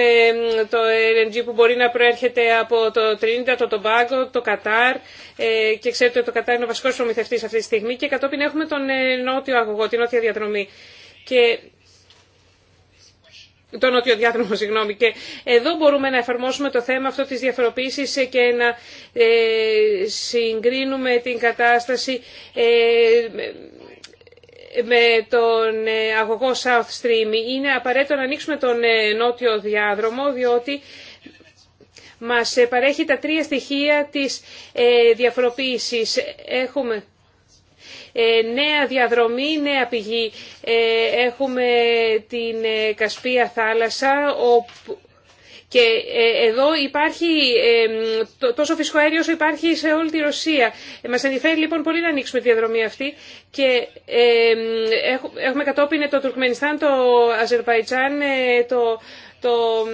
το LNG που μπορεί να προέρχεται από το Τρίνιντα, το Τομπάγκο, το Κατάρ ε, και ξέρετε ότι το Κατάρ είναι ο βασικός προμηθευτής αυτή τη στιγμή και κατόπιν έχουμε τον ε, νότιο αγωγό, την νότια διαδρομή. Και το νότιο διάδρομο, συγγνώμη. Και εδώ μπορούμε να εφαρμόσουμε το θέμα αυτό της διαφοροποίησης ε, και να συγκρίνουμε την κατάσταση με τον ε, αγωγό South Stream. Είναι απαραίτητο να ανοίξουμε τον ε, νότιο διάδρομο, διότι μας ε, παρέχει τα τρία στοιχεία της διαφοροποίησης. Έχουμε νέα διαδρομή, νέα πηγή. Έχουμε την Κασπία θάλασσα, όπου και ε, εδώ υπάρχει ε, τόσο φυσικό αέριο όσο υπάρχει σε όλη τη Ρωσία. Μας ενδιαφέρει λοιπόν πολύ να ανοίξουμε τη διαδρομή αυτή και ε, έχουμε κατόπιν το Τουρκμενιστάν, το Αζερβαϊτζάν, το το,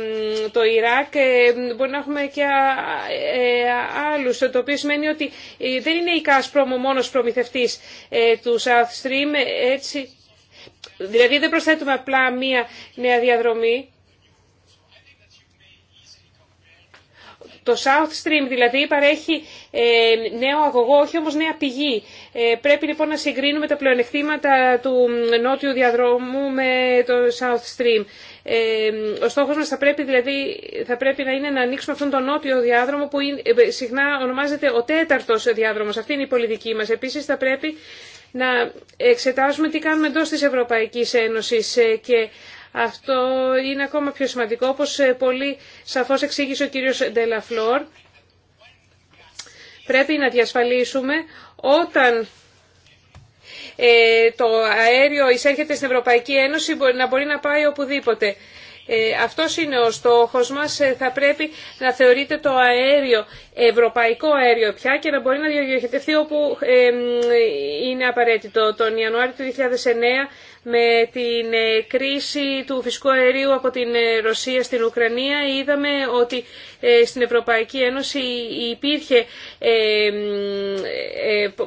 το Ιράκ, μπορεί να έχουμε και άλλους, το οποίο σημαίνει ότι δεν είναι η Κάσπρο ο μόνος προμηθευτής του South Stream, έτσι, δηλαδή δεν προσθέτουμε απλά μία νέα διαδρομή, Το South Stream δηλαδή παρέχει ε, νέο αγωγό, όχι όμως νέα πηγή. Ε, πρέπει λοιπόν να συγκρίνουμε τα πλεονεκτήματα του νότιου διαδρόμου με το South Stream. Ε, ο στόχος μας θα πρέπει, δηλαδή, θα πρέπει να είναι να ανοίξουμε αυτόν τον νότιο διάδρομο που συχνά ονομάζεται ο τέταρτος διάδρομος. Αυτή είναι η πολιτική μας. Επίσης θα πρέπει να εξετάσουμε τι κάνουμε εντός της Ευρωπαϊκής Ένωσης και αυτό είναι ακόμα πιο σημαντικό, όπως ε, πολύ σαφώς εξήγησε ο κύριος Ντελαφλόρ. Πρέπει να διασφαλίσουμε όταν ε, το αέριο εισέρχεται στην Ευρωπαϊκή Ένωση να μπορεί να πάει οπουδήποτε. αυτό ε, αυτός είναι ο στόχος μας. θα πρέπει να θεωρείται το αέριο ευρωπαϊκό αέριο πια και να μπορεί να διοχετευτεί όπου είναι απαραίτητο. Τον Ιανουάριο του 2009 με την ε, κρίση του φυσικού αερίου από την ε, Ρωσία στην Ουκρανία είδαμε ότι ε, στην Ευρωπαϊκή Ένωση υπήρχε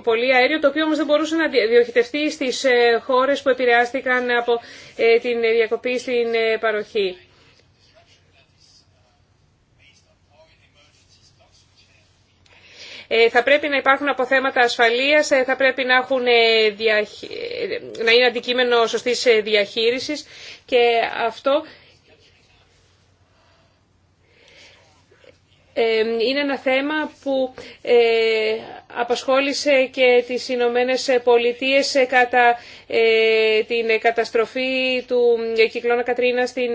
πολύ αέριο, το οποίο όμως δεν μπορούσε να διοχετευτεί στις χώρες που επηρεάστηκαν από την διακοπή στην παροχή. Ε, θα πρέπει να υπάρχουν αποθέματα ασφαλείας, ε, θα πρέπει να, έχουν, ε, να είναι αντικείμενο σωστής διαχείρισης και αυτό είναι ένα θέμα που ε, απασχόλησε και τις Ηνωμένε Πολιτείε κατά ε, την καταστροφή του ε, κυκλώνα Κατρίνα στην,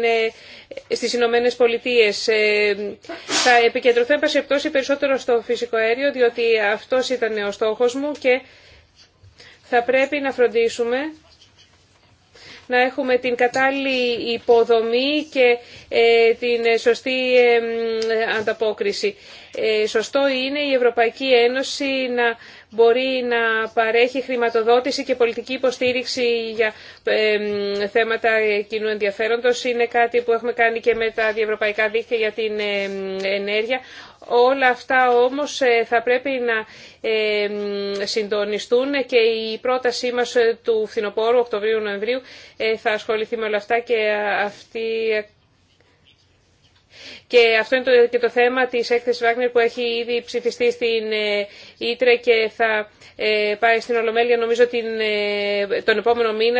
στις Ηνωμένε Πολιτείε. Θα επικεντρωθώ επασεπτώσει περισσότερο στο φυσικό αέριο, διότι αυτός ήταν ο στόχος μου και θα πρέπει να φροντίσουμε να έχουμε την κατάλληλη υποδομή και ε, την σωστή ανταπόκριση. Ε, σωστό είναι η Ευρωπαϊκή Ένωση να μπορεί να παρέχει χρηματοδότηση και πολιτική υποστήριξη για θέματα κοινού ενδιαφέροντος. Είναι κάτι που έχουμε κάνει και με τα διευρωπαϊκά δίκτυα για την ενέργεια Όλα αυτά όμως ε, θα πρέπει να ε, συντονιστούν και η πρότασή μας ε, του φθινοπόρου Οκτωβρίου-Νοεμβρίου θα ασχοληθεί με όλα αυτά και αυτή και αυτό είναι το, και το θέμα της έκθεσης Βάγνερ που έχει ήδη ψηφιστεί στην ε, Ήτρε και θα πάει στην Ολομέλεια νομίζω την, τον επόμενο μήνα,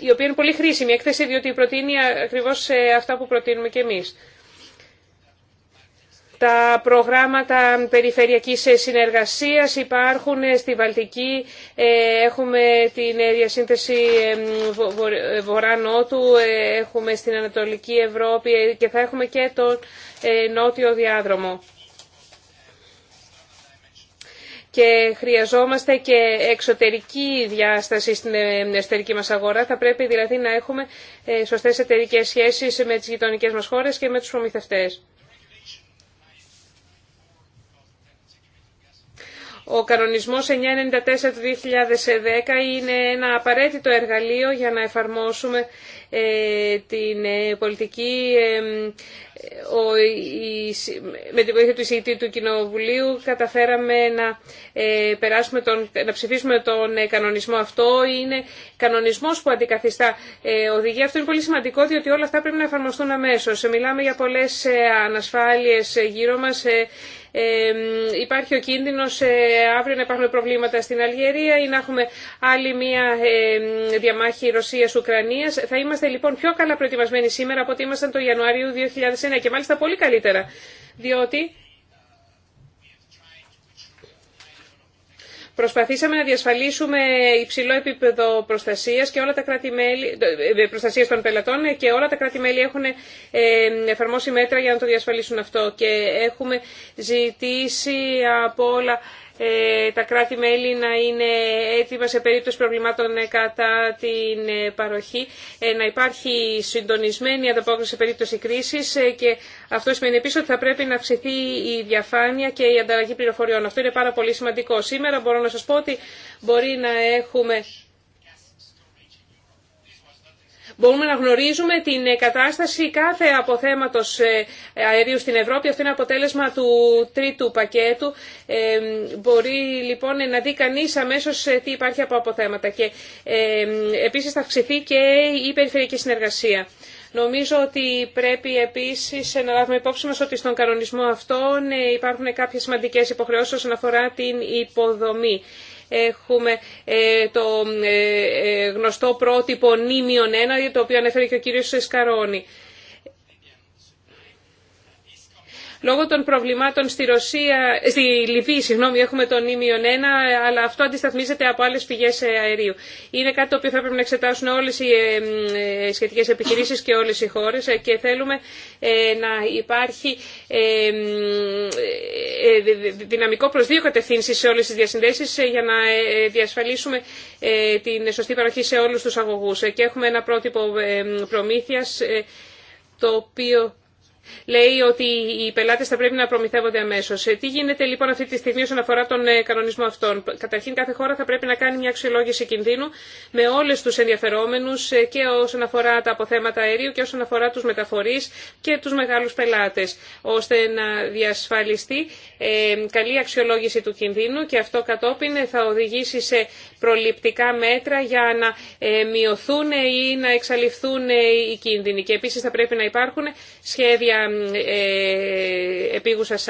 η οποία είναι πολύ χρήσιμη έκθεση διότι προτείνει ακριβώς αυτά που προτείνουμε και εμείς. Τα προγράμματα περιφερειακής συνεργασίας υπάρχουν στη Βαλτική. Ε, έχουμε την διασύνθεση ε, ε, βορρά-νότου, έχουμε στην Ανατολική Ευρώπη και θα έχουμε και τον νότιο διάδρομο. Και χρειαζόμαστε και εξωτερική διάσταση στην εσωτερική μας αγορά. Θα πρέπει δηλαδή να έχουμε σωστές εταιρικές σχέσεις με τις γειτονικές μας χώρες και με τους προμηθευτές. Ο κανονισμός 994 2010 είναι ένα απαραίτητο εργαλείο για να εφαρμόσουμε ε, την ε, πολιτική ε, με την βοήθεια του εισηγητή του Κοινοβουλίου καταφέραμε να, περάσουμε τον, να ψηφίσουμε τον κανονισμό αυτό. Είναι κανονισμός που αντικαθιστά ε, οδηγία. Αυτό είναι πολύ σημαντικό διότι όλα αυτά πρέπει να εφαρμοστούν αμέσως. μιλάμε για πολλές ανασφάλειες γύρω μας υπάρχει ο κίνδυνος ε, αύριο να υπάρχουν προβλήματα στην Αλγερία ή να έχουμε άλλη μια διαμάχη Ρωσίας-Ουκρανίας. Θα είμαστε λοιπόν πιο καλά προετοιμασμένοι σήμερα από ότι ήμασταν το Ιανουάριο 2009 και μάλιστα πολύ καλύτερα, διότι Προσπαθήσαμε να διασφαλίσουμε υψηλό επίπεδο προστασίας, και όλα τα ε, προστασίας των πελατών ε, και όλα τα κράτη-μέλη έχουν ε, εφαρμόσει μέτρα για να το διασφαλίσουν αυτό. Και έχουμε ζητήσει από όλα ε, τα κράτη-μέλη να είναι έτοιμα σε περίπτωση προβλημάτων ε, κατά την ε, παροχή, να υπάρχει συντονισμένη ανταπόκριση σε περίπτωση κρίσης και αυτό σημαίνει επίσης ότι θα πρέπει να αυξηθεί η διαφάνεια και η ανταλλαγή πληροφοριών. Αυτό είναι πάρα πολύ σημαντικό. Σήμερα μπορώ να σας πω ότι μπορεί να έχουμε Μπορούμε να γνωρίζουμε την ε, κατάσταση κάθε αποθέματος ε, αερίου στην Ευρώπη. Αυτό είναι αποτέλεσμα του τρίτου πακέτου. Ε, μπορεί λοιπόν να δει κανεί αμέσω τι υπάρχει από αποθέματα. Και επίσης θα αυξηθεί και η περιφερειακή συνεργασία. Νομίζω ότι πρέπει επίσης να λάβουμε υπόψη μας ότι στον κανονισμό αυτόν υπάρχουν κάποιες σημαντικές υποχρεώσεις όσον αφορά την υποδομή. Έχουμε ε, το ε, ε, γνωστό πρότυπο νήμιον 1, το οποίο ανέφερε και ο κύριος Σκαρώνη Λόγω των προβλημάτων στη, Ρωσία, στη Λιβύη συγγνώμη, έχουμε τον ήμιον 1, αλλά αυτό αντισταθμίζεται από άλλε πηγέ αερίου. Είναι κάτι το οποίο θα πρέπει να εξετάσουν όλε οι ε, ε, σχετικέ επιχειρήσει και όλε οι χώρε ε, και θέλουμε να υπάρχει δυναμικό προ δύο κατευθύνσει σε όλε τι διασυνδέσει για να διασφαλίσουμε την σωστή παροχή σε όλου του αγωγού. Και έχουμε ένα πρότυπο προμήθεια το οποίο λέει ότι οι πελάτε θα πρέπει να προμηθεύονται αμέσω. Ε, τι γίνεται λοιπόν αυτή τη στιγμή όσον αφορά τον ε, κανονισμό αυτόν. Καταρχήν κάθε χώρα θα πρέπει να κάνει μια αξιολόγηση κινδύνου με όλες του ενδιαφερόμενου ε, και όσον αφορά τα αποθέματα αερίου και όσον αφορά του μεταφορεί και του μεγάλου πελάτε, ώστε να διασφαλιστεί καλή αξιολόγηση του κινδύνου και αυτό κατόπιν θα οδηγήσει σε προληπτικά μέτρα για να μειωθούν ή να εξαλειφθούν οι κίνδυνοι. Και επίση θα πρέπει να υπάρχουν σχέδια για ε, επίγουσας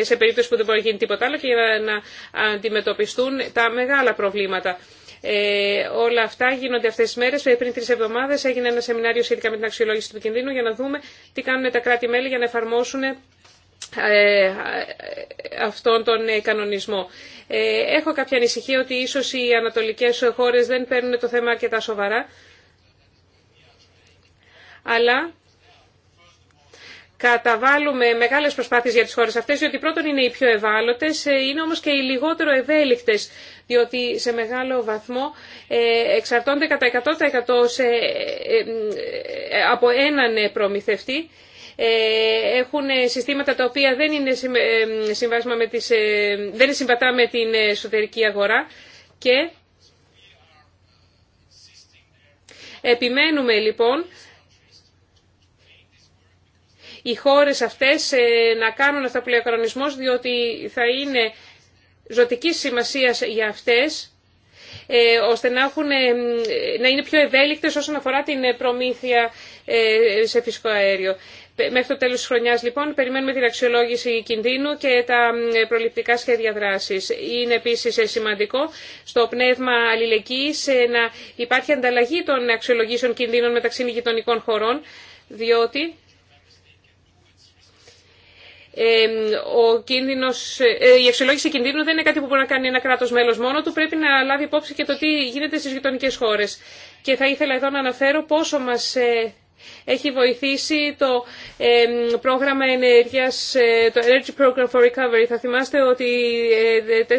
σε περίπτωση που δεν μπορεί να γίνει τίποτα άλλο και για να αντιμετωπιστούν τα μεγάλα προβλήματα. Ε, όλα αυτά γίνονται αυτέ τι μέρε. Πριν τρει εβδομάδε έγινε ένα σεμινάριο σχετικά με την αξιολόγηση του κινδύνου για να δούμε τι κάνουν τα κράτη-μέλη για να εφαρμόσουν ε, αυτόν τον ε, κανονισμό. Ε, έχω κάποια ανησυχία ότι ίσω οι ανατολικέ χώρε δεν παίρνουν το θέμα αρκετά σοβαρά. Αλλά καταβάλουμε μεγάλες προσπάθειες για τις χώρες αυτές, διότι πρώτον είναι οι πιο ευάλωτες, ε, είναι όμως και οι λιγότερο ευέλικτες, διότι σε μεγάλο βαθμό ε, εξαρτώνται κατά 100% ε, από έναν προμηθευτή, έχουν συστήματα τα οποία δεν είναι, με τις, δεν συμβατά με την εσωτερική αγορά και επιμένουμε λοιπόν οι χώρες αυτές ε, να κάνουν αυταπλοιακανονισμούς διότι θα είναι ζωτική σημασία για αυτές ε, ώστε να, έχουν, ε, να είναι πιο ευέλικτες όσον αφορά την προμήθεια σε φυσικό αέριο. Μέχρι το τέλος της χρονιάς λοιπόν περιμένουμε την αξιολόγηση κινδύνου και τα προληπτικά σχέδια δράσης. Είναι επίσης σημαντικό στο πνεύμα αλληλεγγύης να υπάρχει ανταλλαγή των αξιολογήσεων κινδύνων μεταξύ γειτονικών χωρών διότι ο κίνδυνος, ε, ε, η αξιολόγηση κινδύνου δεν είναι κάτι που μπορεί να κάνει ένα κράτος μέλος μόνο του, πρέπει να λάβει υπόψη και το τι γίνεται στις γειτονικέ χώρες. Και θα ήθελα εδώ να αναφέρω πόσο μας ε, έχει βοηθήσει το πρόγραμμα ενέργειας, το Energy Program for Recovery. Θα θυμάστε ότι 4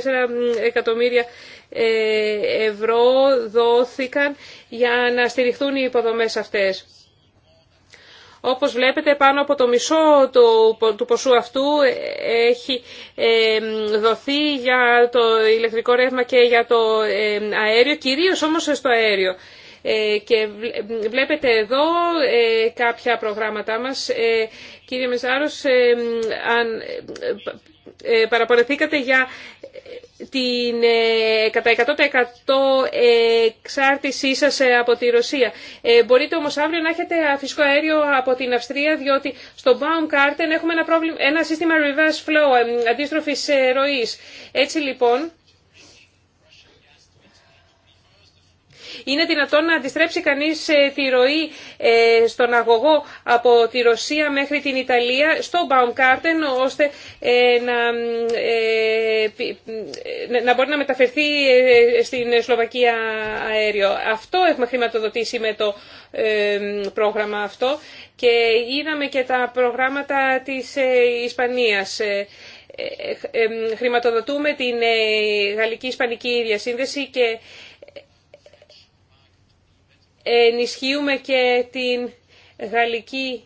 εκατομμύρια ευρώ δόθηκαν για να στηριχθούν οι υποδομές αυτές. Όπως βλέπετε πάνω από το μισό του ποσού αυτού ε, έχει ε, δοθεί για το ηλεκτρικό ρεύμα και για το ε, αέριο, κυρίως όμως στο αέριο. Και βλέπετε εδώ κάποια προγράμματά μας. Κύριε Μεσάρος, ε, παραπορεθήκατε για ε, την ε, κατά 100% εξάρτησή σας από τη Ρωσία. Μπορείτε όμως αύριο να έχετε φυσικό αέριο από την Αυστρία, διότι στο Baumkarten έχουμε ένα, ένα σύστημα reverse flow, αντίστροφης ροής. Έτσι λοιπόν... Είναι δυνατόν να αντιστρέψει κανείς τη ροή στον αγωγό από τη Ρωσία μέχρι την Ιταλία στο Baumgarten ώστε να, να μπορεί να μεταφερθεί στην Σλοβακία αέριο. Αυτό έχουμε χρηματοδοτήσει με το πρόγραμμα αυτό και είδαμε και τα προγράμματα της Ισπανίας. Χρηματοδοτούμε την Γαλλική-Ισπανική Διασύνδεση και ενισχύουμε και την γαλλική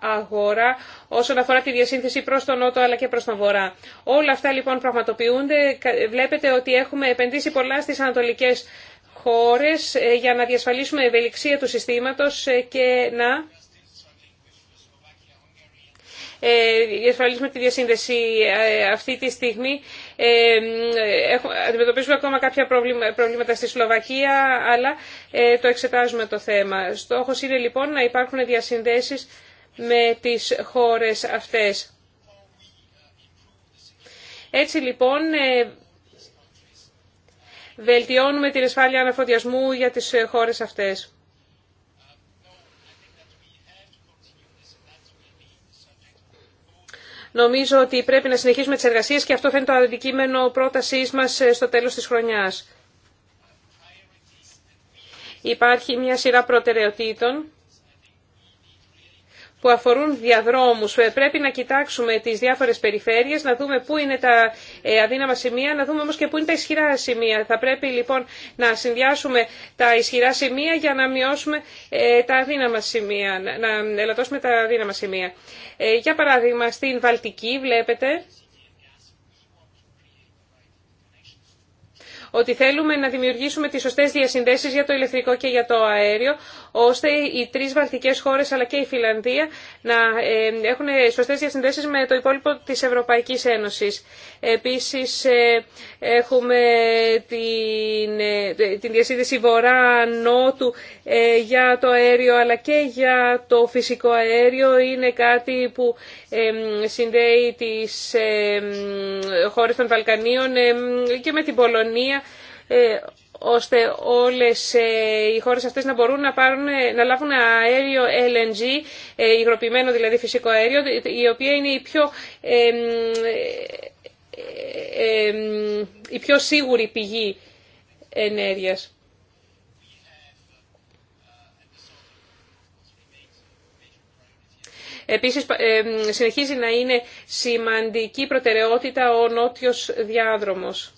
αγορά όσον αφορά τη διασύνθεση προς τον Νότο αλλά και προς τον Βορρά. Όλα αυτά λοιπόν πραγματοποιούνται. Βλέπετε ότι έχουμε επενδύσει πολλά στις ανατολικές χώρες ε, για να διασφαλίσουμε ευελιξία του συστήματος ε, και να ε, διασφαλίσουμε τη διασύνδεση ε, αυτή τη στιγμή. Ε, αντιμετωπίζουμε ακόμα κάποια προβλήματα στη Σλοβακία, αλλά το εξετάζουμε το θέμα. Στόχος είναι λοιπόν να υπάρχουν διασυνδέσεις με τις χώρες αυτές. Έτσι λοιπόν βελτιώνουμε την ασφάλεια αναφοδιασμού για τις χώρες αυτές. Νομίζω ότι πρέπει να συνεχίσουμε τις εργασίες και αυτό θα είναι το αντικείμενο πρότασής μας ε, στο τέλος της χρονιάς. Υπάρχει μια σειρά προτεραιοτήτων που αφορούν διαδρόμους. Ε, πρέπει να κοιτάξουμε τις διάφορες περιφέρειες, να δούμε πού είναι τα ε, αδύναμα σημεία, να δούμε όμως και πού είναι τα ισχυρά σημεία. Θα πρέπει λοιπόν να συνδυάσουμε τα ισχυρά σημεία για να μειώσουμε ε, τα αδύναμα σημεία, να ελαττώσουμε τα αδύναμα σημεία. Για παράδειγμα, στην Βαλτική βλέπετε ότι θέλουμε να δημιουργήσουμε τις σωστές διασυνδέσεις για το ηλεκτρικό και για το αέριο, ώστε οι τρεις βαλτικές χώρες αλλά και η Φιλανδία να ε, έχουν σωστές διασυνδέσεις με το υπόλοιπο της Ευρωπαϊκής Ένωσης. Επίσης ε, έχουμε την, ε, την διασύνδεση βορρά-νότου για το αέριο αλλά και για το φυσικό αέριο. Είναι κάτι που συνδέει τις χώρες των Βαλκανίων και με την Πολωνία ε, ώστε όλες ε, οι χώρες αυτές να μπορούν να, πάρουν, να λάβουν αέριο LNG, ε, υγροποιημένο δηλαδή φυσικό αέριο, η οποία είναι η πιο, η πιο σίγουρη πηγή ενέργειας. Επίσης, συνεχίζει να είναι σημαντική προτεραιότητα ο νότιος διάδρομος.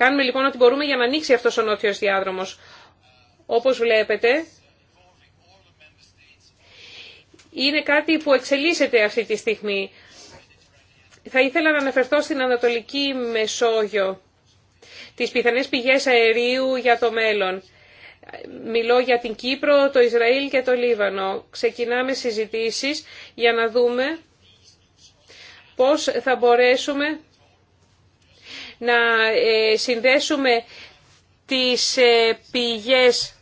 Κάνουμε λοιπόν ό,τι μπορούμε για να ανοίξει αυτός ο νότιος διάδρομος. Όπως βλέπετε, είναι κάτι που εξελίσσεται αυτή τη στιγμή. Θα ήθελα να αναφερθώ στην Ανατολική Μεσόγειο, τις πιθανές πηγές αερίου για το μέλλον. Μιλώ για την Κύπρο, το Ισραήλ και το Λίβανο. Ξεκινάμε συζητήσεις για να δούμε πώς θα μπορέσουμε να ε, συνδέσουμε τις ε, πηγές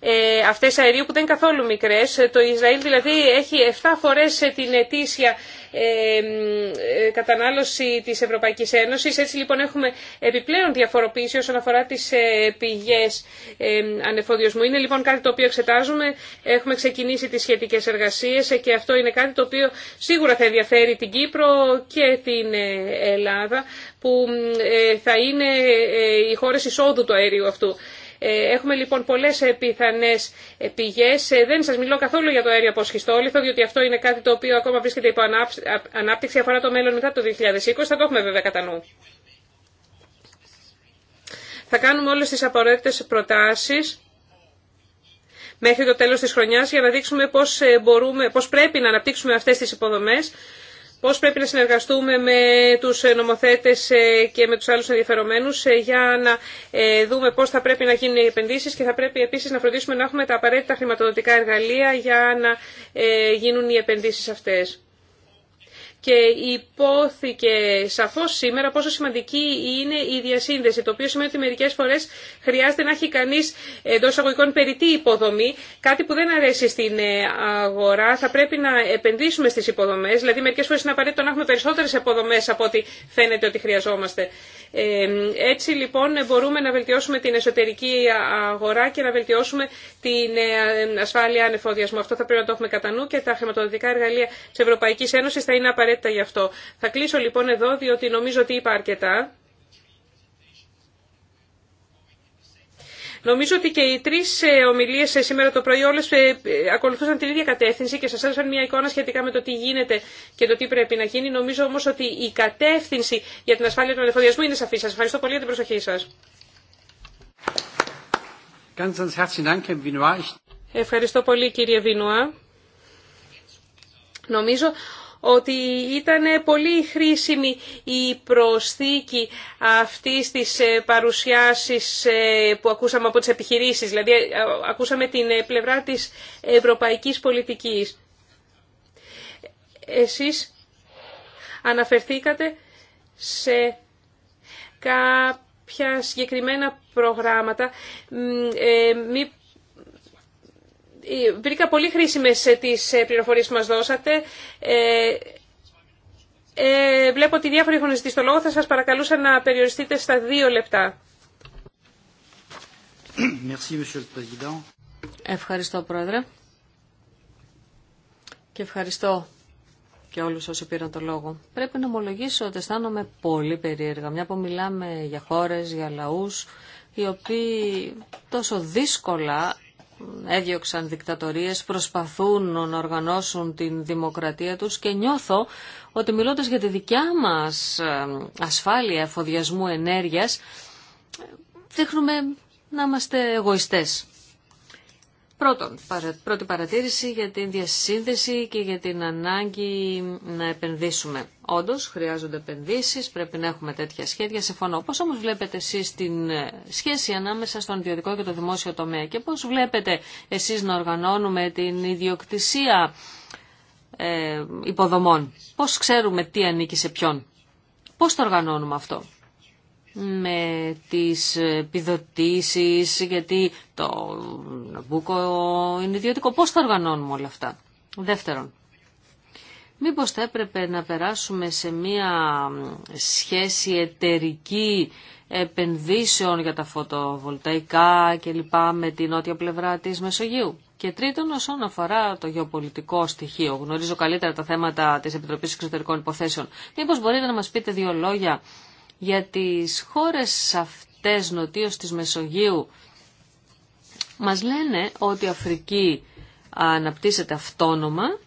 ε, αυτές αερίου που δεν είναι καθόλου μικρές. Το Ισραήλ δηλαδή έχει 7 φορές την ετήσια κατανάλωση της Ευρωπαϊκής Ένωσης. Έτσι λοιπόν έχουμε επιπλέον διαφοροποίηση όσον αφορά τις πηγές ανεφοδιοσμού. Είναι λοιπόν κάτι το οποίο εξετάζουμε. Έχουμε ξεκινήσει τις σχετικές εργασίες και αυτό είναι κάτι το οποίο σίγουρα θα ενδιαφέρει την Κύπρο και την Ελλάδα που ε, θα είναι ε, οι χώρες εισόδου του αέριου αυτού. Ε, έχουμε λοιπόν πολλέ πιθανέ πηγέ. Δεν σας μιλώ καθόλου για το αέριο από διότι αυτό είναι κάτι το οποίο ακόμα βρίσκεται υπό ανάπτυξη, αφορά το μέλλον μετά το 2020. Θα το έχουμε βέβαια κατά νου. Θα κάνουμε όλες τις απαραίτητες προτάσεις μέχρι το τέλος της χρονιάς για να δείξουμε πώς, μπορούμε, πώς πρέπει να αναπτύξουμε αυτές τις υποδομές πώς πρέπει να συνεργαστούμε με τους νομοθέτες ε, και με τους άλλους ενδιαφερομένους ε, για να ε, δούμε πώς θα πρέπει να γίνουν οι επενδύσεις και θα πρέπει επίσης να φροντίσουμε να έχουμε τα απαραίτητα χρηματοδοτικά εργαλεία για να γίνουν οι επενδύσεις αυτές και υπόθηκε σαφώ σήμερα πόσο σημαντική είναι η διασύνδεση, το οποίο σημαίνει ότι μερικέ φορέ χρειάζεται να έχει κανεί εντό αγωγικών περιττή υποδομή, κάτι που δεν αρέσει στην ε, αγορά. Θα πρέπει να επενδύσουμε στι υποδομέ, δηλαδή μερικέ φορέ είναι απαραίτητο να έχουμε περισσότερε υποδομέ από ό,τι φαίνεται ότι χρειαζόμαστε. Ε, έτσι λοιπόν μπορούμε να βελτιώσουμε την εσωτερική αγορά και να βελτιώσουμε την ε, ασφάλεια ανεφοδιασμού. Αυτό θα πρέπει να το έχουμε κατά νου και τα χρηματοδοτικά εργαλεία τη Ευρωπαϊκή Ένωση θα είναι απαραίτητα απαραίτητα γι' αυτό. Θα κλείσω λοιπόν εδώ, διότι νομίζω ότι είπα αρκετά. Νομίζω ότι και οι τρει ε, ομιλίε ε, σήμερα το πρωί όλε ε, ακολουθούσαν την ίδια κατεύθυνση και σα έδωσαν μια εικόνα σχετικά με το τι γίνεται και το τι πρέπει να γίνει. Νομίζω όμω ότι η κατεύθυνση για την ασφάλεια του ελευθεριασμού είναι σαφή. Σα ευχαριστώ πολύ για την προσοχή σα. Ευχαριστώ πολύ κύριε Βινουά. Νομίζω ότι ήταν πολύ χρήσιμη η προσθήκη αυτής της ε, παρουσιάσης ε, που ακούσαμε από τις επιχειρήσεις. Δηλαδή ε, ακούσαμε την πλευρά της ευρωπαϊκής πολιτικής. Εσείς αναφερθήκατε σε κάποια συγκεκριμένα προγράμματα. μη Βρήκα πολύ χρήσιμες ε, τις ε, πληροφορίες που μας δώσατε. Ε, ε βλέπω ότι διάφοροι έχουν ζητήσει το λόγο. Θα σας παρακαλούσα να περιοριστείτε στα δύο λεπτά. Ευχαριστώ, Πρόεδρε. Και ευχαριστώ και όλους όσοι πήραν το λόγο. Πρέπει να ομολογήσω ότι αισθάνομαι πολύ περίεργα. Μια που μιλάμε για χώρες, για λαούς, οι οποίοι τόσο δύσκολα έδιωξαν δικτατορίες, προσπαθούν να οργανώσουν την δημοκρατία τους και νιώθω ότι μιλώντας για τη δικιά μας ασφάλεια εφοδιασμού ενέργειας, ε, δείχνουμε να είμαστε εγωιστές. Πρώτον, πρώτη παρατήρηση για την διασύνδεση και για την ανάγκη να επενδύσουμε. Όντω, χρειάζονται επενδύσει, πρέπει να έχουμε τέτοια σχέδια. Συμφωνώ. Πώ όμω βλέπετε εσεί την ε, σχέση ανάμεσα στον ιδιωτικό και το δημόσιο τομέα και πώ βλέπετε εσεί να οργανώνουμε την ιδιοκτησία ε, υποδομών. Πώ ξέρουμε τι ανήκει σε ποιον. Πώ το οργανώνουμε αυτό με τις επιδοτήσεις, γιατί το Ναμπούκο είναι ιδιωτικό. Πώς θα οργανώνουμε όλα αυτά. Δεύτερον, μήπως θα έπρεπε να περάσουμε σε μία σχέση εταιρική επενδύσεων για τα φωτοβολταϊκά και λοιπά με την νότια πλευρά της Μεσογείου. Και τρίτον, όσον αφορά το γεωπολιτικό στοιχείο, γνωρίζω καλύτερα τα θέματα της Επιτροπής Εξωτερικών Υποθέσεων. Μήπως μπορείτε να μας πείτε δύο λόγια για τις χώρες αυτές νοτίως της Μεσογείου μας λένε ότι η Αφρική αναπτύσσεται αυτόνομα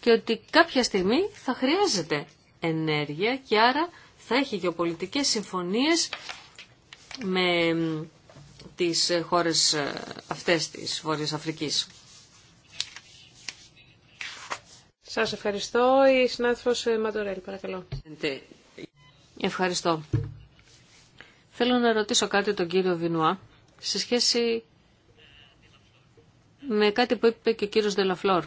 και ότι κάποια στιγμή θα χρειάζεται ενέργεια και άρα θα έχει γεωπολιτικές συμφωνίες με τις χώρες ε, αυτές της Βόρειας Αφρικής. Σας ευχαριστώ. Η συνάδελφος ε, Ματορέλη, παρακαλώ. Ευχαριστώ. Θέλω να ρωτήσω κάτι τον κύριο Βινουά σε σχέση με κάτι που είπε και ο κύριος Δελαφλόρ.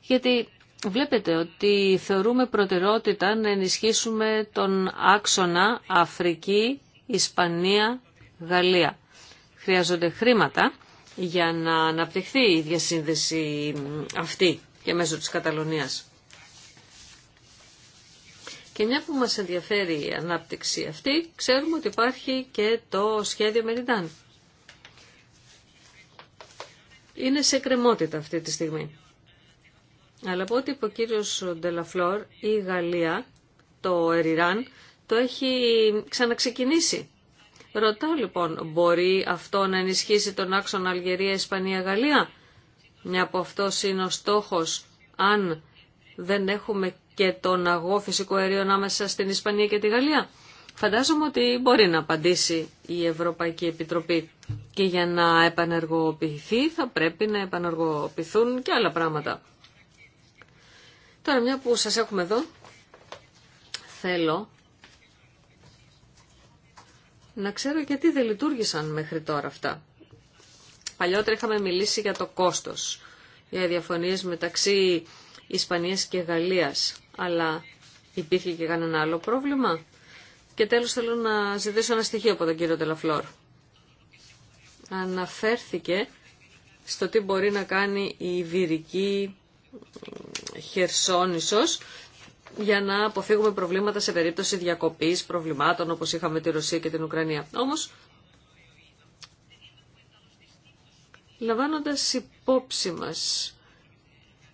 Γιατί βλέπετε ότι θεωρούμε προτεραιότητα να ενισχύσουμε τον άξονα Αφρική, Ισπανία, Γαλλία. Χρειάζονται χρήματα για να αναπτυχθεί η διασύνδεση αυτή και μέσω της Καταλωνίας. Και μια που μας ενδιαφέρει η ανάπτυξη αυτή, ξέρουμε ότι υπάρχει και το σχέδιο Μεριντάν. Είναι σε κρεμότητα αυτή τη στιγμή. Αλλά από ό,τι είπε ο κύριος Ντελαφλόρ, η Γαλλία, το Εριράν, το έχει ξαναξεκινήσει. Ρωτάω λοιπόν, μπορεί αυτό να ενισχύσει τον άξονα Αλγερία-Ισπανία-Γαλλία, μια από αυτός είναι ο στόχος, αν δεν έχουμε και τον αγώ φυσικό αερίο ανάμεσα στην Ισπανία και τη Γαλλία. Φαντάζομαι ότι μπορεί να απαντήσει η Ευρωπαϊκή Επιτροπή και για να επανεργοποιηθεί θα πρέπει να επανεργοποιηθούν και άλλα πράγματα. Τώρα μια που σας έχουμε εδώ, θέλω να ξέρω γιατί δεν λειτουργήσαν μέχρι τώρα αυτά. Παλιότερα είχαμε μιλήσει για το κόστος, για διαφωνίες μεταξύ Ισπανίας και Γαλλίας. Αλλά υπήρχε και κανένα άλλο πρόβλημα. Και τέλος θέλω να ζητήσω ένα στοιχείο από τον κύριο Τελαφλόρ. Αναφέρθηκε στο τι μπορεί να κάνει η Ιβυρική Χερσόνησος για να αποφύγουμε προβλήματα σε περίπτωση διακοπής προβλημάτων όπως είχαμε τη Ρωσία και την Ουκρανία. Όμως, λαμβάνοντας υπόψη μας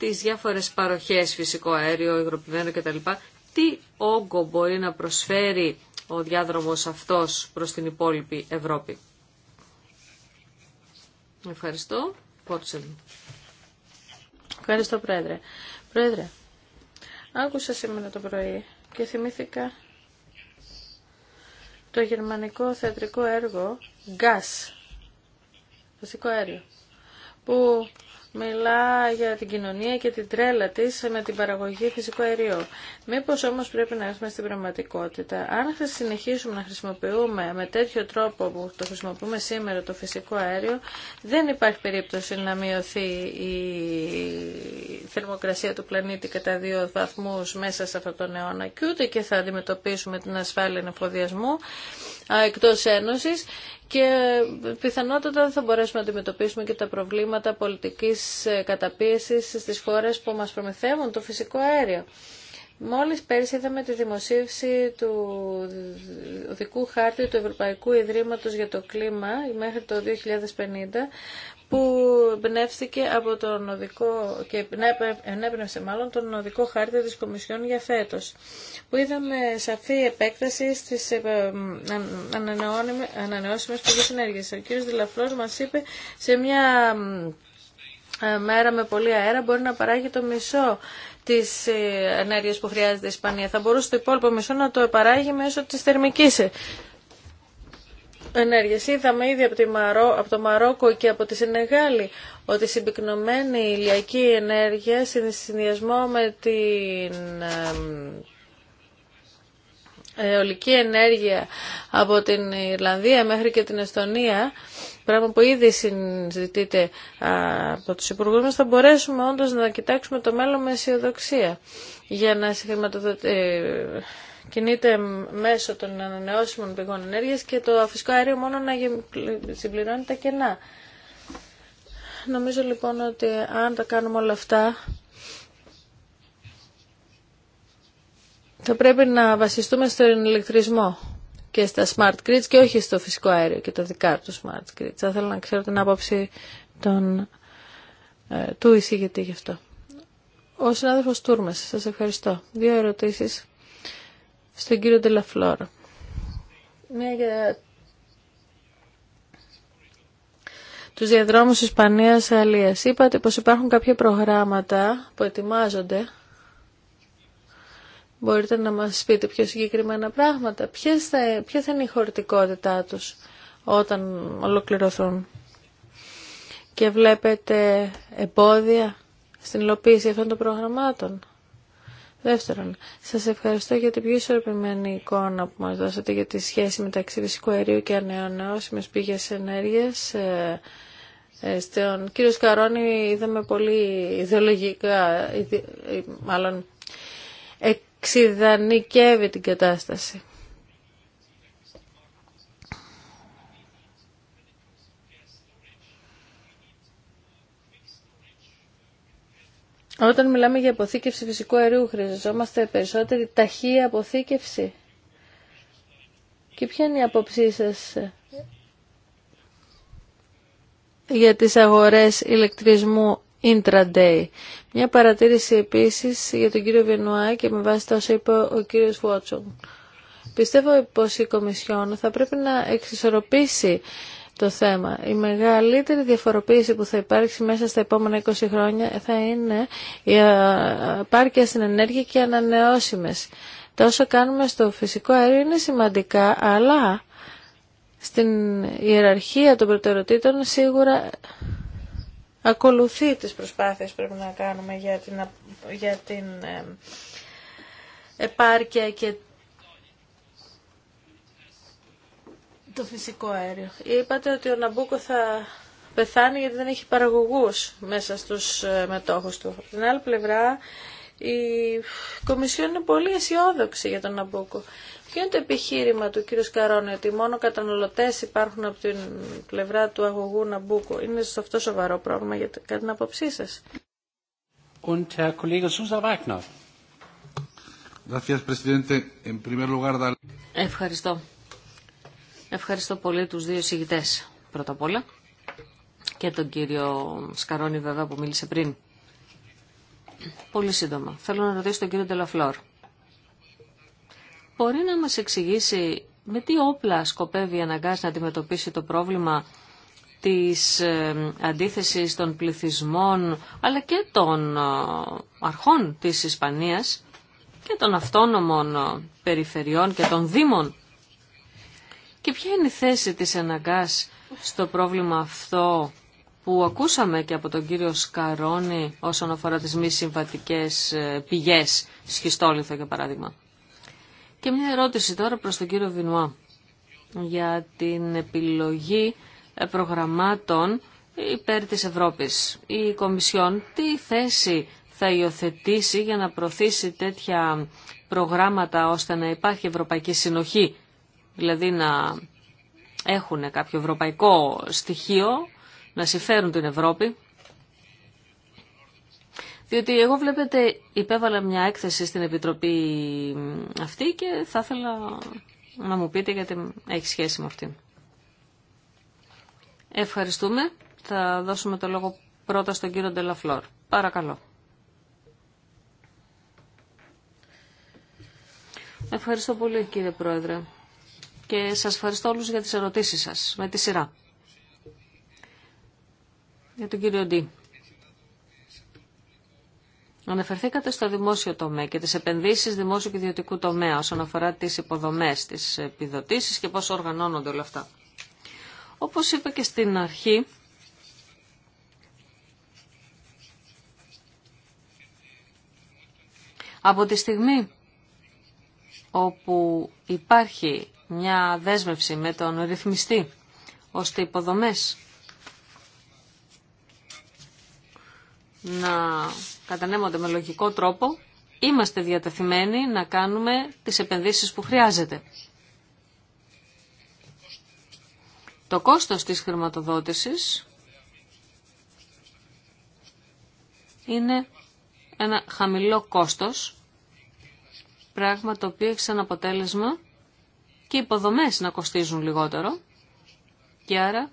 τις διάφορες παροχές, φυσικό αέριο, υγροπημένο κτλ. Τι όγκο μπορεί να προσφέρει ο διάδρομος αυτός προς την υπόλοιπη Ευρώπη. Ευχαριστώ. Πόρτσελ. Ευχαριστώ, Πρόεδρε. Πρόεδρε, άκουσα σήμερα το πρωί και θυμήθηκα το γερμανικό θεατρικό έργο «Gas», φυσικό αέριο, που μιλά για την κοινωνία και την τρέλα της με την παραγωγή φυσικού αερίου. Μήπως όμως πρέπει να έρθουμε στην πραγματικότητα. Αν θα συνεχίσουμε να χρησιμοποιούμε με τέτοιο τρόπο που το χρησιμοποιούμε σήμερα το φυσικό αέριο, δεν υπάρχει περίπτωση να μειωθεί η θερμοκρασία του πλανήτη κατά δύο βαθμούς μέσα σε αυτόν τον αιώνα και ούτε και θα αντιμετωπίσουμε την ασφάλεια εφοδιασμού εκτός Ένωσης και πιθανότατα δεν θα μπορέσουμε να αντιμετωπίσουμε και τα προβλήματα πολιτικής ε, καταπίεσης στις χώρες που μας προμηθεύουν το φυσικό αέριο. Μόλις πέρσι είδαμε τη δημοσίευση του δικού χάρτη του Ευρωπαϊκού Ιδρύματος για το Κλίμα μέχρι το 2050 που εμπνεύστηκε από τον οδικό και ενέπνευσε μάλλον τον οδικό χάρτη της Κομισιόν για φέτος που είδαμε σαφή επέκταση στις ε, ε, ανανεώσιμες πηγές ενέργειας. Ο κ. Δηλαφλός μας είπε σε μια ε, μέρα με πολύ αέρα μπορεί να παράγει το μισό της ενέργειας που χρειάζεται η Ισπανία. Θα μπορούσε το υπόλοιπο μισό να το παράγει μέσω της θερμικής ενέργειες. Είδαμε ήδη από, τη Μαρό, από το Μαρόκο και από τη Σενεγάλη ότι η συμπυκνωμένη ηλιακή ενέργεια σε συνδυασμό με την αιωλική ενέργεια από την Ιρλανδία μέχρι και την Εστονία, πράγμα που ήδη συζητείται από τους υπουργούς μας, θα μπορέσουμε όντως να κοιτάξουμε το μέλλον με αισιοδοξία για να συγχρηματοδοτήσουμε κινείται μέσω των ανανεώσιμων πηγών ενέργειας και το φυσικό αέριο μόνο να συμπληρώνει τα κενά. Νομίζω λοιπόν ότι αν τα κάνουμε όλα αυτά θα πρέπει να βασιστούμε στον ηλεκτρισμό και στα smart grids και όχι στο φυσικό αέριο και τα δικά του smart grids. Θα ήθελα να ξέρω την άποψη των, ε, του εισηγητή γι' αυτό. Ο συνάδελφος Τούρμας, σας ευχαριστώ. Δύο ερωτήσεις στον κύριο Τελαφλόρο. Μια ναι, για τους διαδρόμους Ισπανίας-Αλίας. Είπατε πως υπάρχουν κάποια προγράμματα που ετοιμάζονται. Μπορείτε να μας πείτε πιο συγκεκριμένα πράγματα. θα, ποια θα είναι η χωρητικότητά τους όταν ολοκληρωθούν. Και βλέπετε εμπόδια στην υλοποίηση αυτών των προγραμμάτων. Δεύτερον, σας ευχαριστώ για την πιο ισορροπημένη εικόνα που μας δώσατε για τη σχέση μεταξύ φυσικού αερίου και ανανεώσιμες πηγές ενέργειας. Ε, ε, στον κύριο Σκαρόνη είδαμε πολύ ιδεολογικά, ε, μάλλον εξειδανικεύει την κατάσταση. Όταν μιλάμε για αποθήκευση φυσικού αερίου, χρειαζόμαστε περισσότερη ταχεία αποθήκευση. Και ποια είναι η απόψή σας για τις αγορές ηλεκτρισμού intraday. Μια παρατήρηση επίσης για τον κύριο Βενουά και με βάση το όσα είπε ο κύριος Βότσον. Πιστεύω πως η Κομισιόν θα πρέπει να εξισορροπήσει το θέμα. Η μεγαλύτερη διαφοροποίηση που θα υπάρξει μέσα στα επόμενα 20 χρόνια θα είναι η επάρκεια στην ενέργεια και οι ανανεώσιμες. Τόσο κάνουμε στο φυσικό αέριο είναι σημαντικά, αλλά στην ιεραρχία των προτεραιοτήτων σίγουρα ακολουθεί τις προσπάθειες πρέπει να κάνουμε για την, για την ε, επάρκεια και το φυσικό αέριο. Είπατε ότι ο Ναμπούκο θα πεθάνει γιατί δεν έχει παραγωγούς μέσα στους ε, μετόχους του. Από την άλλη πλευρά η Κομισιόν είναι πολύ αισιόδοξη για τον Ναμπούκο. Ποιο είναι το επιχείρημα του κ. Σκαρόνη ότι μόνο καταναλωτέ υπάρχουν από την πλευρά του αγωγού Ναμπούκο. Είναι σε αυτό σοβαρό πρόβλημα για την άποψή σα. Ευχαριστώ. Ευχαριστώ πολύ τους δύο συγητές πρώτα απ' όλα και τον κύριο Σκαρόνη βέβαια που μίλησε πριν. Πολύ σύντομα. Θέλω να ρωτήσω τον κύριο Τελαφλόρ. Μπορεί να μας εξηγήσει με τι όπλα σκοπεύει η αναγκάς να αντιμετωπίσει το πρόβλημα της ε, αντίθεσης των πληθυσμών αλλά και των ε, αρχών της Ισπανίας και των αυτόνομων ε, περιφερειών και των δήμων και ποια είναι η θέση της αναγκάς στο πρόβλημα αυτό που ακούσαμε και από τον κύριο Σκαρόνη όσον αφορά τις μη συμβατικές ε, πηγές, σχιστόλιθο για παράδειγμα. Και μια ερώτηση τώρα προς τον κύριο Βινουά για την επιλογή ε, προγραμμάτων υπέρ της Ευρώπης. Η Κομισιόν τι θέση θα υιοθετήσει για να προωθήσει τέτοια προγράμματα ώστε να υπάρχει ευρωπαϊκή συνοχή δηλαδή να έχουν κάποιο ευρωπαϊκό στοιχείο, να συμφέρουν την Ευρώπη. Διότι εγώ βλέπετε υπέβαλα μια έκθεση στην Επιτροπή αυτή και θα ήθελα να μου πείτε γιατί έχει σχέση με αυτή. Ευχαριστούμε. Θα δώσουμε το λόγο πρώτα στον κύριο Ντελαφλόρ. Παρακαλώ. Ευχαριστώ πολύ κύριε Πρόεδρε και σας ευχαριστώ όλους για τις ερωτήσεις σας με τη σειρά. Για τον κύριο Ντί. Αναφερθήκατε στο δημόσιο τομέα και τις επενδύσεις δημόσιου και ιδιωτικού τομέα όσον αφορά τις υποδομές, τις επιδοτήσεις και πώς οργανώνονται όλα αυτά. Όπως είπα και στην αρχή, από τη στιγμή όπου υπάρχει μια δέσμευση με τον ρυθμιστή, ώστε υποδομές να κατανέμονται με λογικό τρόπο, είμαστε διατεθειμένοι να κάνουμε τις επενδύσεις που χρειάζεται. Το κόστος της χρηματοδότησης είναι ένα χαμηλό κόστος, πράγμα το οποίο έχει σαν αποτέλεσμα και οι υποδομές να κοστίζουν λιγότερο και άρα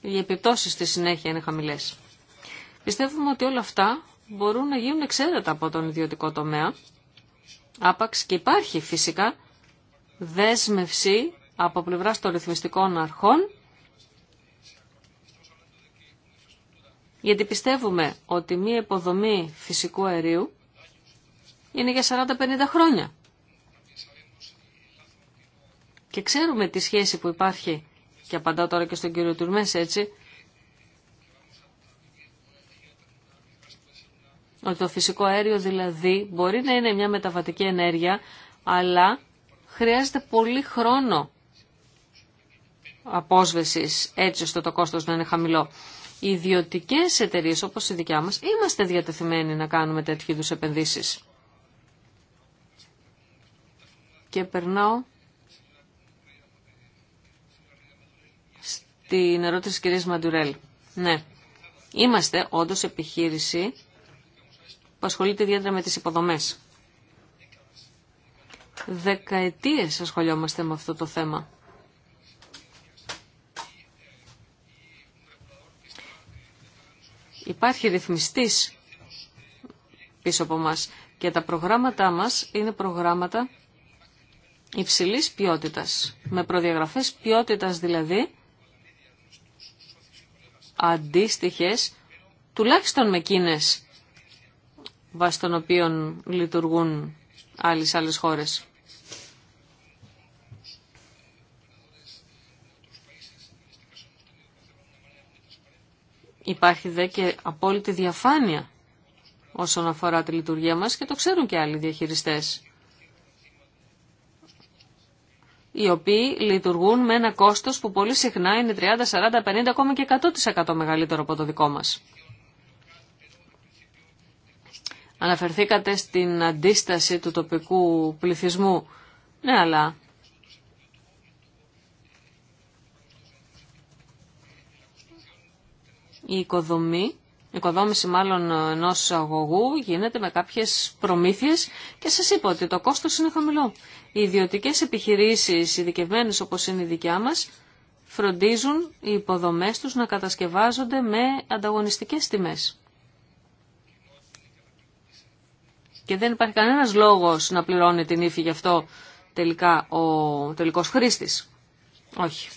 οι επιπτώσεις στη συνέχεια είναι χαμηλές. Πιστεύουμε ότι όλα αυτά μπορούν να γίνουν εξαίρετα από τον ιδιωτικό τομέα, άπαξ και υπάρχει φυσικά δέσμευση από πλευράς των ρυθμιστικών αρχών, γιατί πιστεύουμε ότι μία υποδομή φυσικού αερίου είναι για 40-50 χρόνια. Και ξέρουμε τη σχέση που υπάρχει, και απαντάω τώρα και στον κύριο Τουρμές έτσι, ότι το φυσικό αέριο δηλαδή μπορεί να είναι μια μεταβατική ενέργεια, αλλά χρειάζεται πολύ χρόνο απόσβεσης έτσι ώστε το κόστος να είναι χαμηλό. Οι ιδιωτικέ εταιρείε όπως η δικιά μας είμαστε διατεθειμένοι να κάνουμε τέτοιου είδου επενδύσεις. Και περνάω την ερώτηση της κυρίας Μαντουρέλ. Ναι, είμαστε όντως επιχείρηση που ασχολείται ιδιαίτερα με τις υποδομές. Δεκαετίες ασχολιόμαστε με αυτό το θέμα. Υπάρχει ρυθμιστής πίσω από μας και τα προγράμματά μας είναι προγράμματα υψηλής ποιότητας, με προδιαγραφές ποιότητας δηλαδή αντίστοιχες τουλάχιστον με εκείνες βάσει των οποίων λειτουργούν άλλε άλλες χώρες. Υπάρχει δε και απόλυτη διαφάνεια όσον αφορά τη λειτουργία μας και το ξέρουν και άλλοι διαχειριστές οι οποίοι λειτουργούν με ένα κόστος που πολύ συχνά είναι 30, 40, 50, ακόμα και 100% μεγαλύτερο από το δικό μας. Αναφερθήκατε στην αντίσταση του τοπικού πληθυσμού. Ναι, αλλά... Η οικοδομή, η οικοδόμηση μάλλον ενό αγωγού γίνεται με κάποιες προμήθειες και σας είπα ότι το κόστος είναι χαμηλό. Οι ιδιωτικές επιχειρήσεις ειδικευμένες όπως είναι η δικιά μας φροντίζουν οι υποδομές τους να κατασκευάζονται με ανταγωνιστικές τιμές. Και δεν υπάρχει κανένας λόγος να πληρώνει την ύφη γι' αυτό τελικά ο τελικός χρήστης. Όχι.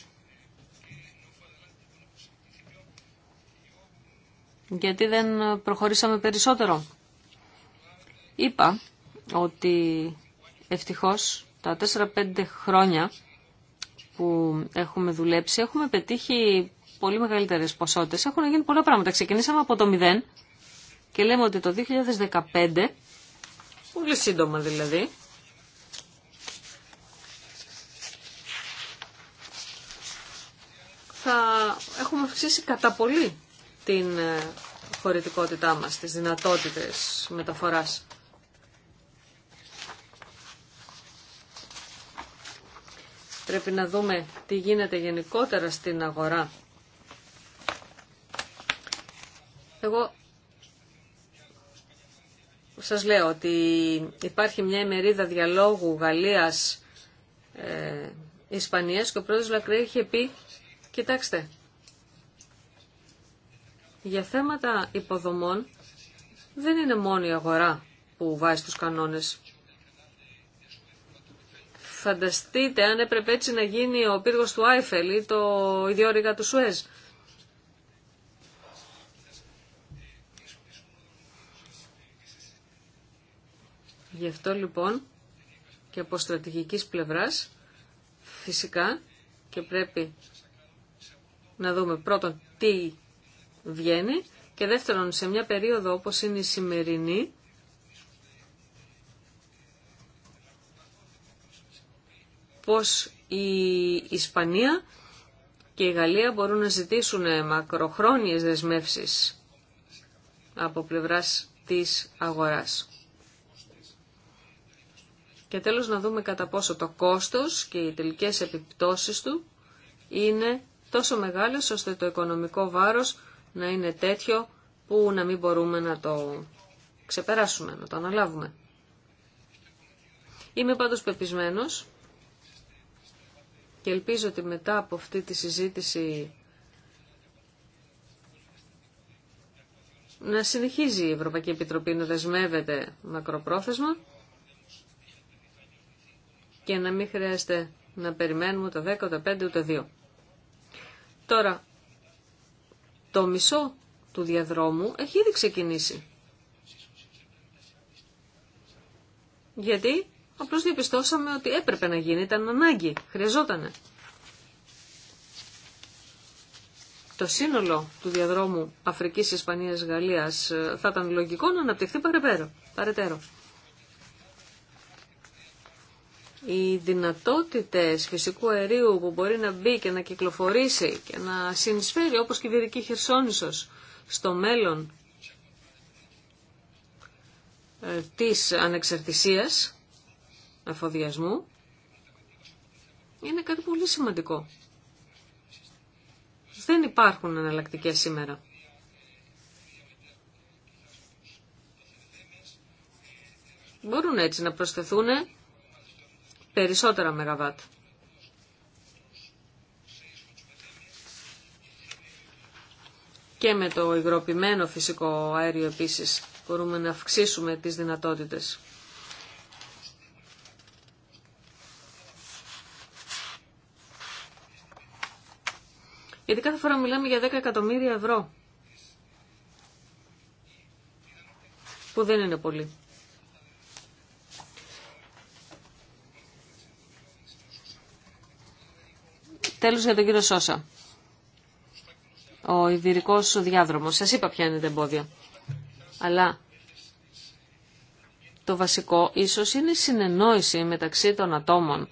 Γιατί δεν προχωρήσαμε περισσότερο. Είπα ότι ευτυχώς τα 4-5 χρόνια που έχουμε δουλέψει έχουμε πετύχει πολύ μεγαλύτερες ποσότητες. Έχουν γίνει πολλά πράγματα. Ξεκινήσαμε από το 0 και λέμε ότι το 2015, πολύ σύντομα δηλαδή, θα έχουμε αυξήσει κατά πολύ την ε, χωρητικότητά μας, τις δυνατότητες μεταφοράς. Πρέπει να δούμε τι γίνεται γενικότερα στην αγορά. Εγώ σας λέω ότι υπάρχει μια ημερίδα διαλόγου Γαλλίας ε, Ισπανίας και ο πρόεδρος Λακρέ είχε πει κοιτάξτε για θέματα υποδομών δεν είναι μόνο η αγορά που βάζει τους κανόνες. Φανταστείτε αν έπρεπε έτσι να γίνει ο πύργος του Άιφελ ή το ιδιόρυγα του Σουέζ. Γι' αυτό λοιπόν και από στρατηγικής πλευράς φυσικά και πρέπει να δούμε πρώτον τι βγαίνει και δεύτερον σε μια περίοδο όπως είναι η σημερινή πως η Ισπανία και η Γαλλία μπορούν να ζητήσουν μακροχρόνιες δεσμεύσεις από πλευράς της αγοράς. Και τέλος να δούμε κατά πόσο το κόστος και οι τελικές επιπτώσεις του είναι τόσο μεγάλες ώστε το οικονομικό βάρος να είναι τέτοιο που να μην μπορούμε να το ξεπεράσουμε, να το αναλάβουμε. Είμαι πάντως πεπισμένος και ελπίζω ότι μετά από αυτή τη συζήτηση να συνεχίζει η Ευρωπαϊκή Επιτροπή να δεσμεύεται μακροπρόθεσμα και να μην χρειάζεται να περιμένουμε το 10, το 5, το 2. Τώρα, το μισό του διαδρόμου έχει ήδη ξεκινήσει. Γιατί Απλώς διαπιστώσαμε ότι έπρεπε να γίνει, ήταν ανάγκη, χρειαζότανε. Το σύνολο του διαδρόμου Αφρικής, Ισπανίας, Γαλλίας ε, θα ήταν λογικό να αναπτυχθεί παρετέρω. Οι δυνατότητες φυσικού αερίου που μπορεί να μπει και να κυκλοφορήσει και να συνεισφέρει όπως και η Δυτική Χερσόνησος στο μέλλον ε, της ανεξαρτησίας εφοδιασμού είναι κάτι πολύ σημαντικό. Δεν υπάρχουν εναλλακτικέ σήμερα. Μπορούν έτσι να προσθεθούν περισσότερα μεγαβάτ. Και με το υγροποιημένο φυσικό αέριο επίσης μπορούμε να αυξήσουμε τις δυνατότητες. Γιατί κάθε φορά μιλάμε για 10 εκατομμύρια ευρώ. Που δεν είναι πολύ. Τέλος για τον κύριο Σώσα. Ο ιβυρικός διάδρομος. Σας είπα ποια είναι τα εμπόδια. Αλλά το βασικό ίσως είναι η συνεννόηση μεταξύ των ατόμων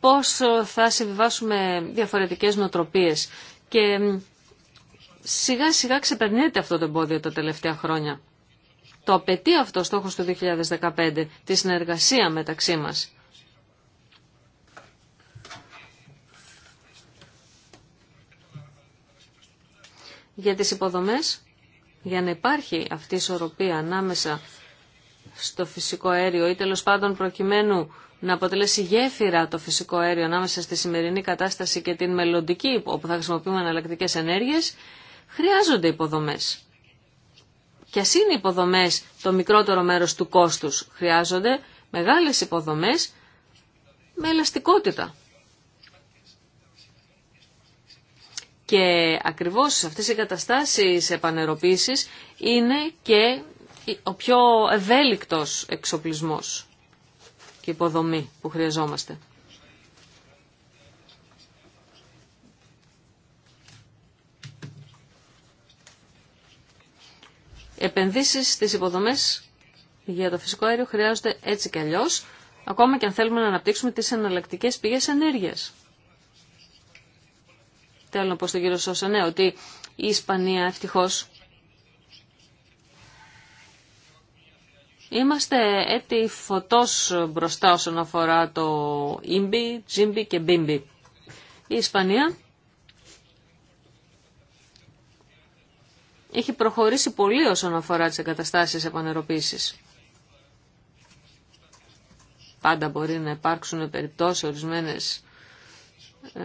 πώς ε, θα συμβιβάσουμε διαφορετικές νοτροπίες. Και σιγά σιγά ξεπερνιέται αυτό το εμπόδιο τα τελευταία χρόνια. Το απαιτεί αυτό ο στόχος του 2015, τη συνεργασία μεταξύ μας. Για τις υποδομές, για να υπάρχει αυτή η ισορροπία ανάμεσα στο φυσικό αέριο ή τέλο πάντων προκειμένου να αποτελέσει γέφυρα το φυσικό αέριο ανάμεσα στη σημερινή κατάσταση και την μελλοντική, όπου θα χρησιμοποιούμε εναλλακτικέ ενέργειες, χρειάζονται υποδομές. Και ας είναι υποδομές το μικρότερο μέρος του κόστους, χρειάζονται μεγάλες υποδομές με ελαστικότητα. Και ακριβώς σε αυτές οι καταστάσεις επανεροποίηση είναι και ο πιο ευέλικτος εξοπλισμός και υποδομή που χρειαζόμαστε. Επενδύσεις στις υποδομές για το φυσικό αέριο χρειάζονται έτσι κι αλλιώς, ακόμα και αν θέλουμε να αναπτύξουμε τις εναλλακτικές πηγές ενέργειας. Θέλω να πω στον κύριο Σώσα, ναι, ότι η Ισπανία ευτυχώς Είμαστε έτη φωτός μπροστά όσον αφορά το ίμπι, τζίμπι και μπίμπι. Η Ισπανία έχει προχωρήσει πολύ όσον αφορά τις εγκαταστάσεις επανεροποίησης. Πάντα μπορεί να υπάρξουν περιπτώσεις ορισμένες ε,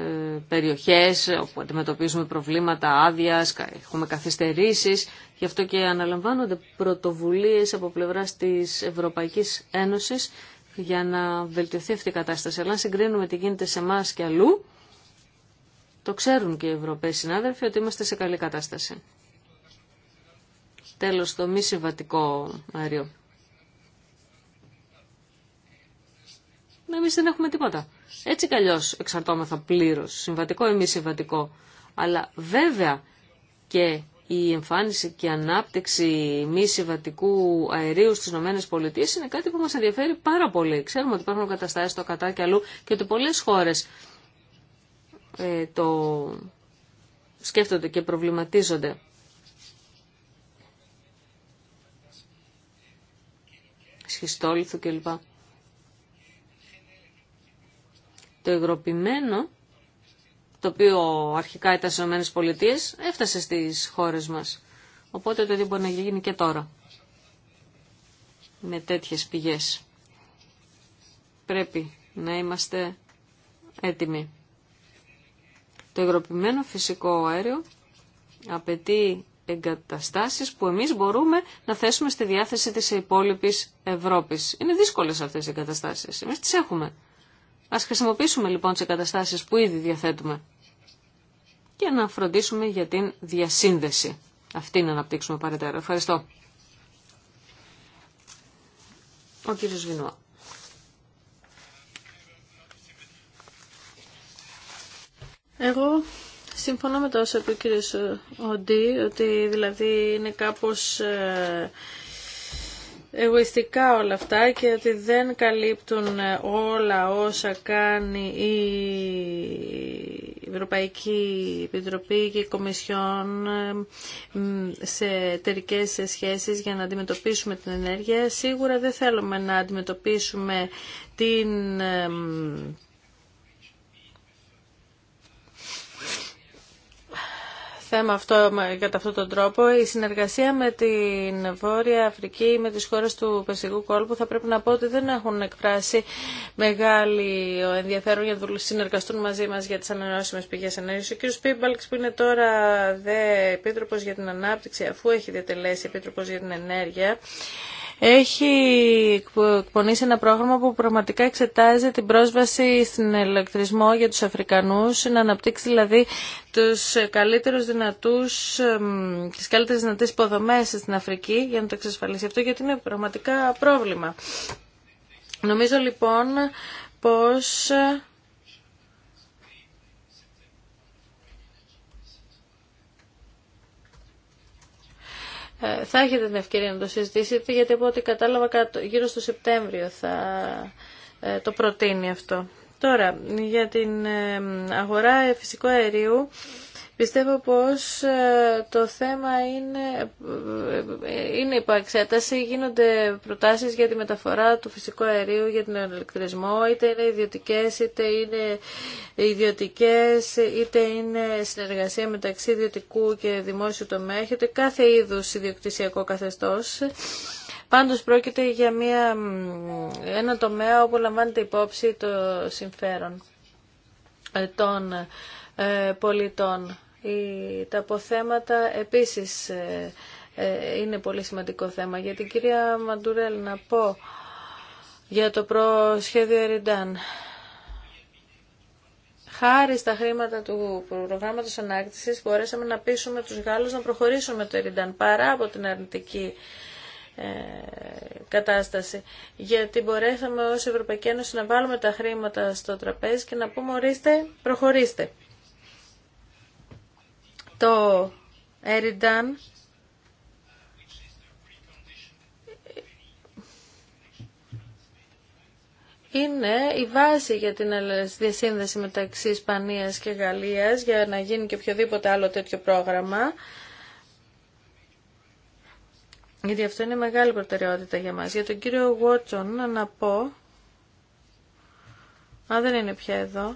περιοχές όπου αντιμετωπίζουμε προβλήματα άδεια, έχουμε καθυστερήσεις. Γι' αυτό και αναλαμβάνονται πρωτοβουλίες από πλευράς της Ευρωπαϊκής Ένωσης για να βελτιωθεί αυτή η κατάσταση. Αλλά αν συγκρίνουμε τι γίνεται σε εμά και αλλού, το ξέρουν και οι Ευρωπαίοι συνάδελφοι ότι είμαστε σε καλή κατάσταση. Τέλος, το μη συμβατικό αέριο. Εμεί δεν έχουμε τίποτα. Έτσι κι εξαρτώμεθα πλήρως, συμβατικό ή μη συμβατικό. Αλλά βέβαια και η εμφάνιση και η ανάπτυξη μη συμβατικού αερίου στις ΗΠΑ είναι κάτι που μας ενδιαφέρει πάρα πολύ. Ξέρουμε ότι υπάρχουν καταστάσεις στο κατά και αλλού και ότι πολλές χώρες ε, το σκέφτονται και προβληματίζονται. Σχιστόλιθου κλπ. Το υγροποιημένο, το οποίο αρχικά ήταν στι Πολιτείε έφτασε στις χώρες μας. Οπότε το ίδιο μπορεί να γίνει και τώρα. Με τέτοιες πηγές. Πρέπει να είμαστε έτοιμοι. Το υγροποιημένο φυσικό αέριο απαιτεί εγκαταστάσεις που εμείς μπορούμε να θέσουμε στη διάθεση της υπόλοιπη Ευρώπης. Είναι δύσκολες αυτές οι εγκαταστάσεις. Εμείς τις έχουμε. Ας χρησιμοποιήσουμε λοιπόν τις εγκαταστάσεις που ήδη διαθέτουμε και να φροντίσουμε για την διασύνδεση. Αυτή να αναπτύξουμε παρετέρω. Ευχαριστώ. Ο κύριος Βινουά. Εγώ συμφωνώ με το όσο είπε ο κύριος Οντί, ότι δηλαδή είναι κάπως ε, εγωιστικά όλα αυτά και ότι δεν καλύπτουν ε, όλα όσα κάνει η Ευρωπαϊκή Επιτροπή και η Κομισιόν ε, σε εταιρικέ σχέσεις για να αντιμετωπίσουμε την ενέργεια. Σίγουρα δεν θέλουμε να αντιμετωπίσουμε την ε, θέμα αυτό κατά αυτόν τον τρόπο. Η συνεργασία με την Βόρεια Αφρική, με τις χώρες του Περσικού Κόλπου θα πρέπει να πω ότι δεν έχουν εκφράσει μεγάλη ε, ενδιαφέρον για να συνεργαστούν μαζί μας για τις ανανεώσιμες πηγές ενέργειας. Ο κ. Πίμπαλξ που είναι τώρα δε επίτροπος για την ανάπτυξη αφού έχει διατελέσει επίτροπος για την ενέργεια έχει εκπονήσει ένα πρόγραμμα που πραγματικά εξετάζει την πρόσβαση στην ηλεκτρισμό για τους Αφρικανούς, να αναπτύξει δηλαδή τους καλύτερους δυνατούς, τις καλύτερες δυνατές υποδομές στην Αφρική για να το εξασφαλίσει αυτό γιατί είναι πραγματικά πρόβλημα. Νομίζω λοιπόν πως Ε, θα έχετε την ευκαιρία να το συζητήσετε, γιατί από ό,τι κατάλαβα γύρω στο Σεπτέμβριο θα ε, το προτείνει αυτό. Τώρα, για την ε, αγορά φυσικού αερίου, Πιστεύω πως ε, το θέμα είναι, ε, είναι υπό εξέταση, γίνονται προτάσεις για τη μεταφορά του φυσικού αερίου για τον ηλεκτρισμό, είτε είναι ιδιωτικές, είτε είναι ιδιωτικές, είτε είναι συνεργασία μεταξύ ιδιωτικού και δημόσιου τομέα, έχετε κάθε είδους ιδιοκτησιακό καθεστώς. Πάντως πρόκειται για μια, ένα τομέα όπου λαμβάνεται υπόψη το συμφέρον ε, των πολιτών τα αποθέματα επίσης ε, ε, είναι πολύ σημαντικό θέμα. Για την κυρία Μαντουρέλ να πω για το προσχέδιο Εριντάν. Χάρη στα χρήματα του προγράμματος ανάκτησης μπορέσαμε να πείσουμε τους Γάλλους να προχωρήσουν με το Εριντάν παρά από την αρνητική ε, κατάσταση. Γιατί μπορέσαμε ως Ευρωπαϊκή Ένωση να βάλουμε τα χρήματα στο τραπέζι και να πούμε ορίστε, προχωρήστε το Έρινταν είναι η βάση για την διασύνδεση μεταξύ Ισπανίας και Γαλλίας για να γίνει και οποιοδήποτε άλλο τέτοιο πρόγραμμα. Γιατί αυτό είναι μεγάλη προτεραιότητα για μας. Για τον κύριο Βότσον να πω, αν δεν είναι πια εδώ,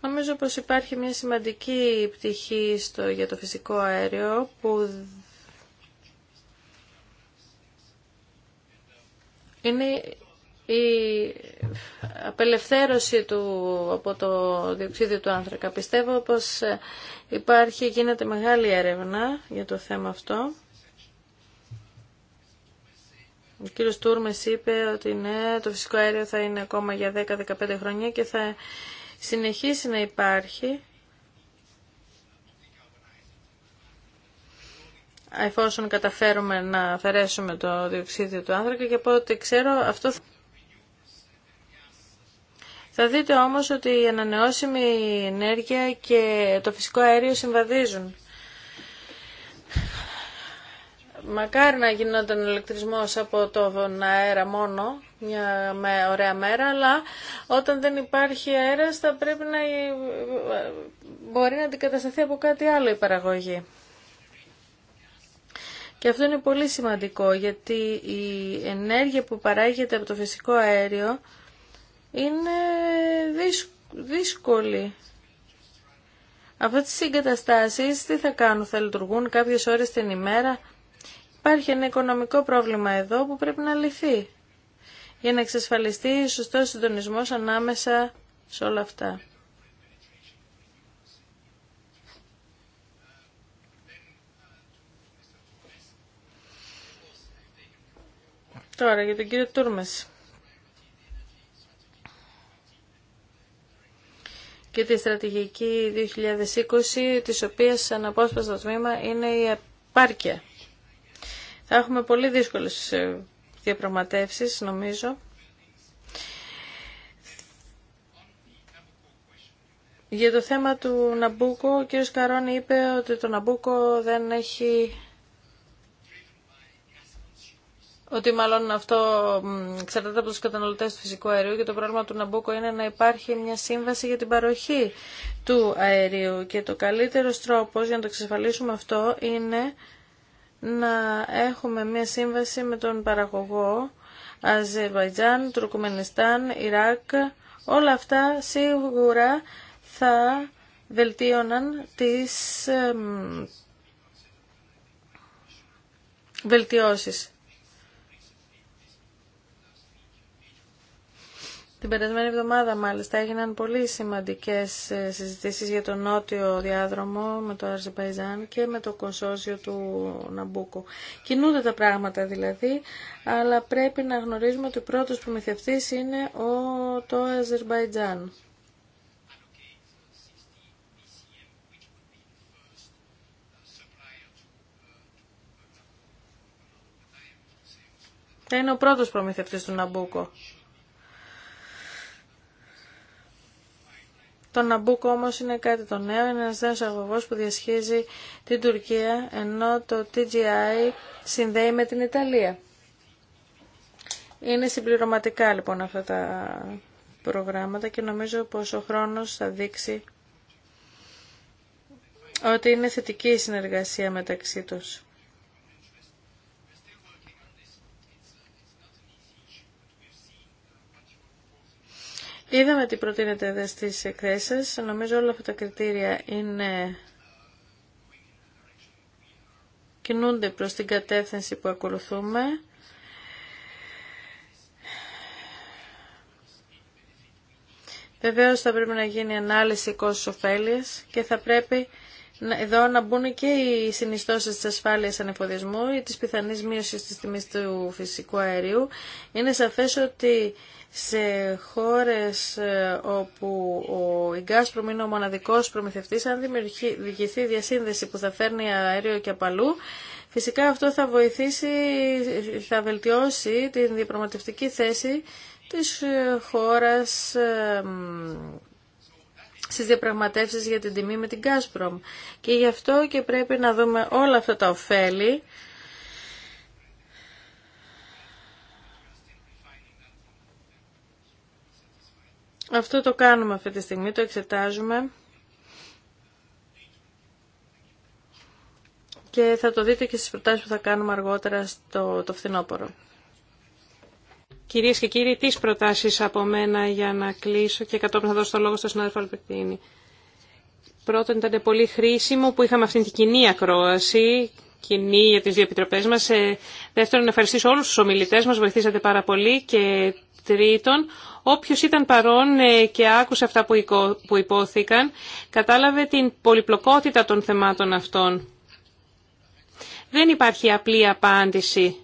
Νομίζω πως υπάρχει μια σημαντική πτυχή στο, για το φυσικό αέριο που είναι η απελευθέρωση του από το διοξίδιο του άνθρακα. Πιστεύω πως υπάρχει, γίνεται μεγάλη έρευνα για το θέμα αυτό. Ο κύριος Τούρμες είπε ότι ναι, το φυσικό αέριο θα είναι ακόμα για 10-15 χρόνια και θα συνεχίσει να υπάρχει εφόσον καταφέρουμε να αφαιρέσουμε το διοξίδιο του άνθρακα και από ό,τι ξέρω αυτό θα δείτε όμως ότι η ανανεώσιμη ενέργεια και το φυσικό αέριο συμβαδίζουν. Μακάρι να γινόταν ο ηλεκτρισμός από τον αέρα μόνο, μια ωραία μέρα, αλλά όταν δεν υπάρχει αέρας θα πρέπει να μπορεί να αντικατασταθεί από κάτι άλλο η παραγωγή. Και αυτό είναι πολύ σημαντικό γιατί η ενέργεια που παράγεται από το φυσικό αέριο είναι δύσκολη. Αυτές τις εγκαταστάσεις τι θα κάνουν, θα λειτουργούν κάποιες ώρες την ημέρα. Υπάρχει ένα οικονομικό πρόβλημα εδώ που πρέπει να λυθεί για να εξασφαλιστεί σωστός συντονισμός ανάμεσα σε όλα αυτά. Τώρα για τον κύριο Τούρμες. Και τη στρατηγική 2020, της οποίας αναπόσπαστο τμήμα είναι η επάρκεια. Θα έχουμε πολύ δύσκολες ε, διαπραγματεύσεις νομίζω Για το θέμα του Ναμπούκο, ο κ. Καρόνι είπε ότι το Ναμπούκο δεν έχει... Ότι μάλλον αυτό εξαρτάται από τους καταναλωτές του φυσικού αερίου και το πρόβλημα του Ναμπούκο είναι να υπάρχει μια σύμβαση για την παροχή του αερίου. Και το καλύτερος τρόπος για να το εξασφαλίσουμε αυτό είναι να έχουμε μια σύμβαση με τον παραγωγό Αζερβαϊτζάν, Τουρκουμενιστάν, Ιράκ. Όλα αυτά σίγουρα θα βελτίωναν τις βελτιώσεις. Την περασμένη εβδομάδα μάλιστα έγιναν πολύ σημαντικές ε, συζητήσεις για τον νότιο διάδρομο με το Αζερβαϊτζάν και με το κονσόρσιο του Ναμπούκο. Κινούνται τα πράγματα δηλαδή, αλλά πρέπει να γνωρίζουμε ότι ο πρώτος προμηθευτής είναι ο, το Αζερβαϊτζάν. είναι ο πρώτος προμηθευτής του Ναμπούκο. Το Ναμπούκο όμως είναι κάτι το νέο, είναι ένας νέος αγωγός που διασχίζει την Τουρκία, ενώ το TGI συνδέει με την Ιταλία. Είναι συμπληρωματικά λοιπόν αυτά τα προγράμματα και νομίζω πως ο χρόνος θα δείξει ότι είναι θετική η συνεργασία μεταξύ τους. Είδαμε τι προτείνεται εδώ στις εκθέσεις. Νομίζω όλα αυτά τα κριτήρια είναι... κινούνται προς την κατεύθυνση που ακολουθούμε. Βεβαίω θα πρέπει να γίνει ανάλυση κόστος ωφέλειας και θα πρέπει εδώ να μπουν και οι συνιστώσεις της ασφάλειας ανεφοδιασμού ή της πιθανής μείωσης της τιμής του φυσικού αερίου. Είναι σαφές ότι σε χώρες ε, όπου ο Γκάσπρομ είναι ο μοναδικός προμηθευτής, αν δημιουργηθεί διασύνδεση που θα φέρνει αέριο και απαλού, φυσικά αυτό θα βοηθήσει, θα βελτιώσει την διαπραγματευτική θέση της ε, χώρας ε, στις διαπραγματεύσεις για την τιμή με την Gazprom. Και γι' αυτό και πρέπει να δούμε όλα αυτά τα ωφέλη Αυτό το κάνουμε αυτή τη στιγμή, το εξετάζουμε και θα το δείτε και στις προτάσεις που θα κάνουμε αργότερα στο το φθινόπωρο. Κυρίες και κύριοι, τις προτάσεις από μένα για να κλείσω και κατόπιν θα δώσω το λόγο στον συνάδελφο Αλπερτίνη. Πρώτον, ήταν πολύ χρήσιμο που είχαμε αυτήν την κοινή ακρόαση, κοινή για τις δύο επιτροπές μας. Ε, δεύτερον, να ευχαριστήσω όλους τους ομιλητές μας, βοηθήσατε πάρα πολύ. Και τρίτον, όποιος ήταν παρόν ε, και άκουσε αυτά που υπόθηκαν, κατάλαβε την πολυπλοκότητα των θεμάτων αυτών. Δεν υπάρχει απλή απάντηση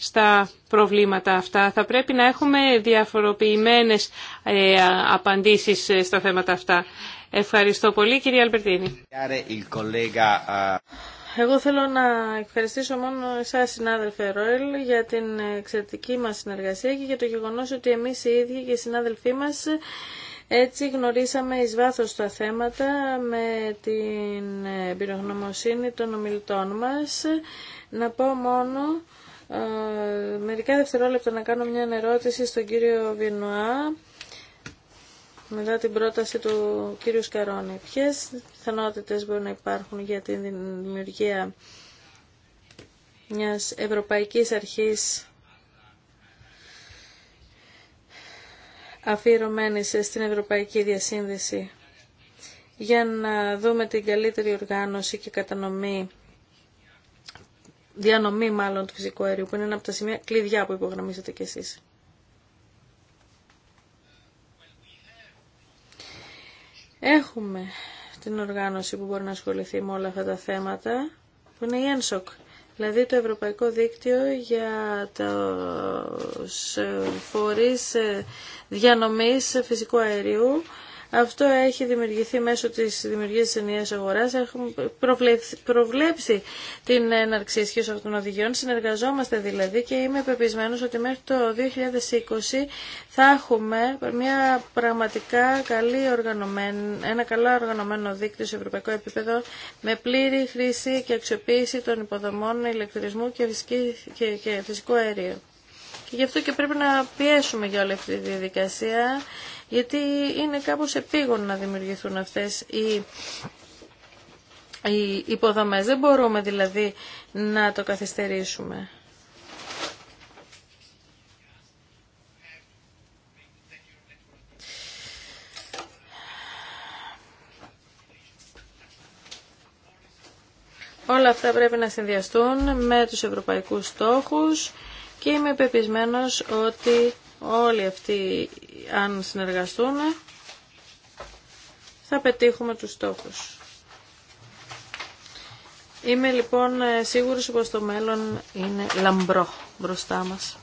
στα προβλήματα αυτά. Θα πρέπει να έχουμε διαφοροποιημένες ε, απαντήσεις ε, στα θέματα αυτά. Ευχαριστώ πολύ κύριε Αλπερτίνη. Εγώ θέλω να ευχαριστήσω μόνο εσά, συνάδελφε Ρόιλ, για την εξαιρετική μας συνεργασία και για το γεγονός ότι εμείς οι ίδιοι και οι συνάδελφοί μας έτσι γνωρίσαμε εις βάθος τα θέματα με την εμπειρογνωμοσύνη των ομιλητών μας. Να πω μόνο ε, μερικά δευτερόλεπτα να κάνω μια ερώτηση στον κύριο Βινουά μετά την πρόταση του κύριου Σκαρόνη. Ποιες πιθανότητες μπορούν να υπάρχουν για την δημιουργία μιας ευρωπαϊκής αρχής αφιερωμένης στην ευρωπαϊκή διασύνδεση για να δούμε την καλύτερη οργάνωση και κατανομή διανομή μάλλον του φυσικού αερίου, που είναι ένα από τα σημεία κλειδιά που υπογραμμίσατε κι εσείς. Έχουμε την οργάνωση που μπορεί να ασχοληθεί με όλα αυτά τα θέματα, που είναι η ΕΝΣΟΚ, δηλαδή το Ευρωπαϊκό Δίκτυο για τους ε, φορείς ε, διανομής φυσικού αερίου, αυτό έχει δημιουργηθεί μέσω της δημιουργίας της ενιαίας αγοράς. Έχουμε προβλέψει, την έναρξη ισχύω αυτών των οδηγιών. Συνεργαζόμαστε δηλαδή και είμαι πεπισμένος ότι μέχρι το 2020 θα έχουμε μια πραγματικά καλή οργανωμένη, ένα καλά οργανωμένο δίκτυο σε ευρωπαϊκό επίπεδο με πλήρη χρήση και αξιοποίηση των υποδομών ηλεκτρισμού και, και φυσικού αερίου. Και γι' αυτό και πρέπει να πιέσουμε για όλη αυτή τη διαδικασία γιατί είναι κάπως επίγον να δημιουργηθούν αυτές οι οι υποδομές. Δεν μπορούμε δηλαδή να το καθυστερήσουμε. Όλα αυτά πρέπει να συνδυαστούν με τους ευρωπαϊκούς στόχους και είμαι πεπισμένος ότι όλοι αυτοί αν συνεργαστούμε, θα πετύχουμε τους στόχους. Είμαι λοιπόν ε, σίγουρος πως το μέλλον είναι λαμπρό μπροστά μας.